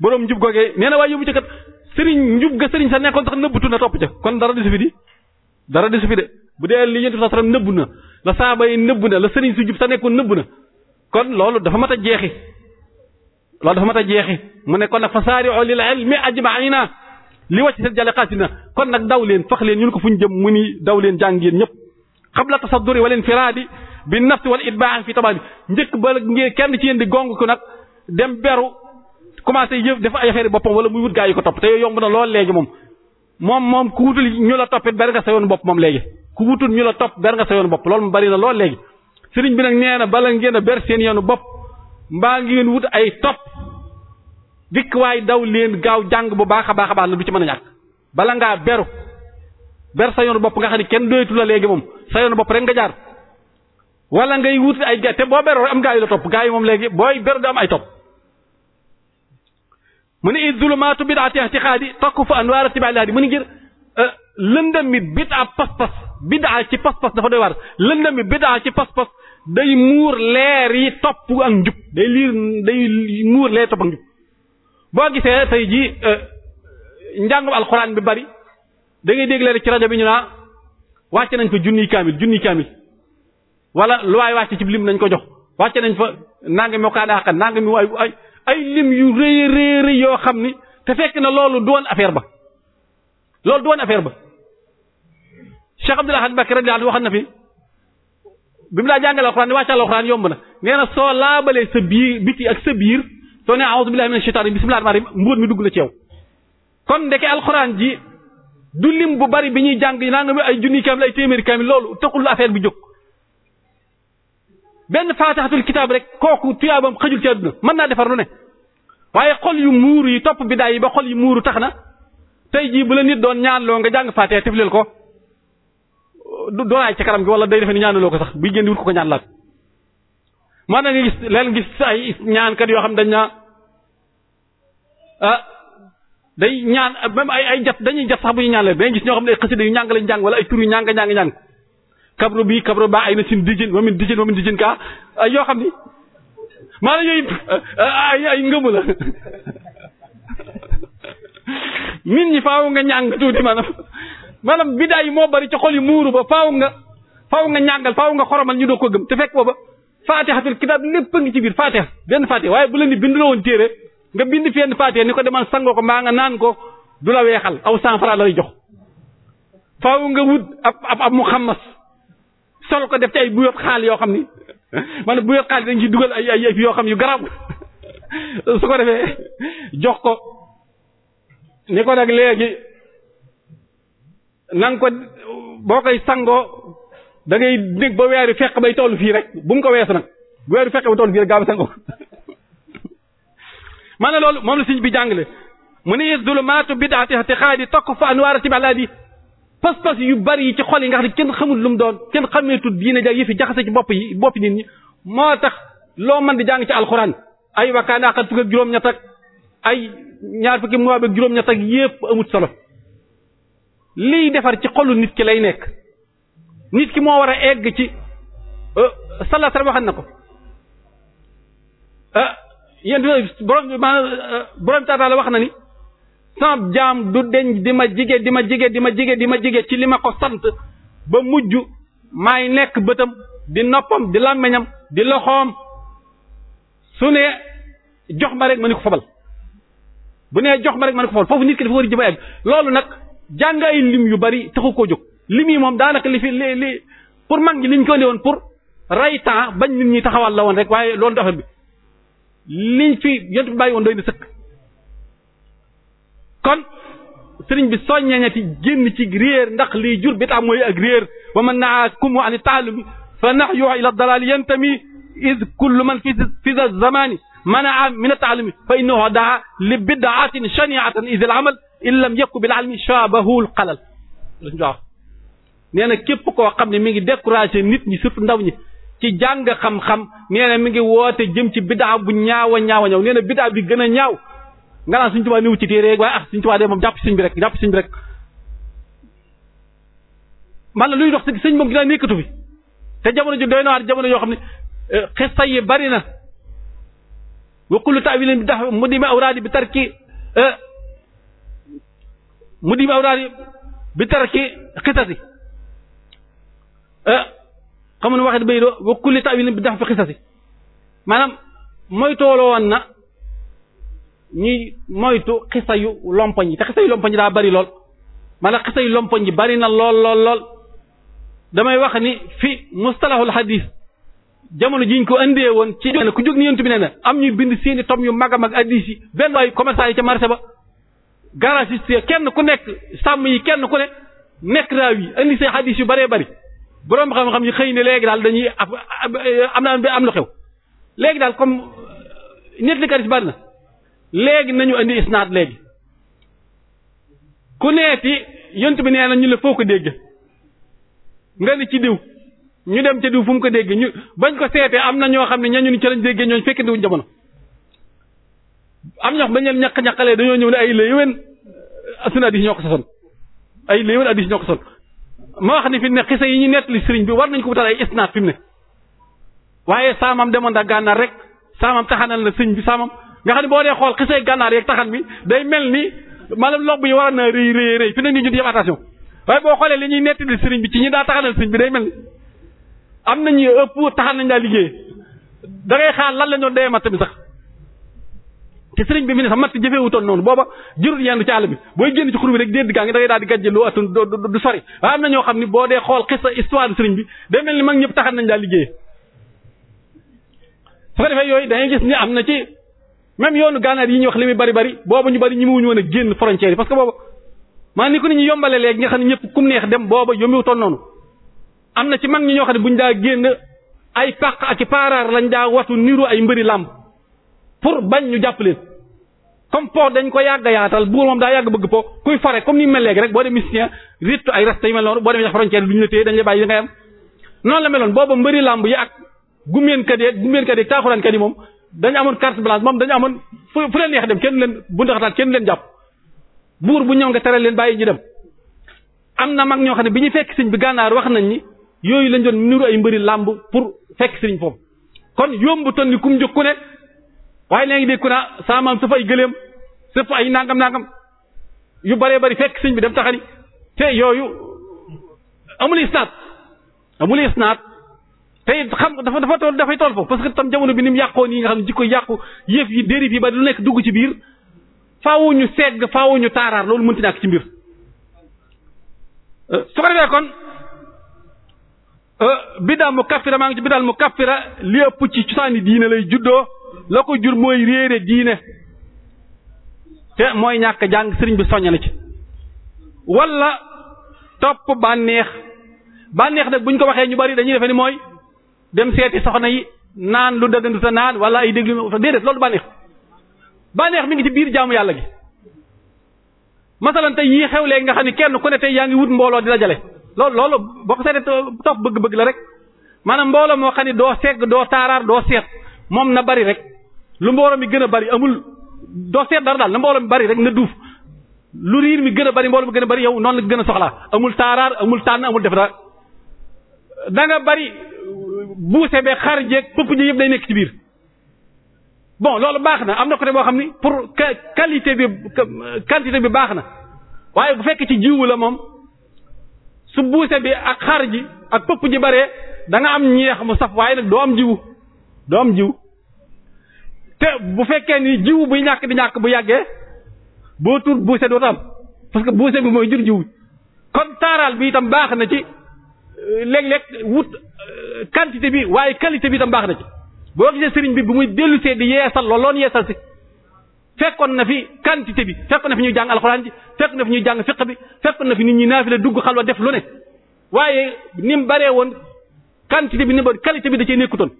boroom njub googee nee na waaye yóbbu ca kat sëriñ njub ga sëriñ sa nekkoon sax nëbbutu na topp ca kon dara desu fi di dara desu fi de bu dee li yéen a saram nëbbu na la saaba yi nëbbu na la sëriñ su jub sa nekkoon nëbbu na kon loolu dafa mat a jeexi loolu dafa mat a jeexi mu ne kon nag fa saari'u lil ilmi ajma'ina li wàcc seen jale xaasi na kon nag daw leen fax leen ñun ko ñu jëm mu ni daw leen jàng yéen ñëpp qabla tasadduri wal infiraadi bi nafsi wal itbaa'i fi tabaani njëkk ba ngeen kenn ci yéen di gong ko nag dem beru commencé yëf dafa ay xeeri boppam wala muy wut gaa yi ko topp te yomb na lool léegi moom moom moom ku wutul ñu la toppit bari nga sa yoon bopp moom léegi ku wutul ñu la topp bari nga sa yoon bopp loolu mu bari na lool léegi sëriñ bi nag nee na bala ngeen a ber seen yoonu bopp mbaa ngeen wut ay topp dikk daw leen gaaw jàng bu baax a baax a baax ci mën a ñàkk bala ngaa beru ber sa yoonu bopp nga xam ne kenn doyatula léegi moom sa yoonu bopp rek nga jaar wala ngay wut ay gaa te boo beroo am gaa yi la topp gaa yi moom léegi booy beru da am ay topp mu ne it zulumaatu bidaati ixtiqaadi takku fa anwaar tibaalihaadi mu ne ngir euh, lëndëm mi bidaa pas-pas bidaa ci pas-pas dafa doy waar lëndëm mi bidaa ci pas-pas day muur leer yi topp ak njub day liir day muur leer topp ak njub boo gisee tey jii euh, njàngum alxuraan bi bari da ngay dégg leen ci rajo bi ñu naa wàcce nañ fa junniy kaamil junniy kaamil wala lu waay wàcce ci lim nañ ko jox wàcce nañ fa nangami okaana xaqan nangami ay ay ay lim yu rëy rëy yoo xam ni te fekk na loolu du woon affaire ba loolu du woon affaire ba Cheikh Abdoul Ahad Mbacké radiyallahu anhu waxoon na fi bi mu laa jàngalee alxuraan ni wàccal alxuraan yomb na nee na soo laabalee sa biir biti ak sa biir soo nee a'udhu billahi minash shaitanir bismillahir rahmanir rahim mbóot mi dugg na ci kon ndeke alxuraan ji du lim bu bari bi ñuy jàng naa nga mi ay junni kaamil ay téeméeri kaamil loolu taxul affaire bi jóg benn faatixatul kitaab rek kooku tuyaabam xajul mën naa defar lu ne waaye xol yu muur yi topp bidaay yi ba xol yi muur tax na tey jii bu la nit doon ñaan loo nga jàng faatee tifleel ko doonaay ci karam gi wala day defe ni ñaanaloo ko sax buy génn wut ko ay ñaankat yoo xam dañ naa ah, ñaan même ay ay jat dañuy sax bu ñu ñaan la day gis ñoo xam ne ay xasida yu ñàng lañ jàng wala ay tur yu ñàng ñàng ñàng kabro bi kabro ba ay na sin dijin wamin dijin wamin dijin ka yoo xam ni maanaam yooyu ay ay la nit ñi faaw nga ñàng tuuti maanaam maanaam bidaa yi moo bari ci xol yi muuru ba faaw nga faaw nga ñàngal faaw nga xoromal ñu doo ko gëm te fekk booba faatixatul kitaab lépp a ngi ci biir faatixa benn faatixa waaye bu leen di bind la woon téere nga bind fenn faatixa ni ko demal sangoo ko mbaa nga naan ko du la weexal aw cent francs la lay jox faaw nga wut ab ab ab mu sol ko def ci ay buyot xaal yoo xam ni [LAUGHS] ma ne bu yor xaalis dañ ci dugal ay ay yoo xam yu garab [LAUGHS] su ko defee jox ko ni ko nag léegi na ko boo koy sangoo da ngay ba weeru fekk bay toll fii rek bu mu ko weesu nag bu weeru fekk bay toll fii rek gaa ba sangoo [LAUGHS] ma ne loolu moom la siñ bi jàngale mu ne zulumaatu bidaati ixtiqaadi takku fa anwaara tibaladi pas-pas yu bari yi ci xol yi nga xam ne kenn xamul lu mu doon kenn xameetut diine jaag yëfi jaxase ci bopp yi bopp nit ñi moo tax loo mën di jàng ci alxuraan ay wakkaane ak fukk ak juróom-ñett ay ñaar fukki mois ak juróom-ñett ak yépp amut solo liy defar ci xolu nit ki lay nekk nit ki moo war a egg ci sala sala waxan na ko ah yéen borom maanaam euh, borom wax na ni sama jaam du deñ di ma jige di ma jige di ma jige di ma jige ci li ma ko sant ba mujj maay nekk bëtam di noppam di làmmeñam di loxoom su ne jox ma rek ma ni ko fabal bu ne jox ma rek ma ni ko fabal foofu nit ki dafa war a jëm egg loolu nag jàng ay lim yu bari taxu koo jóg lim yi moom daanaka li li li pour mag ñi liñ ko indi woon pour ray temps bañ nit ñi taxawal la woon rek waaye loolu dafa bi liñ fi yent bi bàyyi woon doy na sëkk kon sëriñ bi soññañati génn ci réer ndax liy jur bi tax mooy ak réer wa man nahaakum an taalumi fa nahyuhu ila dalaal yantami id kullu man fi fi zamani manaa min taalumi fa innahu daa li bidaatin shaniatin id al amal in lam yakku bil almi shaabahu al qalal lañ jox nee na képp koo xam ne mi ngi découragé nit ñi surtout ndaw ñi ci jàng xam-xam nee na mi ngi woote jëm ci biddaa bu ñaaw a ñaaw a ñaaw nee bi gën a ñaaw nga naan suñ tubaa niwut ci téere waaye ah suñ tubaa de moom jàpp bi rek jàpp sëñ bi rek man luy dox sëñ moom ginaa nekkatu fi te jamono ji doy na waar jamono yoo xam ne eh, xista yi bari na wa kullu ta'wilin bi dax mu dimi awraadi bi tarki eh, mu dimi awraadi bi tarki xisasi eh, xam waxit bay doo wa kullu ta'wilin bi dax fi xisasi maanaam mooy tooloo woon na ñuy moytu xisa yu lompoñ yi te xisa yu lompoñ yi daa bari lool maanaam xisa yu lompoñ yi bari na lool lool lool damay wax ni fi mustalahul hadis jamono jiñ ko indee woon ci ne ku jóg ni yontu bi ne na am ñuy bind seeni tom yu mag a mag hadis yi benn waayu commerçant yi ca marché ba garagiste yi kenn ku nekk sàmm yi kenn ku ne nekk raaw yi indi say hadis yu bëree bëri boroom xam-xam yi xëy ne léegi daal dañuy am na am na xew léegi daal comme nettalikat yi léegi nañu andi isnaad léegi ku neeti yont bi nee na ñu la foo ko dégg nga ni ci diw ñu dem ca diw fu ko dégg ñu bañ ko seetee am na ñoo xam ne ñañu ni ca lañ déggee ñooñu fekk diwuñ jamono am ñoo xam bañ leen ñaq-ñaqalee dañoo ñëw ne ay la yéwén suñu addis ñoo ko sosoon ay la yéwén addis ñoo ko sosoon ma wax ni fi ne xisa yi ñu nettali sëriñ bi war nañ ko wutal ay isnaad fi mu ne waaye saamam demoon da gànnaar rek saamam taxanal na sëriñ bi saamam nga xam ne boo dee xool xisee gànnaar yeeg taxan day mel ni maanaam na rëy rëy rëy fi ne nii ñu def attention waaye boo xoolee li ñuy nettali sëriñ bi ci ñi daa taxanal day mel ni am nañu ëpp taxan nañ daa liggéey da ngay xaar lan la doon dee matt bi sax te sëriñ bi fi ne sax matt jëfeewutoon noonu booba jurul yenn ci àll bi booy génn ci xur bi rek déedéet daal di gàjje loo atun ñoo xam ne boo dee xool xisa histoire sëriñ bi day mel ni mag ñëpp taxan nañ daa liggéey su ko defee yooyu dangay gis ni am na ci même yoonu gànnaar yi ñuy wax li muy bari bari booba ñu bari ñi mu woon a génn frontière yi parce que booba maanaam ni ko nit ñi yombale léegi xam ne ñëpp kum neex dem booba yombiwutoon noonu am na ci mag ñu ñoo xam ne bu ñu daa génn ay pàq ak yi paaraar lañ daa watu niru ay mbëri làmb pour bañ ñu jàpp leen comme po dañ ko yàgg a yaatal buur moom daa yàgg bëgg po kuy fare comme ni mel léegi rek boo dem musicien rittu ay rasta yu mel noonu boo demee nga yam noonu la meloon booba mbëri làmb yi ak gumeenkat yi gumeenkat yi taaxuraankat yi moom dañu amoon carte blanche moom dañu amoon fu fu leen neex dem kenn leen bu ndaxataat kenn leen jàpp buur bu ñëw nga tere leen bàyyi ñu dem. am na mag ñoo xam ne bi ñu fekk sëñ bi gànnaar wax nañ ni yooyu lañ doon niru ay mbëri làmb pour fekk sëñ foofu kon yombutoon ni kum jóg ku ne waaye léegi dégg ku ne ah, saa maam sëf ay gëléem sëf ay nangam nangam yu bëree bari fekk sëñ bi dem taxani te yooyu amul isnaat amul isnaat te xam nga dafa dafa toll dafay toll que tam jamono bi ni mu yàqoo nii nga xam ne jikko yàqu yëf yi dérive yi ba lu nekk dugg ci biir faawu ñu segg faawu ñu taaraar loolu mënti nak ci mbir euh, su ko defee kon euh, biddaa mu kaffira biddaal mu kaffira li ëpp ci cosaani diine lay juddoo la ko jur mooy réere diine te mooy ñàkk jàng sëriñ bi soñña na ci wala topp bànneex bànneex nag buñ ko waxee ñu bari dañuy defe ni mooy dem seeti soxna yi naan lu dëggandu ta naan wala ay déglu déedéet loolu bànneex bànneex mi ngi ci biir jaamu yàlla gi masalan tey yii xew léegi nga xam ne kenn ku ne yaa ngi wut mbooloo di dajale loolu loolu boo ko seetee topp bëgg-bëgg la rek maanaam mbooloo moo xam ne doo segg doo taaraar doo seet moom na bari rek lu mbooloo mi gën a bari amul doo seet dara daal na mbooloo mi bari rek na duuf lu riir mi gën a bari mbooloo mi gën bari yow noonu la gën a soxlaa amul taaraar amul tànn amul def dara da bari buuse be xar jeeg pëpp ji yëpp day nekk ci biir bon loolu baax na am na côté boo xam ni pour qualité bi quantité bi baax na waaye bu fekkee ci jiw la moom su buuse bi ak xar ji ak pëpp ji bare danga am ñeex mu saf waaye nag doo am jiwu doo am jiwu te bu fekkee ni jiw buy ñàkk di ñàkk bu yàggee boo tur buuse doo am parce que buuse bi mooy jur jiw kon taaral bi itam baax na ci léeg-léeg wut euh, quantité bi waaye qualité bi tam baax na ci boo gisee sëriñ bi bu muy dellu see di yeesal looloon yeesal si fekkoon na fi quantité bi fekkoon na fi ñuy jàng alxuraan ji fekkoon na fi ñuy jàng fiq bi fekkoon na fi nit ñi naafila dugg xalwa def lu ne waaye ni bare woon quantité bi ni ba qualité bi da cee nekkutoon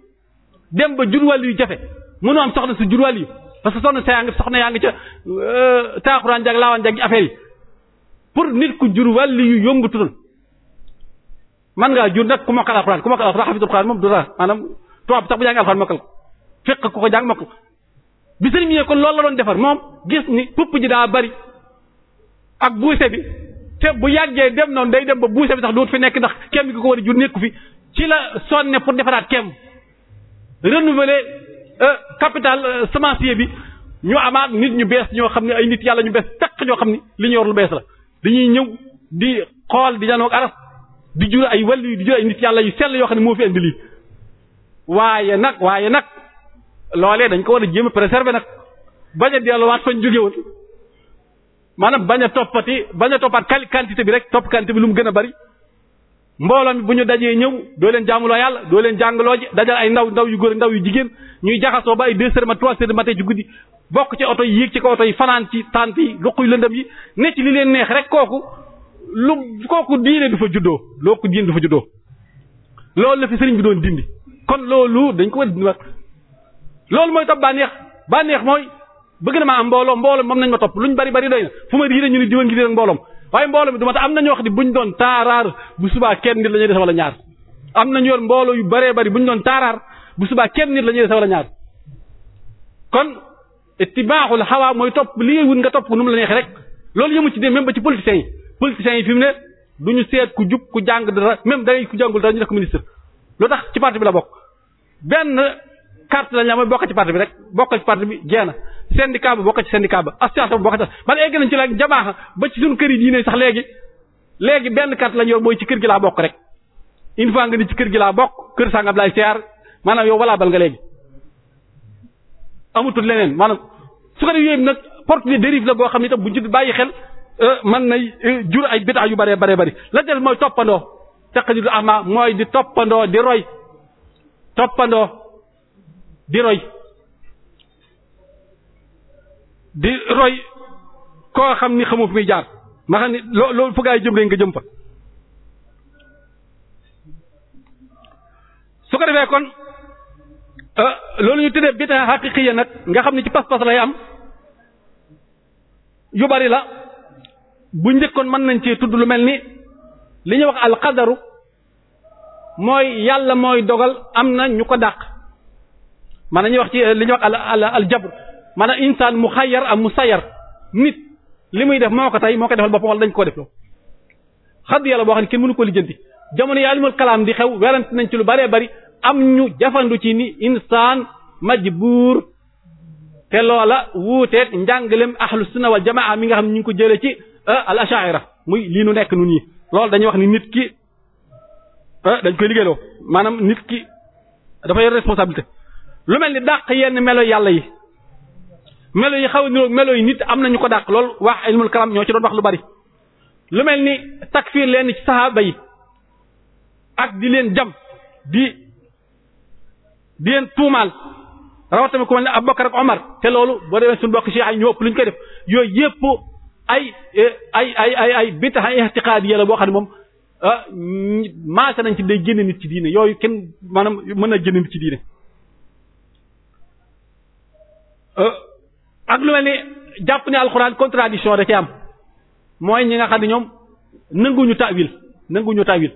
dem ba jurwàll yu jafe mënoo am si jur jurwàll yu parce que soxna sa yaa ngi soxna yaa ngi ca euh, taaxuraan jàng laawaan jàng affaire yi pour nit ku jurwàll yu yombutoon man ngaa jur nag ku mokkal alxuraan ku mokkal alxuraan xafisul alxuraan moom du dara maanaam tubaab sax bu jàng alxuraan mokkal ko fiq ku ko jàng mokkal bi sëriñ bi kon loolu la doon defar moom ni pupp ji daa bari ak buuse bi te bu yàggee dem noonu day dem ba buuse bi sax dootu fi nekk ndax kem bi ko war a jur nekku fi ci la sonne pour defaraat kem renouveler euh, capital euh, semencier bi ñu amaat nit ñu bees ñoo xam ne ay nit yàlla ñu bees taq ñoo xam ne li ñu yor lu bees la dañuy ñëw di xool di janoo di jur ay wàllu di jur ay nit yàlla yu sell yoo xam ne moo fi indi lii waaye nag waaye nag loolee dañ ko war a jéem a nag bañ a delluwaat fañ jóge woon maanaam bañ a toppati bañ a toppaat quali bi rek topp quantité bi lu mu gën a bari mbooloo bu ñu dajee ñëw doo leen jaamuloo yàlla doo leen jàngaloo ji dajal ay ndaw ndaw yu góor ndaw yu jigéen ñuy jaxasoo ba ay deux heures ma trois heures matin ci guddi bokk ci oto yi yéeg ci ko oto yi fanaan ci tànt yi luq yi ne ci li leen neex rek kooku lu kooku diine du fa juddoo loo ko diine loolu la fi sëriñ bi doon dindi kon loolu dañ ko war a dindi waat loolu mooy topp bànneex bànneex mooy bëgg na maa am mbooloo mbooloo moom nañ ma topp luñ bari bari doy na fu ma diine ñu ni diwa mbooloom waaye mbooloo mi du am na ñoo ne buñ doon taaraar bu subaa kenn nit la ñuy des wala ñaar am na ñoo mbooloo yu baree bari bu buñ doon taaraar bu subaa kenn nit la ñuy des wala ñaar kon ittibaaxul xawaa mooy topp li ngay nga topp nu mu la neexee rek loolu yëmu ci dee ba ci politiciens yi politiciens yi fi mu ne du ñu seet ku jub ku jàng dara même dangay ku jàngul dara ñu def ko ministre lu tax ci parti bi la bokk benn carte lañ la mooy bokk ci parti bi rek bokk ci parti bi jeena syndicat ba bokk ci syndicat ba association ba bokk ci man ci la jamaaxa ba ci suñu kër yi diine sax léegi léegi benn carte lañ mooy ci kër gi laa bokk rek une fois nga ni ci kër gi laa bokk kër sangam laay seer maanaam yow wala bal nga léegi amutul leneen maanaam su ko def yooyu nag porte de dérive la boo xam ne itam bu ñu bàyyi xel Euh, man nay euh, jur ay bidaa yu bëree bëree bari la del mooy toppandoo taqlidul ama mooy di toppandoo di toppandoo di roy di roy koo xam ni xamu fi muy jaar ma xam ni loolu fu jëm rek nga jëm fa su ko defee kon euh, loolu ñu tuddee bidaa haqiqiya nag nga xam ni ci pas-pas lay am yu bari la bu njëkkoon mën nañ ci tudd lu mel ni li ñuy wax alqadaru mooy yàlla mooy dogal am na ñu ko dàq man ñu wax ci li ñu wax al al jabr maanaam insaan mu xayar am mu sayar nit li muy def moo ko tey moo koy defal boppam wala dañ koo def loo xadd yàlla boo xam ne kenn mënu ko lijjanti jamono yaa limul kalaam di xew werante nañ ci lu bëree bari am ñu jafandu ci ni insaan majbuur te loola wuuteeg njàngalem ahlu sunna wal jamaa mi nga xam ñu ko jëlee ci Euh, al asha'ira muy lii nu nekk nu nii loolu dañuy wax ni nit ki euh, dañ koy liggéeyloo maanaam nit ki dafa yor responsabilité lu mel ni dàq yenn melo yàlla yi melo yi xaw niroog melo yi nit am nañu ko dàq lool wax ilmul kalam ñoo ci doon wax lu bari lu mel ni takfir leen ci saxaaba yi ak di leen jam di di leen tuumaal rawatina ku mel ne Abubakar ak Omar te loolu boo demee suñu bokk ci ay ñëpp lu ñu koy def yooyu yëpp. Eh, ay ay ay ay ay bitax i'tiqaadiyya la boo xam ne moom ah nañ ci day génne nit ci diine yooyu kenn maanaam mën na génne nit ci diine. Eh, ak lu mel ni jàpp ne alxuraan contradiction da ci am mooy ñi nga xam ne ñoom nanguñu tawil nanguñu tawil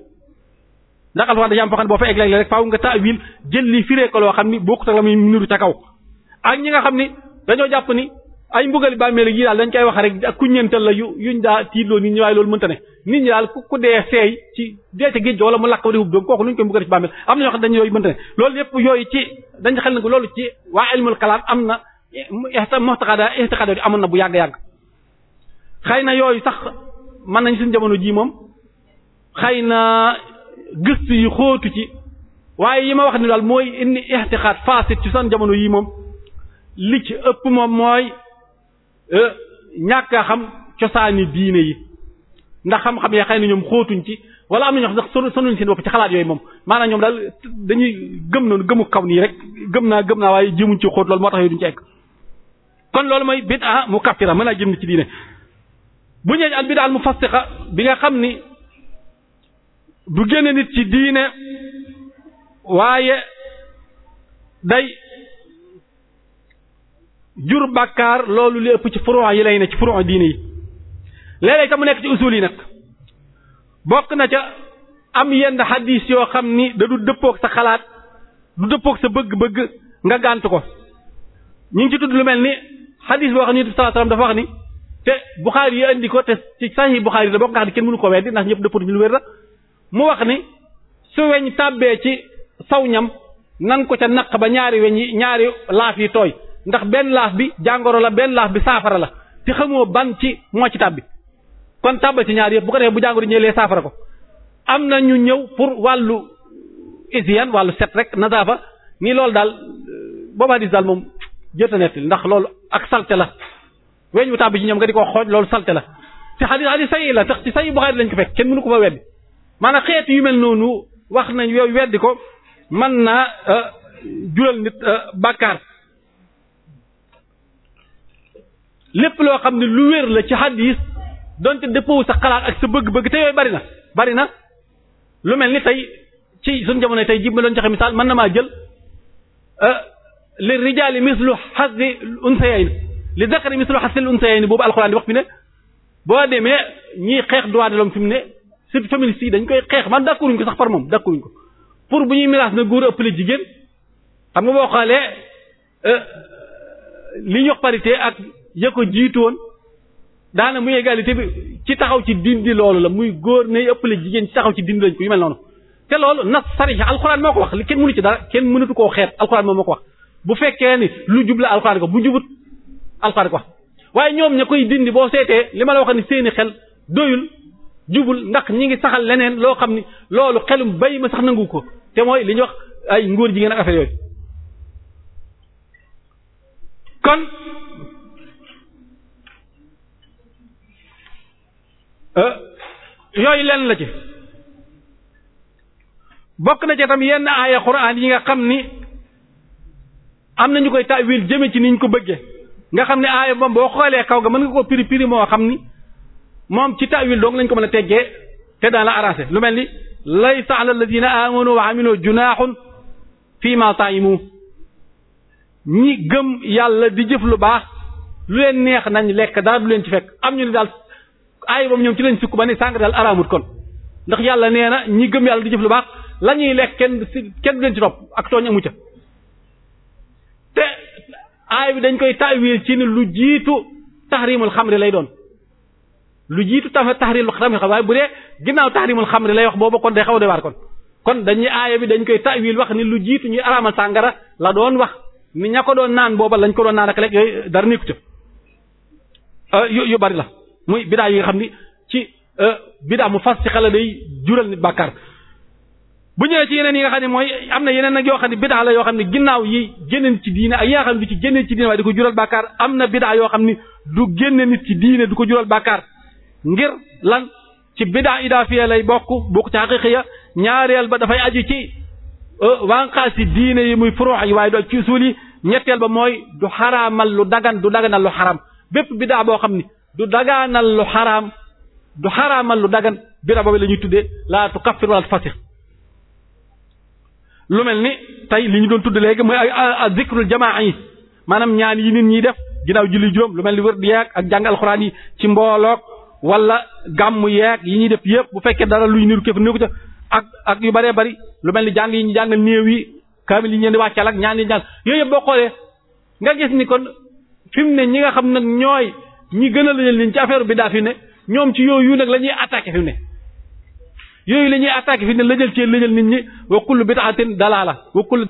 ndax alxuraan de ci am foo xam ne boo fa egg rek faaw nga tawil jël li firee ko loo xam ni bokkut ak la muy niru ca kaw ak ñi nga xam ni dañoo jàpp ni. ay mbugali bàmmeel yi daal dañ koy wax rek ak ku ñeental la yu yuñ daa tiitloo nit ñi waaye loolu mënta ne nit ñi daal ku dee seey ci dee ca géej wala mu lakk defu dóog kooku lu ñu koy mbugal ci bàmmeel am na ñoo xam dañ yooyu mënta ne loolu yëpp yooyu ci dañ xel na ko loolu ci waa ilmul am na moxtaxada ixtixada yi amoon na bu yàgg-yàgg xëy na yooyu sax mën nañ suñ jamono ji moom xay na gëstu yi xóotu ci waaye yi ma wax ni daal mooy indi ixtixaad fasit ci san jamono yii moom li ci ëpp moom mooy Euh, ñàkk a xam cosaani diine yi ndax xam-xam ya xay na ñoom xóotuñ ci wala am na ñoo xam sax sonuñ seen bopp ci xalaat moom maanaam ñoom daal dañuy gëm noonu gëmu kaw nii rek gëm naa gëm naa waaye jëmuñ ci xóot loolu moo tax yooyu duñ ci egg kon loolu mooy bid'a mu kaffira mën naa jëm ci diine bu ñëwee al bid'a al mufassiqa bi nga xam ni du génne nit ci diine waaye day jur bàkkaar loolu li ëpp ci furoo yi lay ne ci furoo diine yi léeg-léeg ta mu nekk ci usul yi nag bokk na ca am yenn xadis yoo xam ni da du dëppoog sa xalaat du dëppook sa bëgg-bëgg nga gànt ko ñu ngi ci tudd lu mel ni xadis boo xam ne sallallahu alayhi ni te Buxaari yi indi ko te ci Sahih Buxaari la bokk nga xam ne kenn mënu ko weddi ndax ñëpp dëppatu ñu lu wér la mu wax ni su weñ tàbbee ci saw ñam nan ko ca naq ba ñaari weñ yi ñaari laaf yi tooy ndax benn laaf bi jàngoro la benn laaf bi saafara la te xamoo ban ci moo ci tàbbi kon tàbbal ci ñaar yëpp bu ko defee bu jàngoro ñëwee saafara ko am na ñu ñëw pour wàllu hygiène wàllu set rek nasafa ni loolu daal euh, boobu hadis daal moom jota nettali ndax loolu ak salte la weñ wu tàbbi ci ñoom nga di ko xooj loolu salte la te hadis hadis sayi la tax ci sayi Buxaari lañ ko fekk kenn mënu ko fa weddi maanaam xeetu yu mel noonu wax nañ yooyu weddi ko mën naa euh, jural nit euh, bàkkaar lépp loo xam ne lu wér la ci xadis donte dëppoo sa xalaat ak sa bëgg-bëgg te yooyu bari na bari na lu mel ni tey ci suñu jamono tey jii ma doon joxe misaal man na ma jël euh, li rijaali mislu xasdi unsayayn li zakari mislu xasdi unsayayn boobu alxuraan di wax fi ne boo demee ñiy xeex droit de l'homme fi mu ne surtout féministes yi dañ koy xeex man dakkuruñ ko sax par moom dakkuruñ ko pour bu ñuy miraas na góor ëppale jigéen xam nga boo xoolee euh, li ñu wax parité ak ya ko jiitoon daana muy égalité bi ci taxaw ci dindi loolu la muy góor nay ëppale jigéen ci taxaw ci dindi lañ ko yu mel noonu te loolu nas sarix alxuraan moo ko wax li kenn mënu ci dara kenn mënatu koo xeet alxuraan moom moo ko wax bu fekkee ni lu jub la alxuraan ko bu jubut alxuraan ko waaye ñoom ña koy dindi boo seetee li ma la wax ni seeni xel doyul jubul ndax ñi ngi saxal leneen loo xam ni loolu xelum bay ma sax nangu ko te mooy li ñuy wax ay ngóor jigéen ak affaire yooyu Euh, yooyu lenn la ci bokk na ci tam yenn aaya quraan yi nga xam ni am nañu koy tawil jëme ci niñ ko bëggee nga xam ne aaya moom boo xoolee kaw ga mën nga koo piri piri moo xam ni moom ci tawil doong lañ ko mën a teggee te daan la arrangé lu mel ni lay laysa ala alladina amanu wa amilu junaaxun fii ma mu ñi gëm yàlla di jëf lu baax lu leen neex nañ lekk dara du leen ci fekk am ñu ne daal aay boobu ñoom ci lañ sukk ba ne sàngara daal araamut kon ndax yàlla nee na ñi gëm yàlla di jëf lu baax lañuy lekk kenn kenn du leen ci topp ak tooñ amu ca te aay bi dañ koy taawil ci ni lu jiitu tahrimul xamri lay doon lu jiitu tax tahrimul xamri waaye bu dee ginnaaw tahrimul xamri lay wax boobu kon day xaw a dewaar kon kon dañuy aaya bi dañ koy taawil wax ni lu jiitu ñuy araamal sàngara la doon wax ni ña ko doon naan booba lañ ko doon naan ak lekk yooyu dara nekku euh, yu bari la muy bidaa yi nga xam ni ci euh, bidaa mu fas ci xala day jural nit bàkkaar bu ñëwee ci yeneen yi nga xam ne mooy am na yeneen nag yoo xam ne bidaa la yoo xam ne ginnaaw yi génneen ci diine ak yi nga xam ne du ci ko jural bàkkaar am na bidaa yoo xam ni du génne nit ci diine du ko jural bàkkaar ngir lan ci bidaa idaafiya lay bokk bokk ci xaqiqiya ñaareel ba dafay aju ci euh, wànqaasi diine yi muy furux yi waaye du ci usul yi ñetteel ba mooy du xaraamal lu dagan du daganal lu xaram bépp bidaa boo xam ni du dagaanal lu xaraam du xaraamal lu dagan bira boobu la ñuy tuddee laa tu kaffir wala fasix lu mel ni tey lu ñu doon tudd léegi mooy ay zikrul jamaa yi maanaam ñaan yi nit ñiy def ginnaaw julli juróom lu mel ni wër di ak jàng alxuraan yi ci mbooloog wala gàmm yeeg yi ñuy def yëpp bu fekkee dara luy niru kéef néew ca ak ak yu bëree bari lu mel ni jàng yi ñu jàngal néew yi kaamil yi ñeen di wàccal ak ñaan yi jàng yooyu yëpp nga gis ni kon fi mu ne ñi nga xam ñooy ñi gën a lañu leen ci affaire bi daa fi ne ñoom ci yooyu nag la ñuy attaqué fi ne yooyu lañuy ñuy attaqué fi ne lëjal cee lëjal nit ñi wa kullu bid'atin dalaala wa kullu